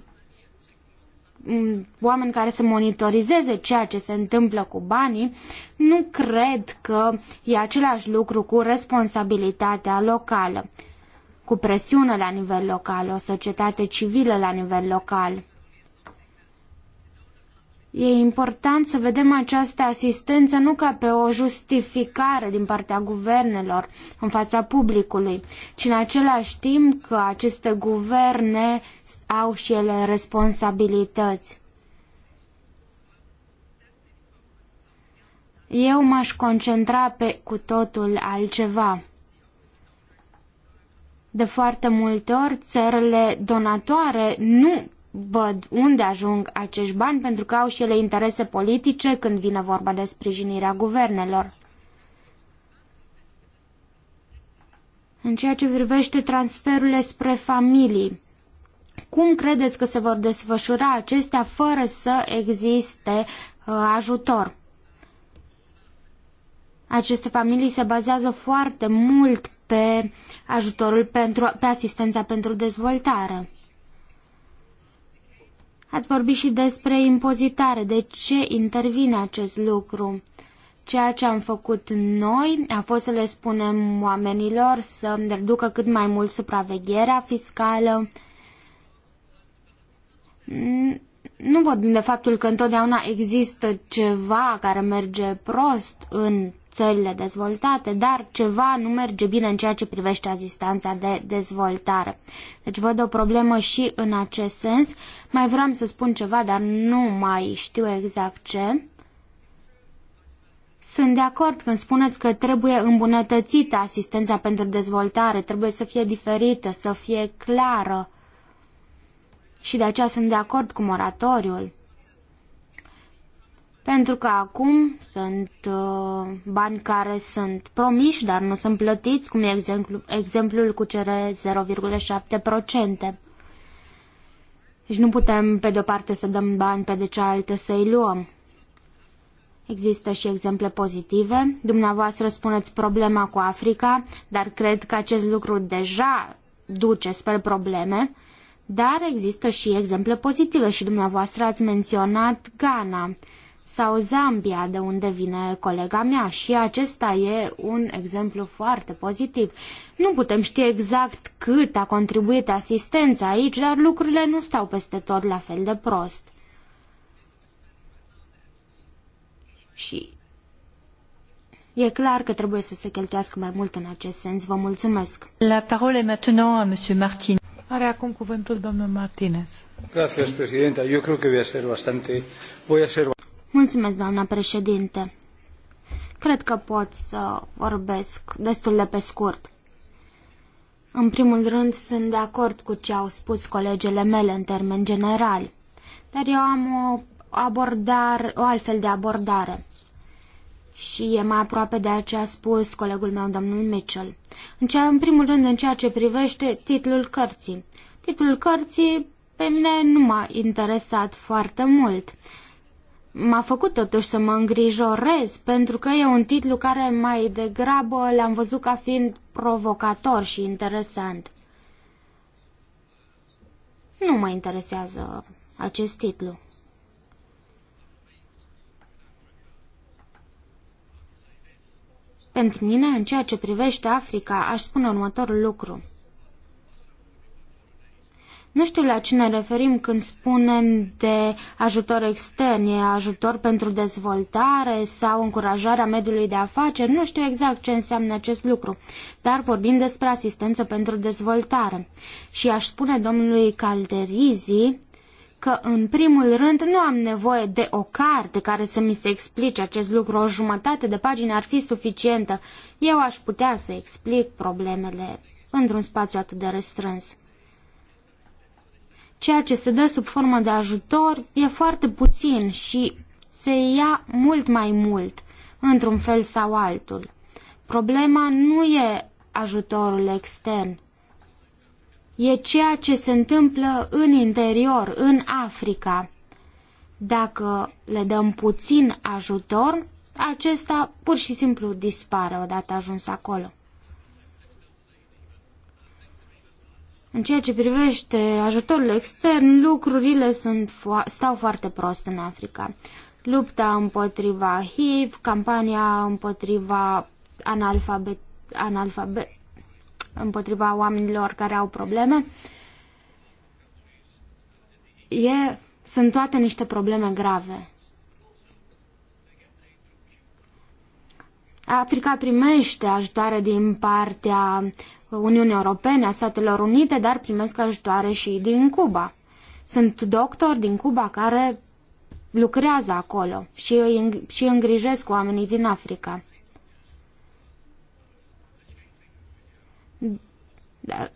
oameni care să monitorizeze ceea ce se întâmplă cu banii, nu cred că e același lucru cu responsabilitatea locală, cu presiune la nivel local, o societate civilă la nivel local. E important să vedem această asistență nu ca pe o justificare din partea guvernelor în fața publicului, ci în același timp că aceste guverne au și ele responsabilități. Eu m-aș concentra pe cu totul altceva. De foarte multe ori, țările donatoare nu văd unde ajung acești bani pentru că au și ele interese politice când vine vorba de sprijinirea guvernelor. În ceea ce privește transferurile spre familii, cum credeți că se vor desfășura acestea fără să existe uh, ajutor? Aceste familii se bazează foarte mult pe ajutorul pentru, pe asistența pentru dezvoltare. Ați vorbit și despre impozitare, de ce intervine acest lucru. Ceea ce am făcut noi a fost să le spunem oamenilor să reducă cât mai mult supravegherea fiscală. Nu vorbim de faptul că întotdeauna există ceva care merge prost în țările dezvoltate, dar ceva nu merge bine în ceea ce privește asistența de dezvoltare. Deci văd o problemă și în acest sens. Mai vreau să spun ceva, dar nu mai știu exact ce. Sunt de acord când spuneți că trebuie îmbunătățită asistența pentru dezvoltare, trebuie să fie diferită, să fie clară. Și de aceea sunt de acord cu moratoriul. Pentru că acum sunt uh, bani care sunt promiși, dar nu sunt plătiți, cum e exemplu, exemplul cu cere 0,7%. Deci nu putem pe de-o parte să dăm bani, pe de cealaltă să-i luăm. Există și exemple pozitive. Dumneavoastră spuneți problema cu Africa, dar cred că acest lucru deja duce spre probleme. Dar există și exemple pozitive și dumneavoastră ați menționat Ghana sau Zambia, de unde vine colega mea și acesta e un exemplu foarte pozitiv. Nu putem ști exact cât a contribuit asistența aici, dar lucrurile nu stau peste tot la fel de prost. Și E clar că trebuie să se cheltuiască mai mult în acest sens. Vă mulțumesc. La parole maintenant a monsieur Martin. Are acum cuvântul domnul Martinez. Gracias, presidenta. Eu cred că voi ser bastante... Voy a ser Mulțumesc, doamna președinte. Cred că pot să vorbesc destul de pe scurt. În primul rând, sunt de acord cu ce au spus colegele mele în termen general, dar eu am o, abordare, o altfel de abordare. Și e mai aproape de ce a spus colegul meu, domnul Mitchell. În, cea, în primul rând, în ceea ce privește titlul cărții. Titlul cărții pe mine nu m-a interesat foarte mult m-a făcut totuși să mă îngrijorez, pentru că e un titlu care mai degrabă l-am văzut ca fiind provocator și interesant. Nu mă interesează acest titlu. Pentru mine, în ceea ce privește Africa, aș spune următorul lucru – nu știu la ce ne referim când spunem de ajutor extern, e ajutor pentru dezvoltare sau încurajarea mediului de afaceri, nu știu exact ce înseamnă acest lucru, dar vorbim despre asistență pentru dezvoltare. Și aș spune domnului Calderizi că, în primul rând, nu am nevoie de o carte care să mi se explice acest lucru. O jumătate de pagină ar fi suficientă. Eu aș putea să explic problemele într-un spațiu atât de restrâns. Ceea ce se dă sub formă de ajutor e foarte puțin și se ia mult mai mult, într-un fel sau altul. Problema nu e ajutorul extern. E ceea ce se întâmplă în interior, în Africa. Dacă le dăm puțin ajutor, acesta pur și simplu dispare odată ajuns acolo. În ceea ce privește ajutorul extern, lucrurile sunt fo- stau foarte prost în Africa. Lupta împotriva HIV, campania împotriva analfabet, analfabet împotriva oamenilor care au probleme, e, sunt toate niște probleme grave. Africa primește ajutoare din partea Uniunii Europene, a Statelor Unite, dar primesc ajutoare și din Cuba. Sunt doctori din Cuba care lucrează acolo și îi, și îngrijesc oamenii din Africa. Dar,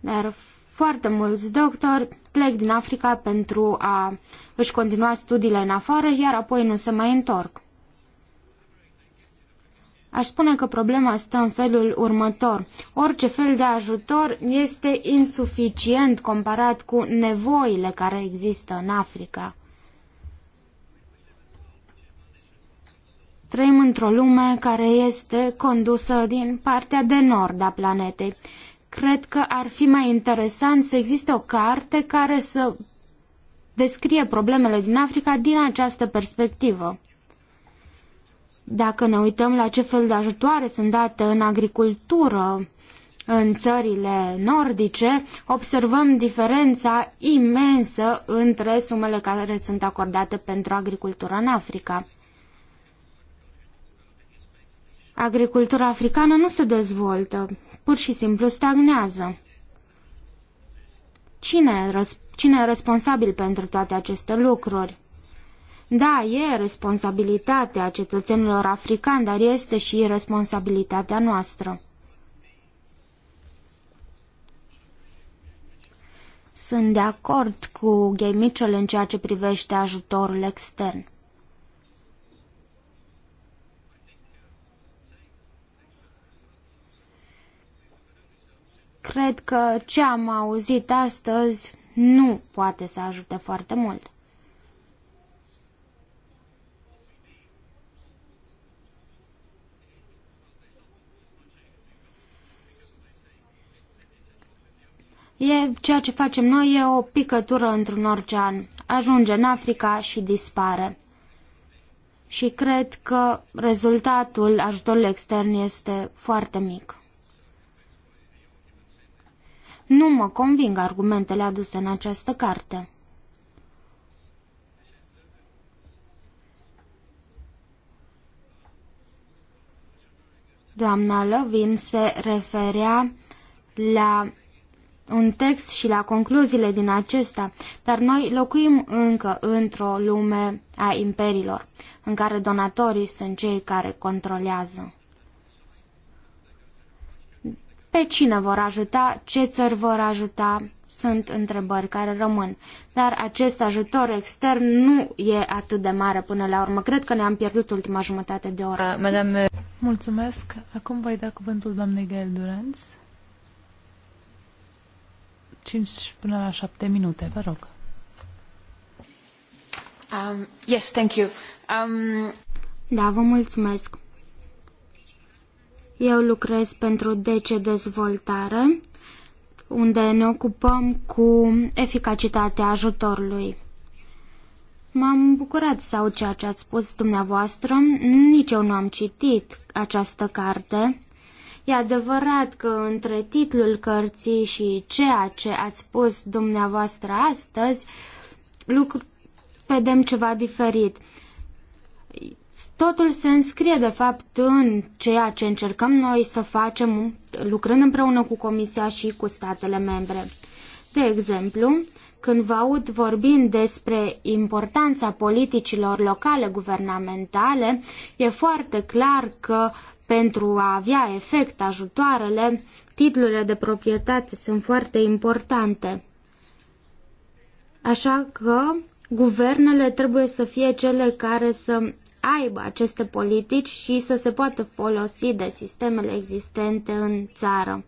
dar foarte mulți doctori plec din Africa pentru a își continua studiile în afară, iar apoi nu se mai întorc. Aș spune că problema stă în felul următor. Orice fel de ajutor este insuficient comparat cu nevoile care există în Africa. Trăim într-o lume care este condusă din partea de nord a planetei. Cred că ar fi mai interesant să existe o carte care să descrie problemele din Africa din această perspectivă. Dacă ne uităm la ce fel de ajutoare sunt date în agricultură, în țările nordice, observăm diferența imensă între sumele care sunt acordate pentru agricultura în Africa. Agricultura africană nu se dezvoltă, pur și simplu stagnează. Cine, cine e responsabil pentru toate aceste lucruri? Da, e responsabilitatea cetățenilor africani, dar este și responsabilitatea noastră. Sunt de acord cu Gay Mitchell în ceea ce privește ajutorul extern. Cred că ce am auzit astăzi nu poate să ajute foarte mult. E ceea ce facem noi, e o picătură într-un ocean. Ajunge în Africa și dispare. Și cred că rezultatul ajutorului extern este foarte mic. Nu mă conving argumentele aduse în această carte. Doamna Lovin se referea la un text și la concluziile din acesta, dar noi locuim încă într-o lume a imperiilor, în care donatorii sunt cei care controlează. Pe cine vor ajuta, ce țări vor ajuta, sunt întrebări care rămân. Dar acest ajutor extern nu e atât de mare până la urmă. Cred că ne-am pierdut ultima jumătate de oră. Madame... Mulțumesc. Acum voi da cuvântul doamnei Gael Duranț. 5 până la 7 minute, vă rog. Um, yes, thank you. Um... Da, vă mulțumesc. Eu lucrez pentru DC Dezvoltare, unde ne ocupăm cu eficacitatea ajutorului. M-am bucurat să aud ceea ce ați spus dumneavoastră. Nici eu nu am citit această carte. E adevărat că între titlul cărții și ceea ce ați spus dumneavoastră astăzi, lucru, vedem ceva diferit. Totul se înscrie, de fapt, în ceea ce încercăm noi să facem lucrând împreună cu Comisia și cu statele membre. De exemplu, când vă aud vorbind despre importanța politicilor locale guvernamentale, e foarte clar că pentru a avea efect ajutoarele, titlurile de proprietate sunt foarte importante. Așa că guvernele trebuie să fie cele care să aibă aceste politici și să se poată folosi de sistemele existente în țară.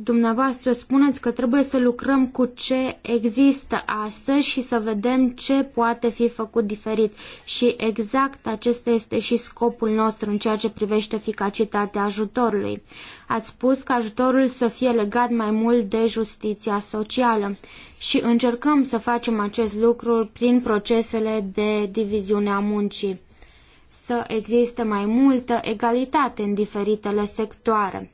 Dumneavoastră spuneți că trebuie să lucrăm cu ce există astăzi și să vedem ce poate fi făcut diferit. Și exact acesta este și scopul nostru în ceea ce privește eficacitatea ajutorului. Ați spus că ajutorul să fie legat mai mult de justiția socială și încercăm să facem acest lucru prin procesele de diviziune a muncii. Să existe mai multă egalitate în diferitele sectoare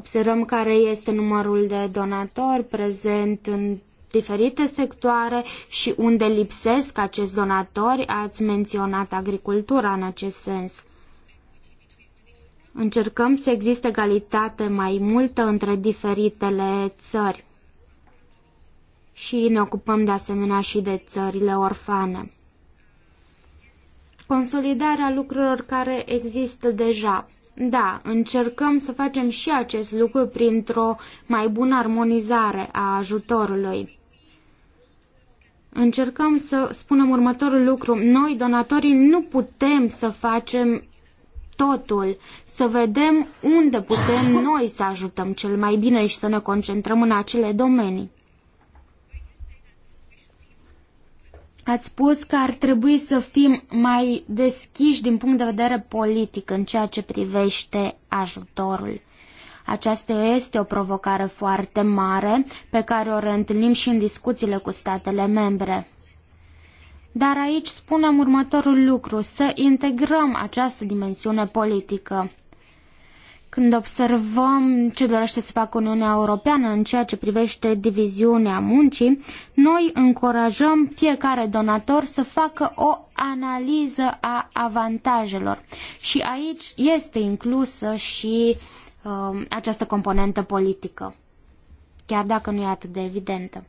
Observăm care este numărul de donatori prezent în diferite sectoare și unde lipsesc acești donatori. Ați menționat agricultura în acest sens. Încercăm să existe egalitate mai multă între diferitele țări și ne ocupăm de asemenea și de țările orfane. Consolidarea lucrurilor care există deja. Da, încercăm să facem și acest lucru printr-o mai bună armonizare a ajutorului. Încercăm să spunem următorul lucru. Noi, donatorii, nu putem să facem totul, să vedem unde putem noi să ajutăm cel mai bine și să ne concentrăm în acele domenii. Ați spus că ar trebui să fim mai deschiși din punct de vedere politic în ceea ce privește ajutorul. Aceasta este o provocare foarte mare pe care o reîntâlnim și în discuțiile cu statele membre. Dar aici spunem următorul lucru, să integrăm această dimensiune politică. Când observăm ce dorește să facă Uniunea Europeană în ceea ce privește diviziunea muncii, noi încurajăm fiecare donator să facă o analiză a avantajelor. Și aici este inclusă și uh, această componentă politică, chiar dacă nu e atât de evidentă.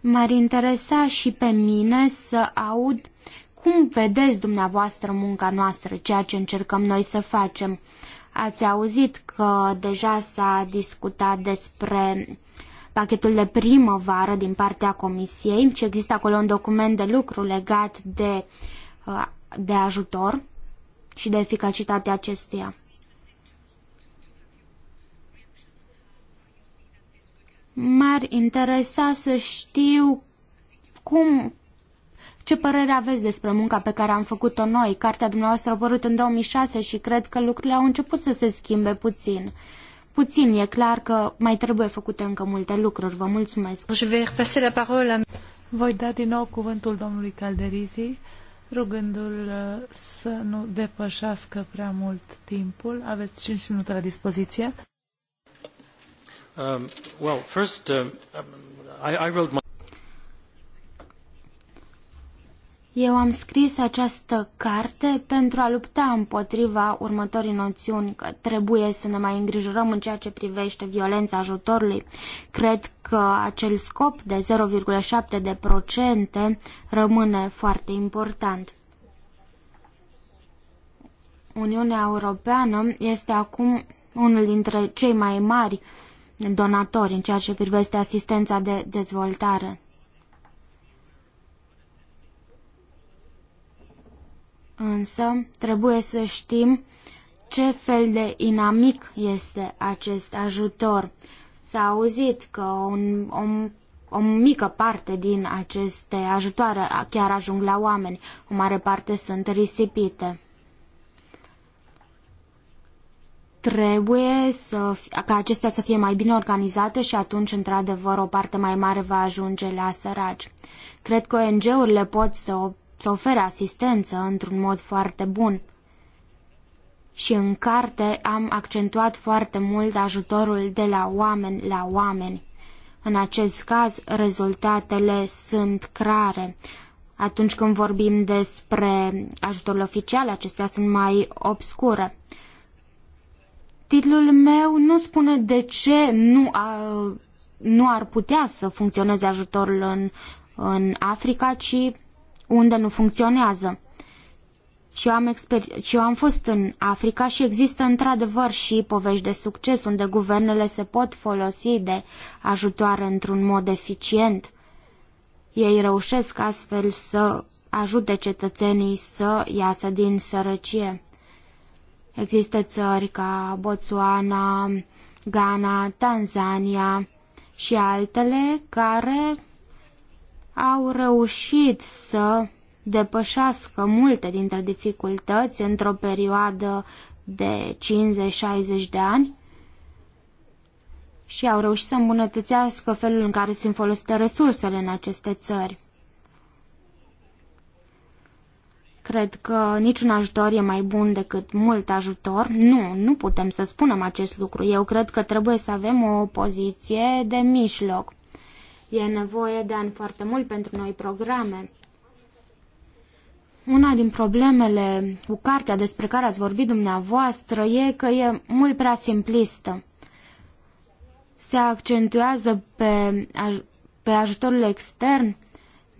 M-ar interesa și pe mine să aud cum vedeți dumneavoastră munca noastră, ceea ce încercăm noi să facem. Ați auzit că deja s-a discutat despre pachetul de primăvară din partea Comisiei și există acolo un document de lucru legat de, uh, de ajutor și de eficacitatea acestuia. M-ar interesa să știu cum, ce părere aveți despre munca pe care am făcut-o noi? Cartea dumneavoastră a apărut în 2006 și cred că lucrurile au început să se schimbe puțin. Puțin, e clar că mai trebuie făcute încă multe lucruri. Vă mulțumesc. la Voi da din nou cuvântul domnului Calderizi, rugându-l uh, să nu depășească prea mult timpul. Aveți 5 minute la dispoziție. Um, well, first, um, I, I wrote my... Eu am scris această carte pentru a lupta împotriva următorii noțiuni că trebuie să ne mai îngrijorăm în ceea ce privește violența ajutorului. Cred că acel scop de 0,7% rămâne foarte important. Uniunea Europeană este acum unul dintre cei mai mari uh, donatori în ceea ce privește asistența de dezvoltare. Însă, trebuie să știm ce fel de inamic este acest ajutor. S-a auzit că un, o, o mică parte din aceste ajutoare chiar ajung la oameni, o mare parte sunt risipite. trebuie să, ca acestea să fie mai bine organizate și atunci, într-adevăr, o parte mai mare va ajunge la săraci. Cred că ONG-urile pot să, să ofere asistență într-un mod foarte bun. Și în carte am accentuat foarte mult ajutorul de la oameni la oameni. În acest caz, rezultatele sunt clare. Atunci când vorbim despre ajutorul oficial, acestea sunt mai obscure. Titlul meu nu spune de ce nu, a, nu ar putea să funcționeze ajutorul în, în Africa, ci unde nu funcționează. Și eu, am exper- și eu am fost în Africa și există într-adevăr și povești de succes unde guvernele se pot folosi de ajutoare într-un mod eficient. Ei reușesc astfel să ajute cetățenii să iasă din sărăcie. Există țări ca Botswana, Ghana, Tanzania și altele care au reușit să depășească multe dintre dificultăți într-o perioadă de 50-60 de ani și au reușit să îmbunătățească felul în care sunt folosite resursele în aceste țări. Cred că niciun ajutor e mai bun decât mult ajutor. Nu, nu putem să spunem acest lucru. Eu cred că trebuie să avem o poziție de mijloc. E nevoie de ani foarte mult pentru noi programe. Una din problemele cu cartea despre care ați vorbit dumneavoastră e că e mult prea simplistă. Se accentuează pe, pe ajutorul extern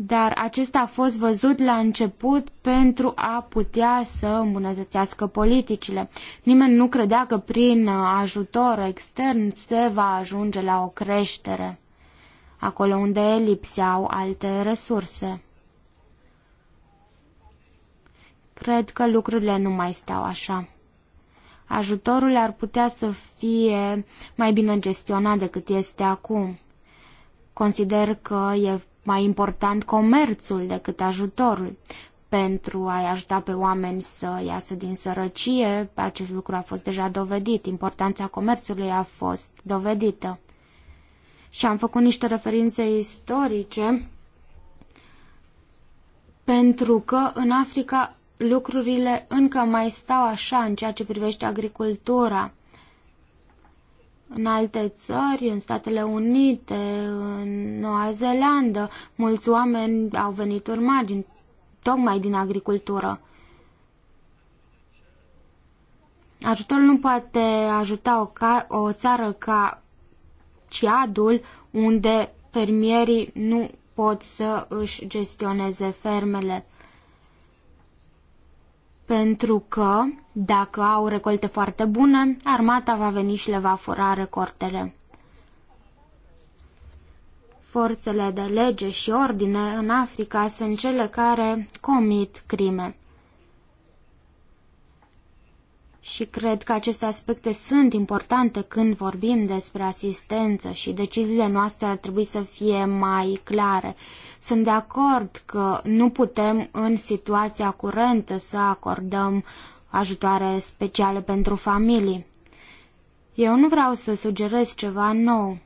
dar acesta a fost văzut la început pentru a putea să îmbunătățească politicile. Nimeni nu credea că prin ajutor extern se va ajunge la o creștere, acolo unde lipseau alte resurse. Cred că lucrurile nu mai stau așa. Ajutorul ar putea să fie mai bine gestionat decât este acum. Consider că e mai important comerțul decât ajutorul pentru a-i ajuta pe oameni să iasă din sărăcie. Acest lucru a fost deja dovedit, importanța comerțului a fost dovedită. Și am făcut niște referințe istorice pentru că în Africa lucrurile încă mai stau așa în ceea ce privește agricultura în alte țări, în Statele Unite, în Noua Zeelandă, mulți oameni au venit urmari din, tocmai din agricultură. Ajutorul nu poate ajuta o, ca, o țară ca Ciadul, unde fermierii nu pot să își gestioneze fermele pentru că, dacă au recolte foarte bune, armata va veni și le va fura recortele. Forțele de lege și ordine în Africa sunt cele care comit crime. și cred că aceste aspecte sunt importante când vorbim despre asistență și deciziile noastre ar trebui să fie mai clare. Sunt de acord că nu putem în situația curentă să acordăm ajutoare speciale pentru familii. Eu nu vreau să sugerez ceva nou,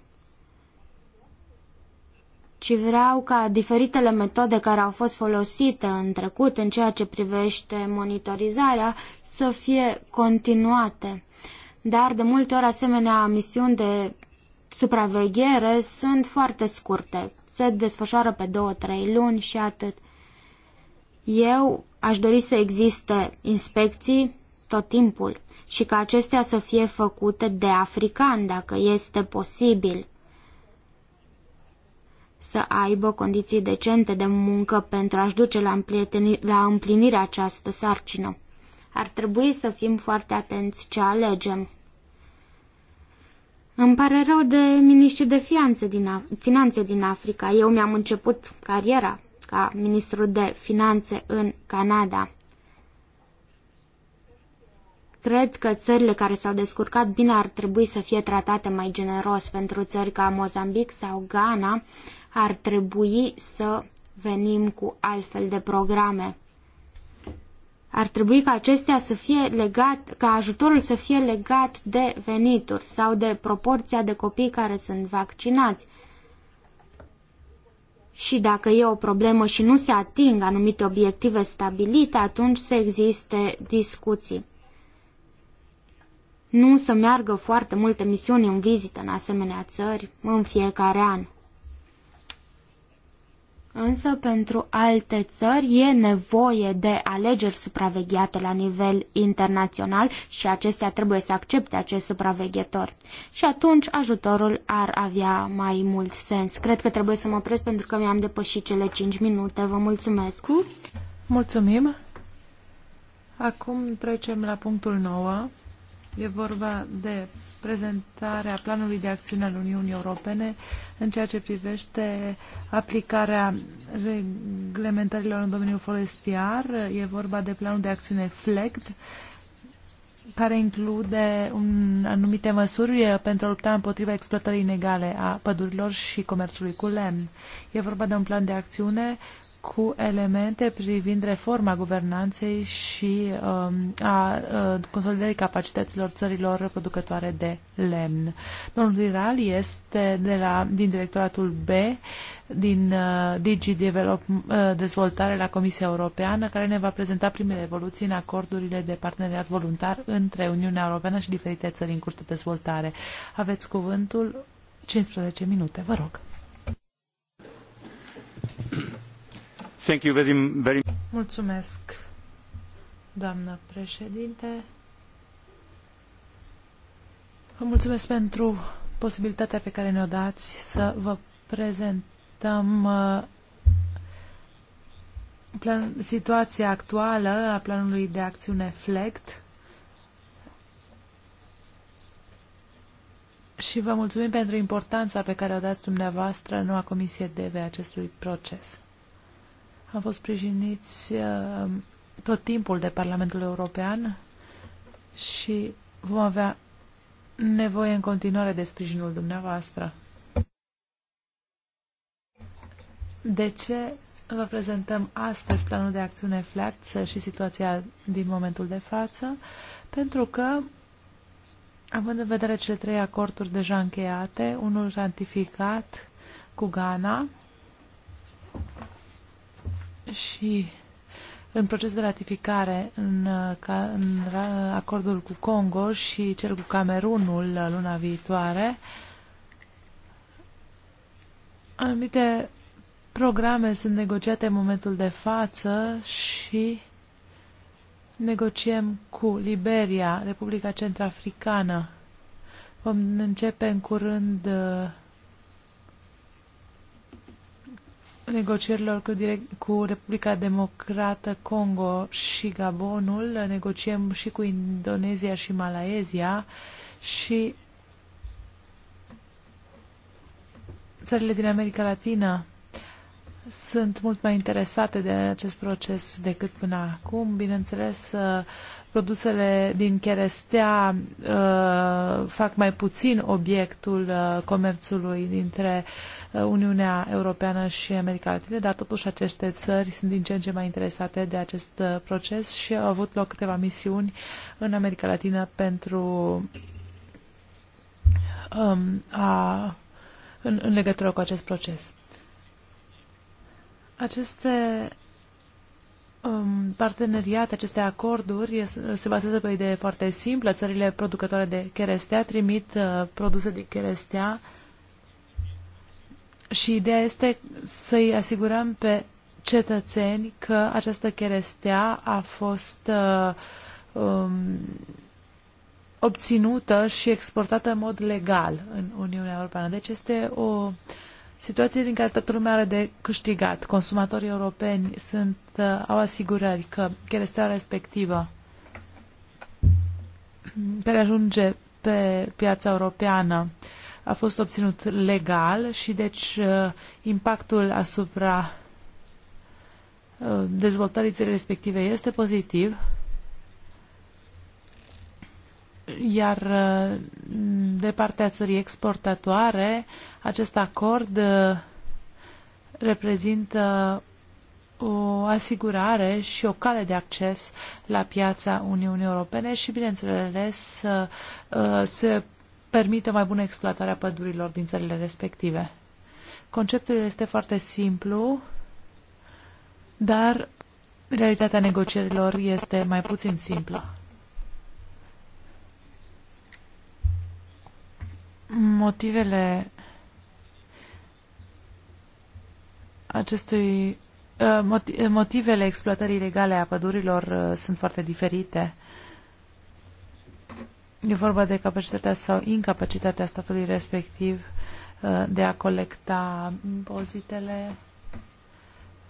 ci vreau ca diferitele metode care au fost folosite în trecut în ceea ce privește monitorizarea să fie continuate. Dar de multe ori asemenea misiuni de supraveghere sunt foarte scurte. Se desfășoară pe două, trei luni și atât. Eu aș dori să existe inspecții tot timpul și ca acestea să fie făcute de africani, dacă este posibil. Să aibă condiții decente de muncă pentru a-și duce la, la împlinire această sarcină. Ar trebui să fim foarte atenți ce alegem. Îmi pare rău de miniștri de finanțe din, finanțe din Africa. Eu mi-am început cariera ca ministru de finanțe în Canada. Cred că țările care s-au descurcat bine ar trebui să fie tratate mai generos pentru țări ca Mozambic sau Ghana. Ar trebui să venim cu altfel de programe ar trebui ca acestea să fie legat, ca ajutorul să fie legat de venituri sau de proporția de copii care sunt vaccinați. Și dacă e o problemă și nu se ating anumite obiective stabilite, atunci să existe discuții. Nu să meargă foarte multe misiuni în vizită în asemenea țări în fiecare an. Însă pentru alte țări e nevoie de alegeri supravegheate la nivel internațional și acestea trebuie să accepte acest supraveghetor. Și atunci ajutorul ar avea mai mult sens. Cred că trebuie să mă opresc pentru că mi-am depășit cele 5 minute. Vă mulțumesc! Mulțumim! Acum trecem la punctul 9 E vorba de prezentarea planului de acțiune al Uniunii Europene în ceea ce privește aplicarea reglementărilor în domeniul forestier. E vorba de planul de acțiune FLECT, care include un, anumite măsuri pentru a lupta împotriva exploatării inegale a pădurilor și comerțului cu lemn. E vorba de un plan de acțiune cu elemente privind reforma guvernanței și um, a uh, consolidării capacităților țărilor producătoare de lemn. Domnul Viral este de la, din directoratul B din uh, Digi Develop, uh, Dezvoltare la Comisia Europeană, care ne va prezenta primele evoluții în acordurile de parteneriat voluntar între Uniunea Europeană și diferite țări în curs de dezvoltare. Aveți cuvântul 15 minute, vă rog. Mulțumesc, președinte. Vă mulțumesc pentru posibilitatea pe care ne-o dați să vă prezentăm uh, situația actuală a planului de acțiune FLECT și vă mulțumim pentru importanța pe care o dați dumneavoastră noua Comisie DV acestui proces. Am fost sprijiniți uh, tot timpul de Parlamentul European și vom avea nevoie în continuare de sprijinul dumneavoastră. De ce vă prezentăm astăzi planul de acțiune FLACT și situația din momentul de față? Pentru că, având în vedere cele trei acorduri deja încheiate, unul ratificat cu Ghana, și în proces de ratificare în, în acordul cu Congo și cel cu Camerunul luna viitoare, anumite programe sunt negociate în momentul de față și negociem cu Liberia, Republica Centrafricană. Vom începe în curând uh, negocierilor cu, direct, cu Republica Democrată Congo și Gabonul, negociem și cu Indonezia și Malaezia și țările din America Latină sunt mult mai interesate de acest proces decât până acum. Bineînțeles, produsele din cherestea uh, fac mai puțin obiectul uh, comerțului dintre uh, Uniunea Europeană și America Latină, dar totuși aceste țări sunt din ce în ce mai interesate de acest uh, proces și au avut loc câteva misiuni în America Latină pentru um, a, în, în legătură cu acest proces. Aceste Um, parteneriat, aceste acorduri se bazează pe o idee foarte simplă. Țările producătoare de cherestea trimit uh, produse de cherestea și ideea este să-i asigurăm pe cetățeni că această cherestea a fost uh, um, obținută și exportată în mod legal în Uniunea Europeană. Deci este o uh, situație din care toată lumea are de câștigat. Consumatorii europeni sunt, uh, au asigurări că cherestea respectivă care ajunge pe piața europeană a fost obținut legal și deci uh, impactul asupra uh, dezvoltării țării respective este pozitiv, iar de partea țării exportatoare acest acord uh, reprezintă o asigurare și o cale de acces la piața Uniunii Europene și, bineînțeles, se uh, permite mai bună exploatarea pădurilor din țările respective. Conceptul este foarte simplu, dar realitatea negocierilor este mai puțin simplă. Motivele acestui uh, uh, motivele exploatării ilegale a pădurilor uh, sunt foarte diferite. E vorba de capacitatea sau incapacitatea statului respectiv de a colecta impozitele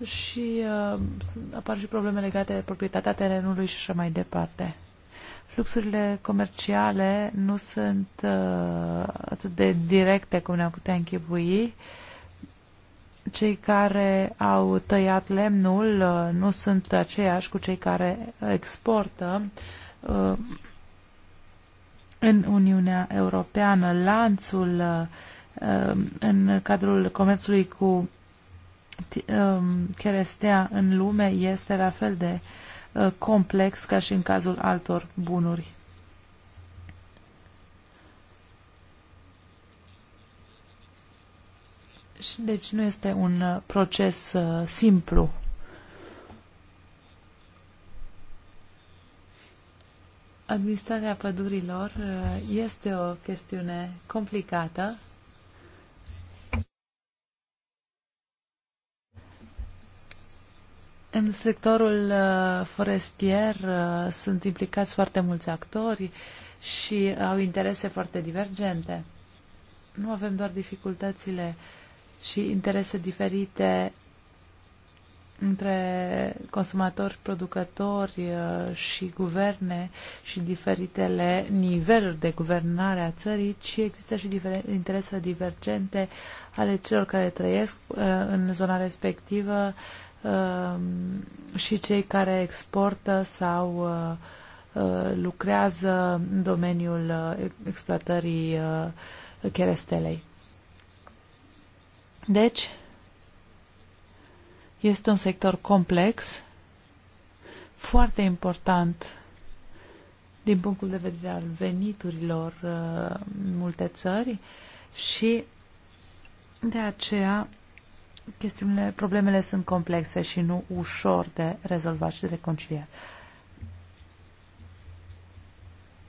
și apar și probleme legate de proprietatea terenului și așa mai departe. Fluxurile comerciale nu sunt atât de directe cum ne-am putea închipui, uh, cei care au tăiat lemnul uh, nu sunt aceiași cu cei care exportă uh, în Uniunea Europeană. Lanțul uh, în cadrul comerțului cu um, cherestea în lume este la fel de complex ca și în cazul altor bunuri. Și deci nu este un uh, proces uh, simplu. Administrarea pădurilor uh, este o chestiune complicată. În sectorul forestier sunt implicați foarte mulți actori și au interese foarte divergente. Nu avem doar dificultățile uh, și interese diferite între consumatori, producători uh, și guverne și diferitele niveluri de guvernare a țării, ci există și interese divergente ale celor care trăiesc uh, în zona respectivă um, și cei care exportă sau uh, lucrează în domeniul exploatării cherestelei. Deci, este un sector complex, foarte important din punctul de vedere al veniturilor uh, în multe țări și de aceea chestiunile, problemele sunt complexe și nu ușor de rezolvat și de reconciliat.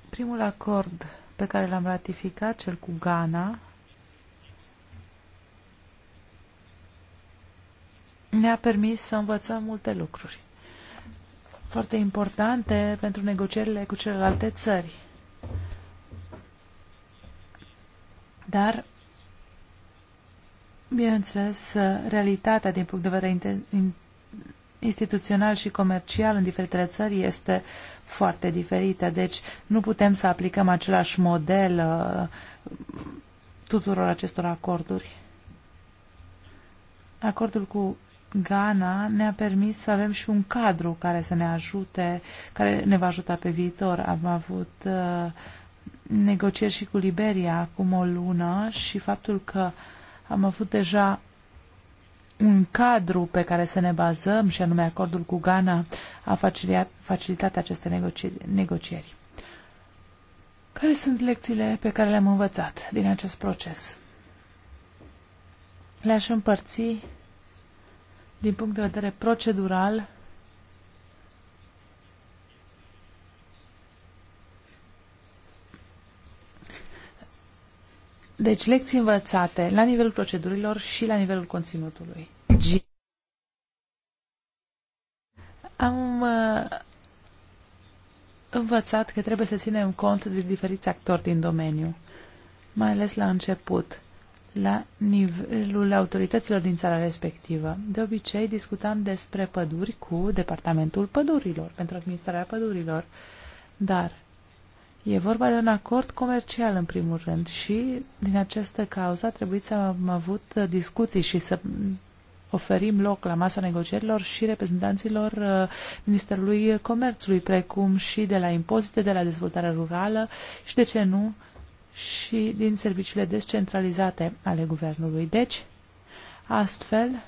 Primul acord pe care l-am ratificat, cel cu Ghana, ne-a permis să învățăm multe lucruri foarte importante pentru negocierile cu celelalte țări. Dar, bineînțeles, realitatea din punct de vedere instituțional și comercial în diferitele țări este foarte diferită. Deci nu putem să aplicăm același model uh, tuturor acestor acorduri. Acordul cu Ghana ne-a permis să avem și un cadru care să ne ajute, care ne va ajuta pe viitor. Am avut uh, negocieri și cu Liberia acum o lună și faptul că am avut deja un cadru pe care să ne bazăm, și anume acordul cu Ghana, a facilitat, facilitat aceste negocieri, negocieri. Care sunt lecțiile pe care le-am învățat din acest proces? Le-aș împărți din punct de vedere procedural, Deci, lecții învățate la nivelul procedurilor și la nivelul conținutului. G. Am uh, învățat că trebuie să ținem cont de diferiți actori din domeniu, mai ales la început la nivelul autorităților din țara respectivă. De obicei, discutam despre păduri cu Departamentul Pădurilor, pentru administrarea pădurilor. Dar e vorba de un acord comercial, în primul rând, și din această cauză a trebuit să am avut discuții și să oferim loc la masa negocierilor și reprezentanților uh, Ministerului Comerțului, precum și de la impozite, de la dezvoltare rurală și, de ce nu, și din serviciile descentralizate ale guvernului. Deci, astfel,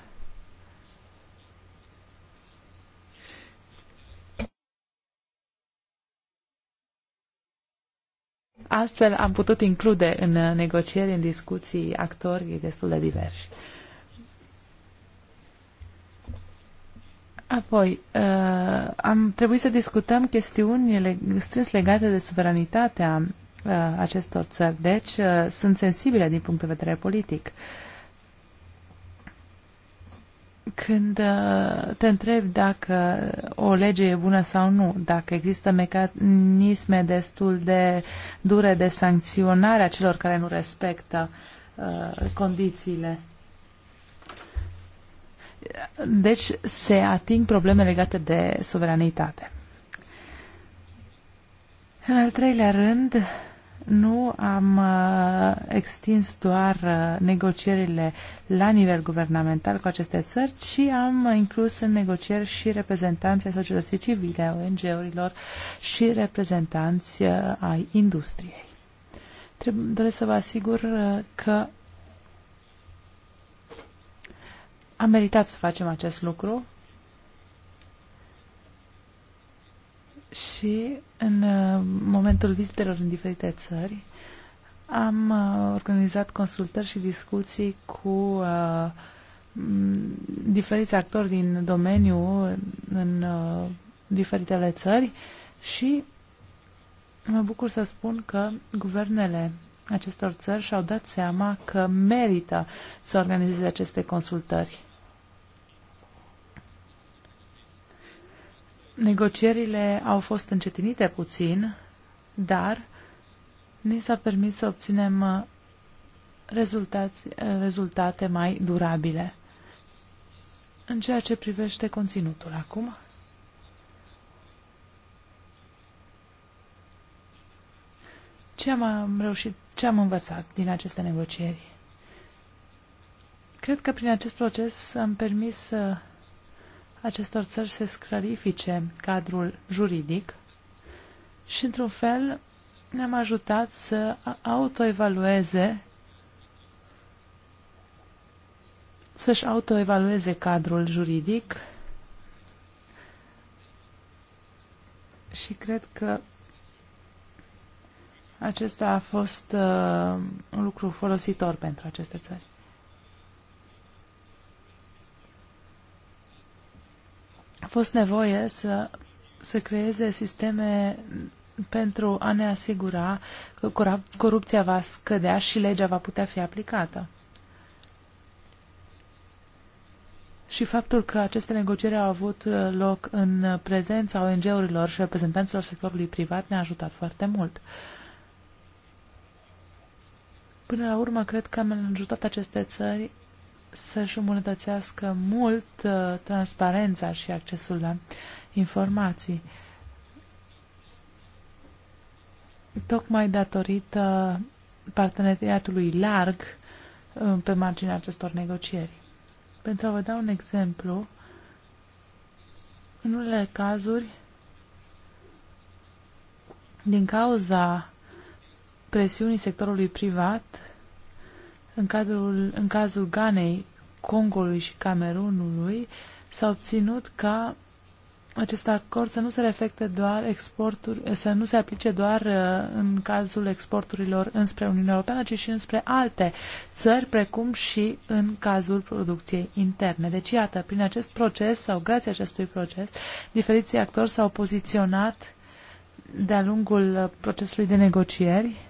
Astfel am putut include în negocieri, în discuții, actori destul de diversi. Apoi, uh, am trebuit să discutăm chestiuni strâns legate de suveranitatea Uh, acestor țări, deci uh, sunt sensibile din punct de vedere politic. Când uh, te întrebi dacă o lege e bună sau nu, dacă există mecanisme destul de dure de sancționare a celor care nu respectă uh, condițiile. Deci se ating probleme legate de suveranitate. În al treilea rând, nu am uh, extins doar uh, negocierile la nivel guvernamental cu aceste țări, ci am inclus în negocieri și reprezentanții societății civile, ONG-urilor și reprezentanți uh, ai industriei. Trebuie, doresc să vă asigur că am meritat să facem acest lucru și în uh, momentul vizitelor în diferite țări am uh, organizat consultări și discuții cu uh, diferiți actori din domeniu în uh, diferitele țări și mă bucur să spun că guvernele acestor țări și-au dat seama că merită să organizeze aceste consultări. Negocierile au fost încetinite puțin, dar ni s-a permis să obținem uh, uh, rezultate mai durabile. În ceea ce privește conținutul acum, ce am reușit, ce am învățat din aceste negocieri? Cred că prin acest proces am permis să uh, acestor țări se sclarifice cadrul juridic și, într-un fel, ne-am ajutat să autoevalueze să-și autoevalueze cadrul juridic și cred că acesta a fost uh, un lucru folositor pentru aceste țări. A fost nevoie să să creeze sisteme pentru a ne asigura că corupția va scădea și legea va putea fi aplicată. Și faptul că aceste negocieri au avut loc în prezența ONG-urilor și reprezentanților sectorului privat ne-a ajutat foarte mult. Până la urmă, cred că am ajutat aceste țări să-și îmbunătățească mult uh, transparența și accesul la informații. Tocmai datorită parteneriatului larg uh, pe marginea acestor negocieri. Pentru a vă da un exemplu, în unele cazuri, din cauza presiunii sectorului privat, în, cadrul, în cazul Ganei, Congolului și Camerunului, s-a obținut ca acest acord să nu se reflecte doar exporturi, să nu se aplice doar uh, în cazul exporturilor înspre Uniunea Europeană, ci și înspre alte țări, precum și în cazul producției interne. Deci, iată, prin acest proces sau grație acestui proces, diferiții actori s-au poziționat de-a lungul uh, procesului de negocieri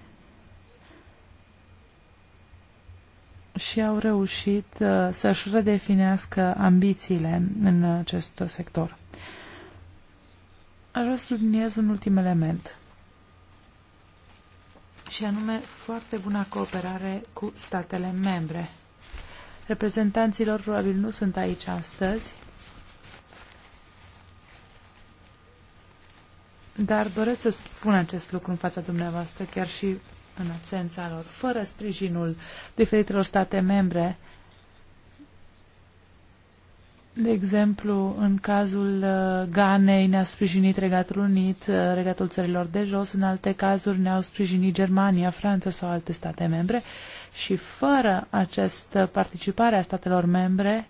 și au reușit uh, să-și redefinească ambițiile în acest sector. Aș vrea să subliniez un ultim element și anume foarte bună cooperare cu statele membre. Reprezentanților probabil nu sunt aici astăzi, dar doresc să spun acest lucru în fața dumneavoastră, chiar și în absența lor, fără sprijinul diferitelor state membre, de exemplu, în cazul uh, Ganei ne-a sprijinit Regatul Unit, uh, Regatul Țărilor de Jos, în alte cazuri ne-au sprijinit Germania, Franța sau alte state membre și fără această participare a statelor membre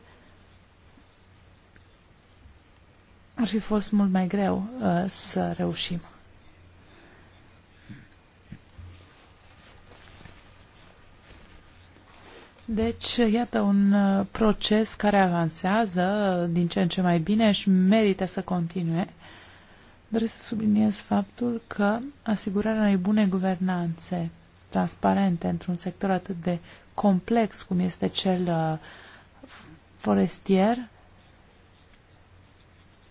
ar fi fost mult mai greu uh, să reușim. Deci, iată un uh, proces care avansează din ce în ce mai bine și merită să continue. Vreau să subliniez faptul că asigurarea unei bune guvernanțe transparente într-un sector atât de complex cum este cel uh, forestier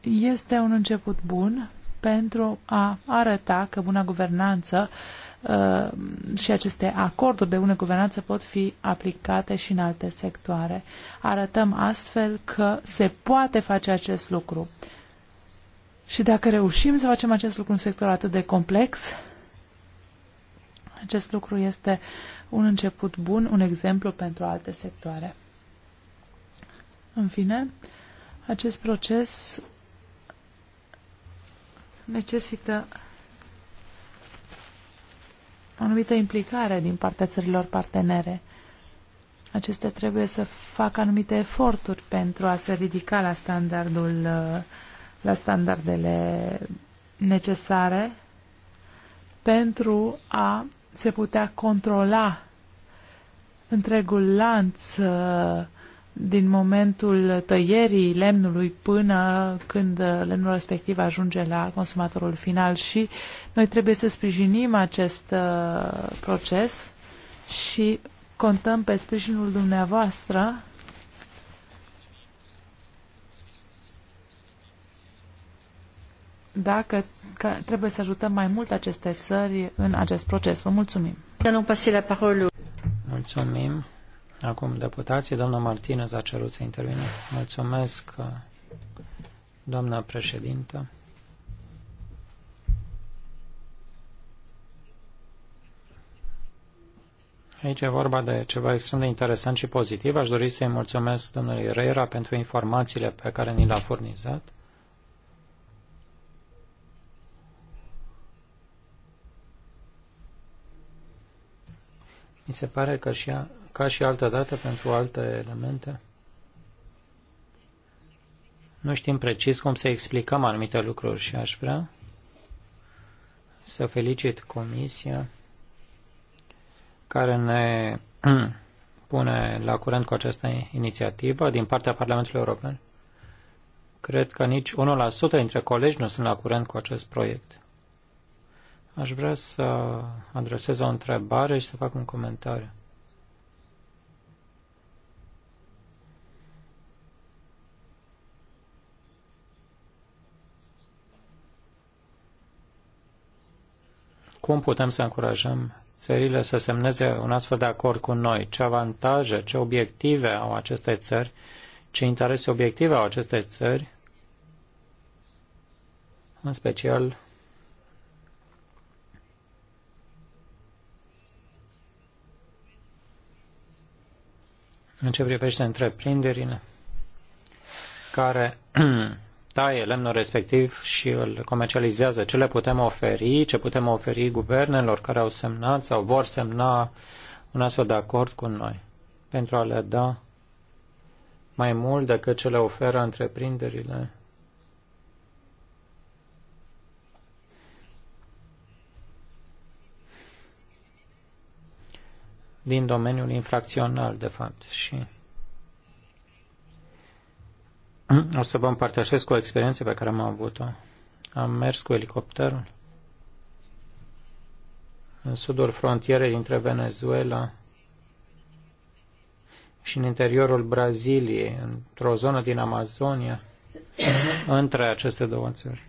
este un început bun pentru a arăta că buna guvernanță uh, Uh, și aceste acorduri de bună pot fi aplicate și în alte sectoare. Arătăm astfel că se poate face acest lucru. Și dacă reușim să facem acest lucru în sector atât de complex, acest lucru este un început bun, un exemplu pentru alte sectoare. În fine, acest proces necesită anumită implicare din partea țărilor partenere. Acestea trebuie să facă anumite eforturi pentru a se ridica la standardul, la standardele necesare pentru a se putea controla întregul lanț din momentul tăierii lemnului până când lemnul respectiv ajunge la consumatorul final și noi trebuie să sprijinim acest uh, proces și contăm pe sprijinul dumneavoastră dacă că trebuie să ajutăm mai mult aceste țări în acest proces. Vă mulțumim! Mulțumim! Acum, deputații, doamna Martinez a cerut să intervină. Mulțumesc, doamna președintă. Aici e vorba de ceva extrem de interesant și pozitiv. Aș dori să-i mulțumesc domnului Reira pentru informațiile pe care ni le-a furnizat. Mi se pare că și ca și altă dată pentru alte elemente. Nu știm precis cum să explicăm anumite lucruri și aș vrea să felicit comisia care ne <clears throat> pune la curent cu această inițiativă din partea Parlamentului European. Cred că nici 1% dintre colegi nu sunt la curent cu acest proiect. Aș vrea să adresez o întrebare și să fac un comentariu. Cum putem să încurajăm țările să semneze un astfel de acord cu noi? Ce avantaje, ce obiective au aceste țări? Ce interese obiective au aceste țări? În special în ce privește întreprinderile care <clears throat> taie lemnul respectiv și îl comercializează. Ce le putem oferi, ce putem oferi guvernelor care au semnat sau vor semna un astfel de acord cu noi pentru a le da mai mult decât ce le oferă întreprinderile din domeniul infracțional, de fapt, și o să vă împărtășesc cu o experiență pe care am avut-o. Am mers cu elicopterul în sudul frontierei dintre Venezuela și în interiorul Braziliei, într-o zonă din Amazonia, între aceste două țări.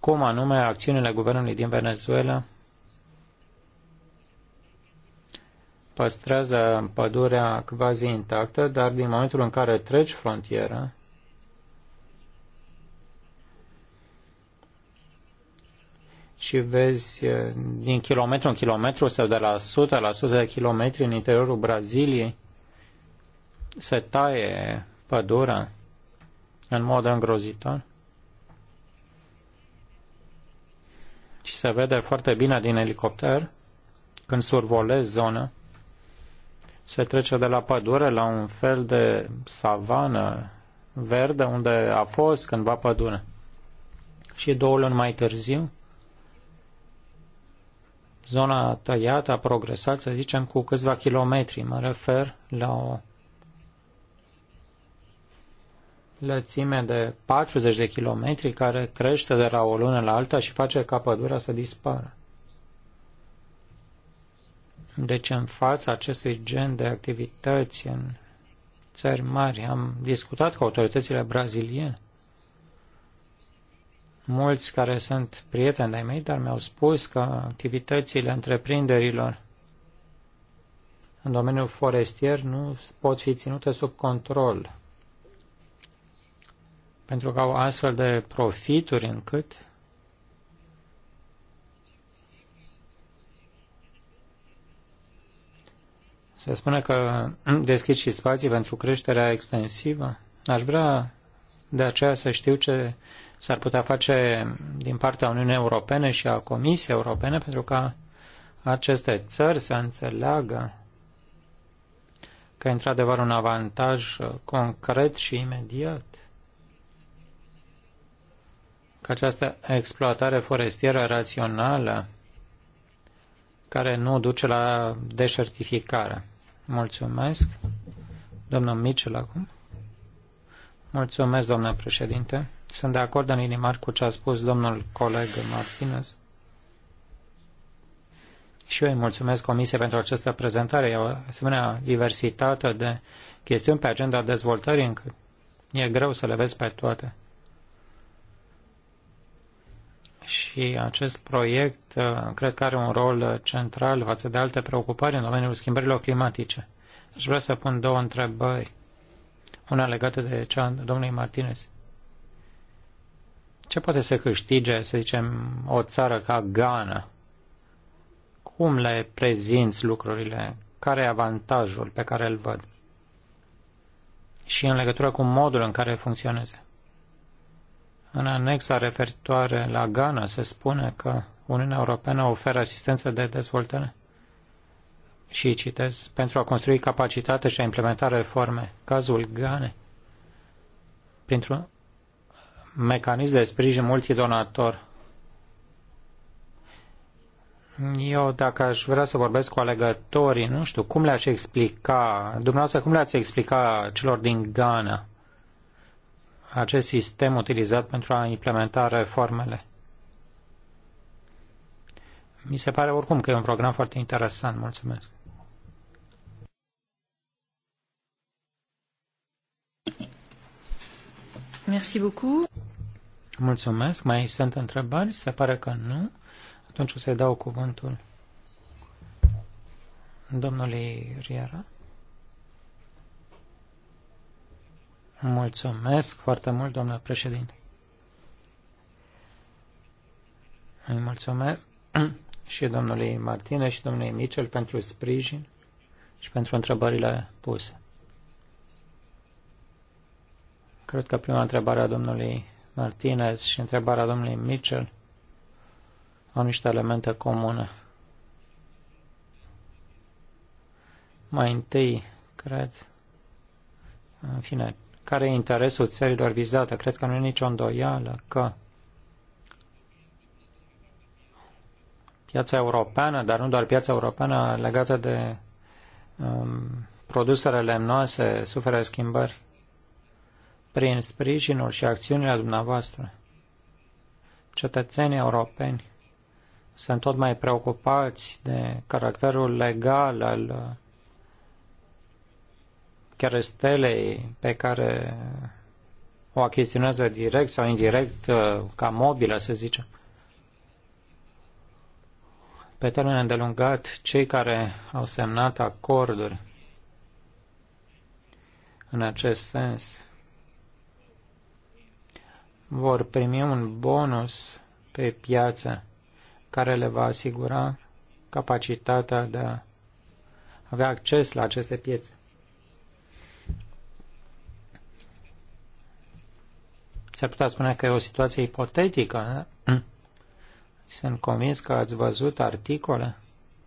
Cum anume acțiunile guvernului din Venezuela păstrează pădurea quasi intactă, dar din momentul în care treci frontiera, și vezi din kilometru în kilometru sau de la sute, la sute de kilometri în interiorul Braziliei se taie pădura în mod îngrozitor. Și se vede foarte bine din elicopter când survolezi zona se trece de la pădure la un fel de savană verde unde a fost cândva pădure. Și două luni mai târziu, zona tăiată a progresat, să zicem, cu câțiva kilometri. Mă refer la o lățime de 40 de kilometri care crește de la o lună la alta și face ca pădurea să dispară. Deci în fața acestui gen de activități în țări mari, am discutat cu autoritățile braziliene, mulți care sunt prieteni de-ai mei, dar mi-au spus că activitățile întreprinderilor în domeniul forestier nu pot fi ținute sub control, pentru că au astfel de profituri încât Se spune că deschid și spații pentru creșterea extensivă. Aș vrea de aceea să știu ce s-ar putea face din partea Uniunii Europene și a Comisiei Europene pentru ca aceste țări să înțeleagă că e într-adevăr un avantaj concret și imediat că această exploatare forestieră rațională care nu duce la deșertificare. Mulțumesc. Domnul Mitchell acum. Mulțumesc, domnule președinte. Sunt de acord în inimar cu ce a spus domnul coleg Martinez. Și eu îi mulțumesc Comisiei pentru această prezentare. E o asemenea diversitate de chestiuni pe agenda dezvoltării încât e greu să le vezi pe toate și acest proiect uh, cred că are un rol uh, central față de alte preocupări în domeniul schimbărilor climatice. Aș vrea să pun două întrebări, una legată de cea a domnului Martinez. Ce poate să câștige, să zicem, o țară ca Ghana? Cum le prezinți lucrurile? Care e avantajul pe care îl văd? Și în legătură cu modul în care funcționează. În anexa referitoare la Ghana se spune că Uniunea Europeană oferă asistență de dezvoltare și citez, pentru a construi capacitate și a implementa reforme. Cazul Ghane, printr-un mecanism de sprijin multidonator. Eu, dacă aș vrea să vorbesc cu alegătorii, nu știu, cum le-aș explica, dumneavoastră, cum le-ați explica celor din Ghana acest sistem utilizat pentru a implementa reformele. Mi se pare oricum că e un program foarte interesant. Mulțumesc. Merci beaucoup. Mulțumesc. Mai sunt întrebări? Se pare că nu. Atunci o să-i dau cuvântul domnului Riera. Mulțumesc foarte mult, domnule președinte. Îi mulțumesc <clears throat> și domnului Martine și domnului Mitchell pentru sprijin și pentru întrebările puse. Cred că prima întrebare a domnului Martinez și întrebarea domnului Mitchell au niște elemente comune. Mai întâi, cred, în fine, care e interesul țărilor vizate. Cred că nu e nicio îndoială că piața europeană, dar nu doar piața europeană legată de um, produsele lemnoase, suferă schimbări prin sprijinul și acțiunile dumneavoastră. Cetățenii europeni sunt tot mai preocupați de caracterul legal al chiar stelei pe care o achiziționează direct sau indirect uh, ca mobilă, să zicem. Pe termen îndelungat, cei care au semnat acorduri în acest sens vor primi un bonus pe piață care le va asigura capacitatea de a avea acces la aceste piețe. S-ar putea spune că e o situație ipotetică. Da? Sunt convins că ați văzut articole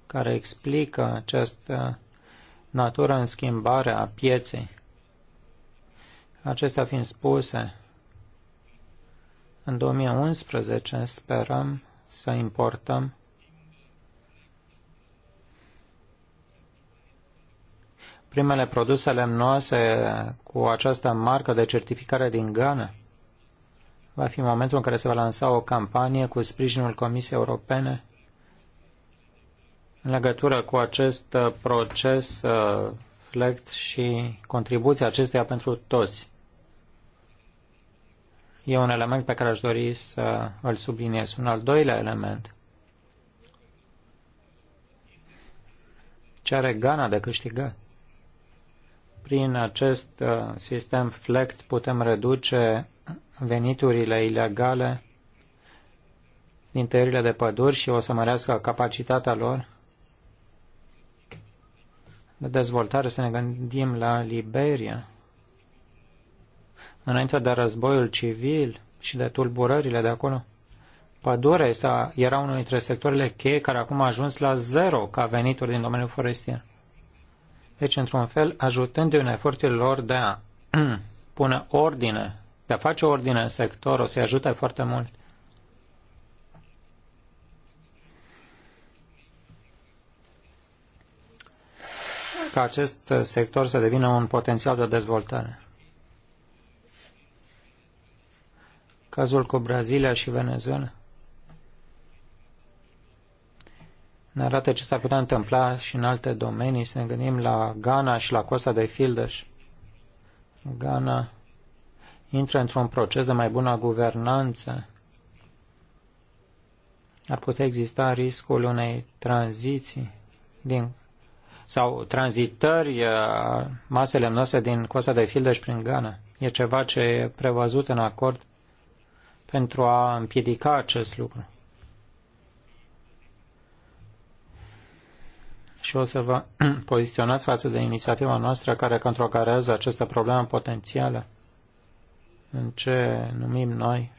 care explică această natură în schimbare a pieței. Acestea fiind spuse, în 2011 sperăm să importăm primele produse lemnoase cu această marcă de certificare din Ghana va fi momentul în care se va lansa o campanie cu sprijinul Comisiei Europene în legătură cu acest uh, proces uh, FLECT și contribuția acesteia pentru toți. E un element pe care aș dori să îl subliniez. Un al doilea element ce are Ghana de câștigă? Prin acest uh, sistem FLECT putem reduce veniturile ilegale din tăierile de păduri și o să mărească capacitatea lor de dezvoltare, să ne gândim la Liberia, înainte de războiul civil și de tulburările de acolo. Pădurea este, era unul dintre sectoarele cheie care acum a ajuns la zero ca venituri din domeniul forestier. Deci, într-un fel, ajutându-i în efortul lor de a <clears throat> pune ordine de a face ordine în sector o să-i ajute foarte mult. ca acest sector să devină un potențial de dezvoltare. Cazul cu Brazilia și Venezuela ne arată ce s-ar putea întâmpla și în alte domenii. Să ne gândim la Ghana și la Costa de Fildeș. Ghana intră într-un proces de mai bună guvernanță, ar putea exista riscul unei tranziții din, sau tranzitări uh, mase lemnoase din Costa de Fildeș prin Ghana. E ceva ce e prevăzut în acord pentru a împiedica acest lucru. și o să vă <clears throat> poziționați față de inițiativa noastră care controcarează această problemă potențială în ce numim noi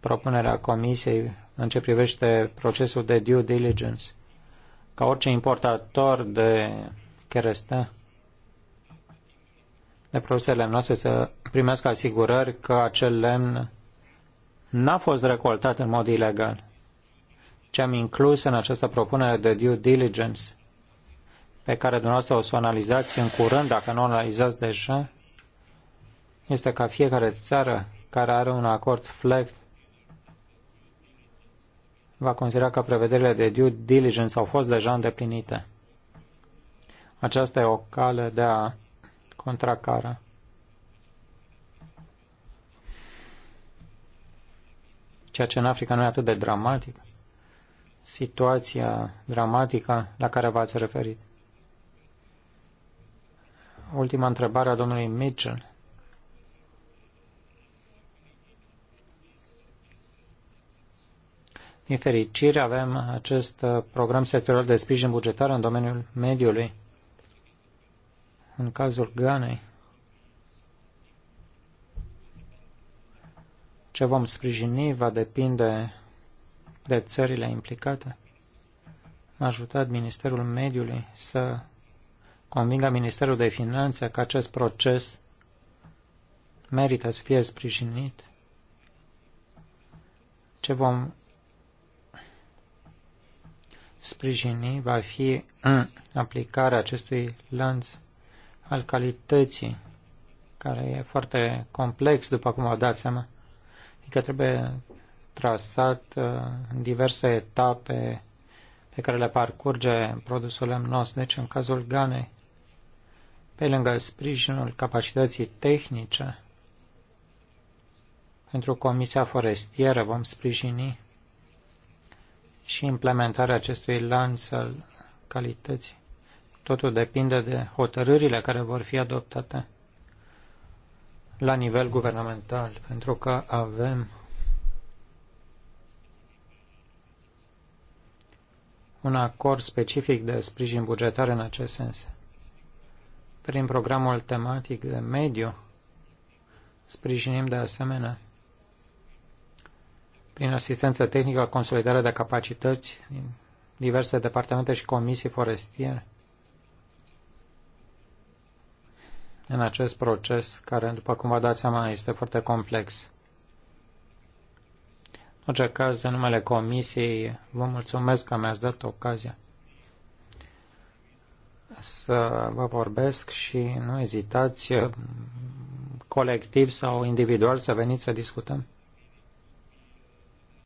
propunerea Comisiei în ce privește procesul de due diligence. Ca orice importator de cherestea, de produse lemnoase să primească asigurări că acel lemn n-a fost recoltat în mod ilegal. Ce am inclus în această propunere de due diligence, pe care dumneavoastră o să o analizați în curând, dacă nu o analizați deja, este ca fiecare țară care are un acord FLECT va considera că prevederile de due diligence au fost deja îndeplinite. Aceasta e o cale de a contracara. Ceea ce în Africa nu e atât de dramatic, situația dramatică la care v-ați referit. Ultima întrebare a domnului Mitchell. Din fericire, avem acest uh, program sectorial de sprijin bugetar în domeniul mediului. În cazul Ganei, ce vom sprijini va depinde de țările implicate. M-a ajutat Ministerul Mediului să convingă Ministerul de Finanțe că acest proces merită să fie sprijinit. Ce vom sprijini va fi aplicarea acestui lanț al calității, care e foarte complex, după cum vă dați seama. Adică trebuie trasat uh, în diverse etape pe care le parcurge produsul lemnos. Deci, în cazul Ganei, pe lângă sprijinul capacității tehnice, pentru Comisia Forestieră vom sprijini și implementarea acestui lanț al calității. Totul depinde de hotărârile care vor fi adoptate la nivel guvernamental, pentru că avem un acord specific de sprijin bugetar în acest sens. Prin programul tematic de mediu, sprijinim de asemenea prin asistență tehnică, consolidarea de capacități din diverse departamente și comisii forestiere în acest proces care, după cum vă dați seama, este foarte complex. În orice caz, în numele comisiei, vă mulțumesc că mi-ați dat ocazia să vă vorbesc și nu ezitați colectiv sau individual să veniți să discutăm.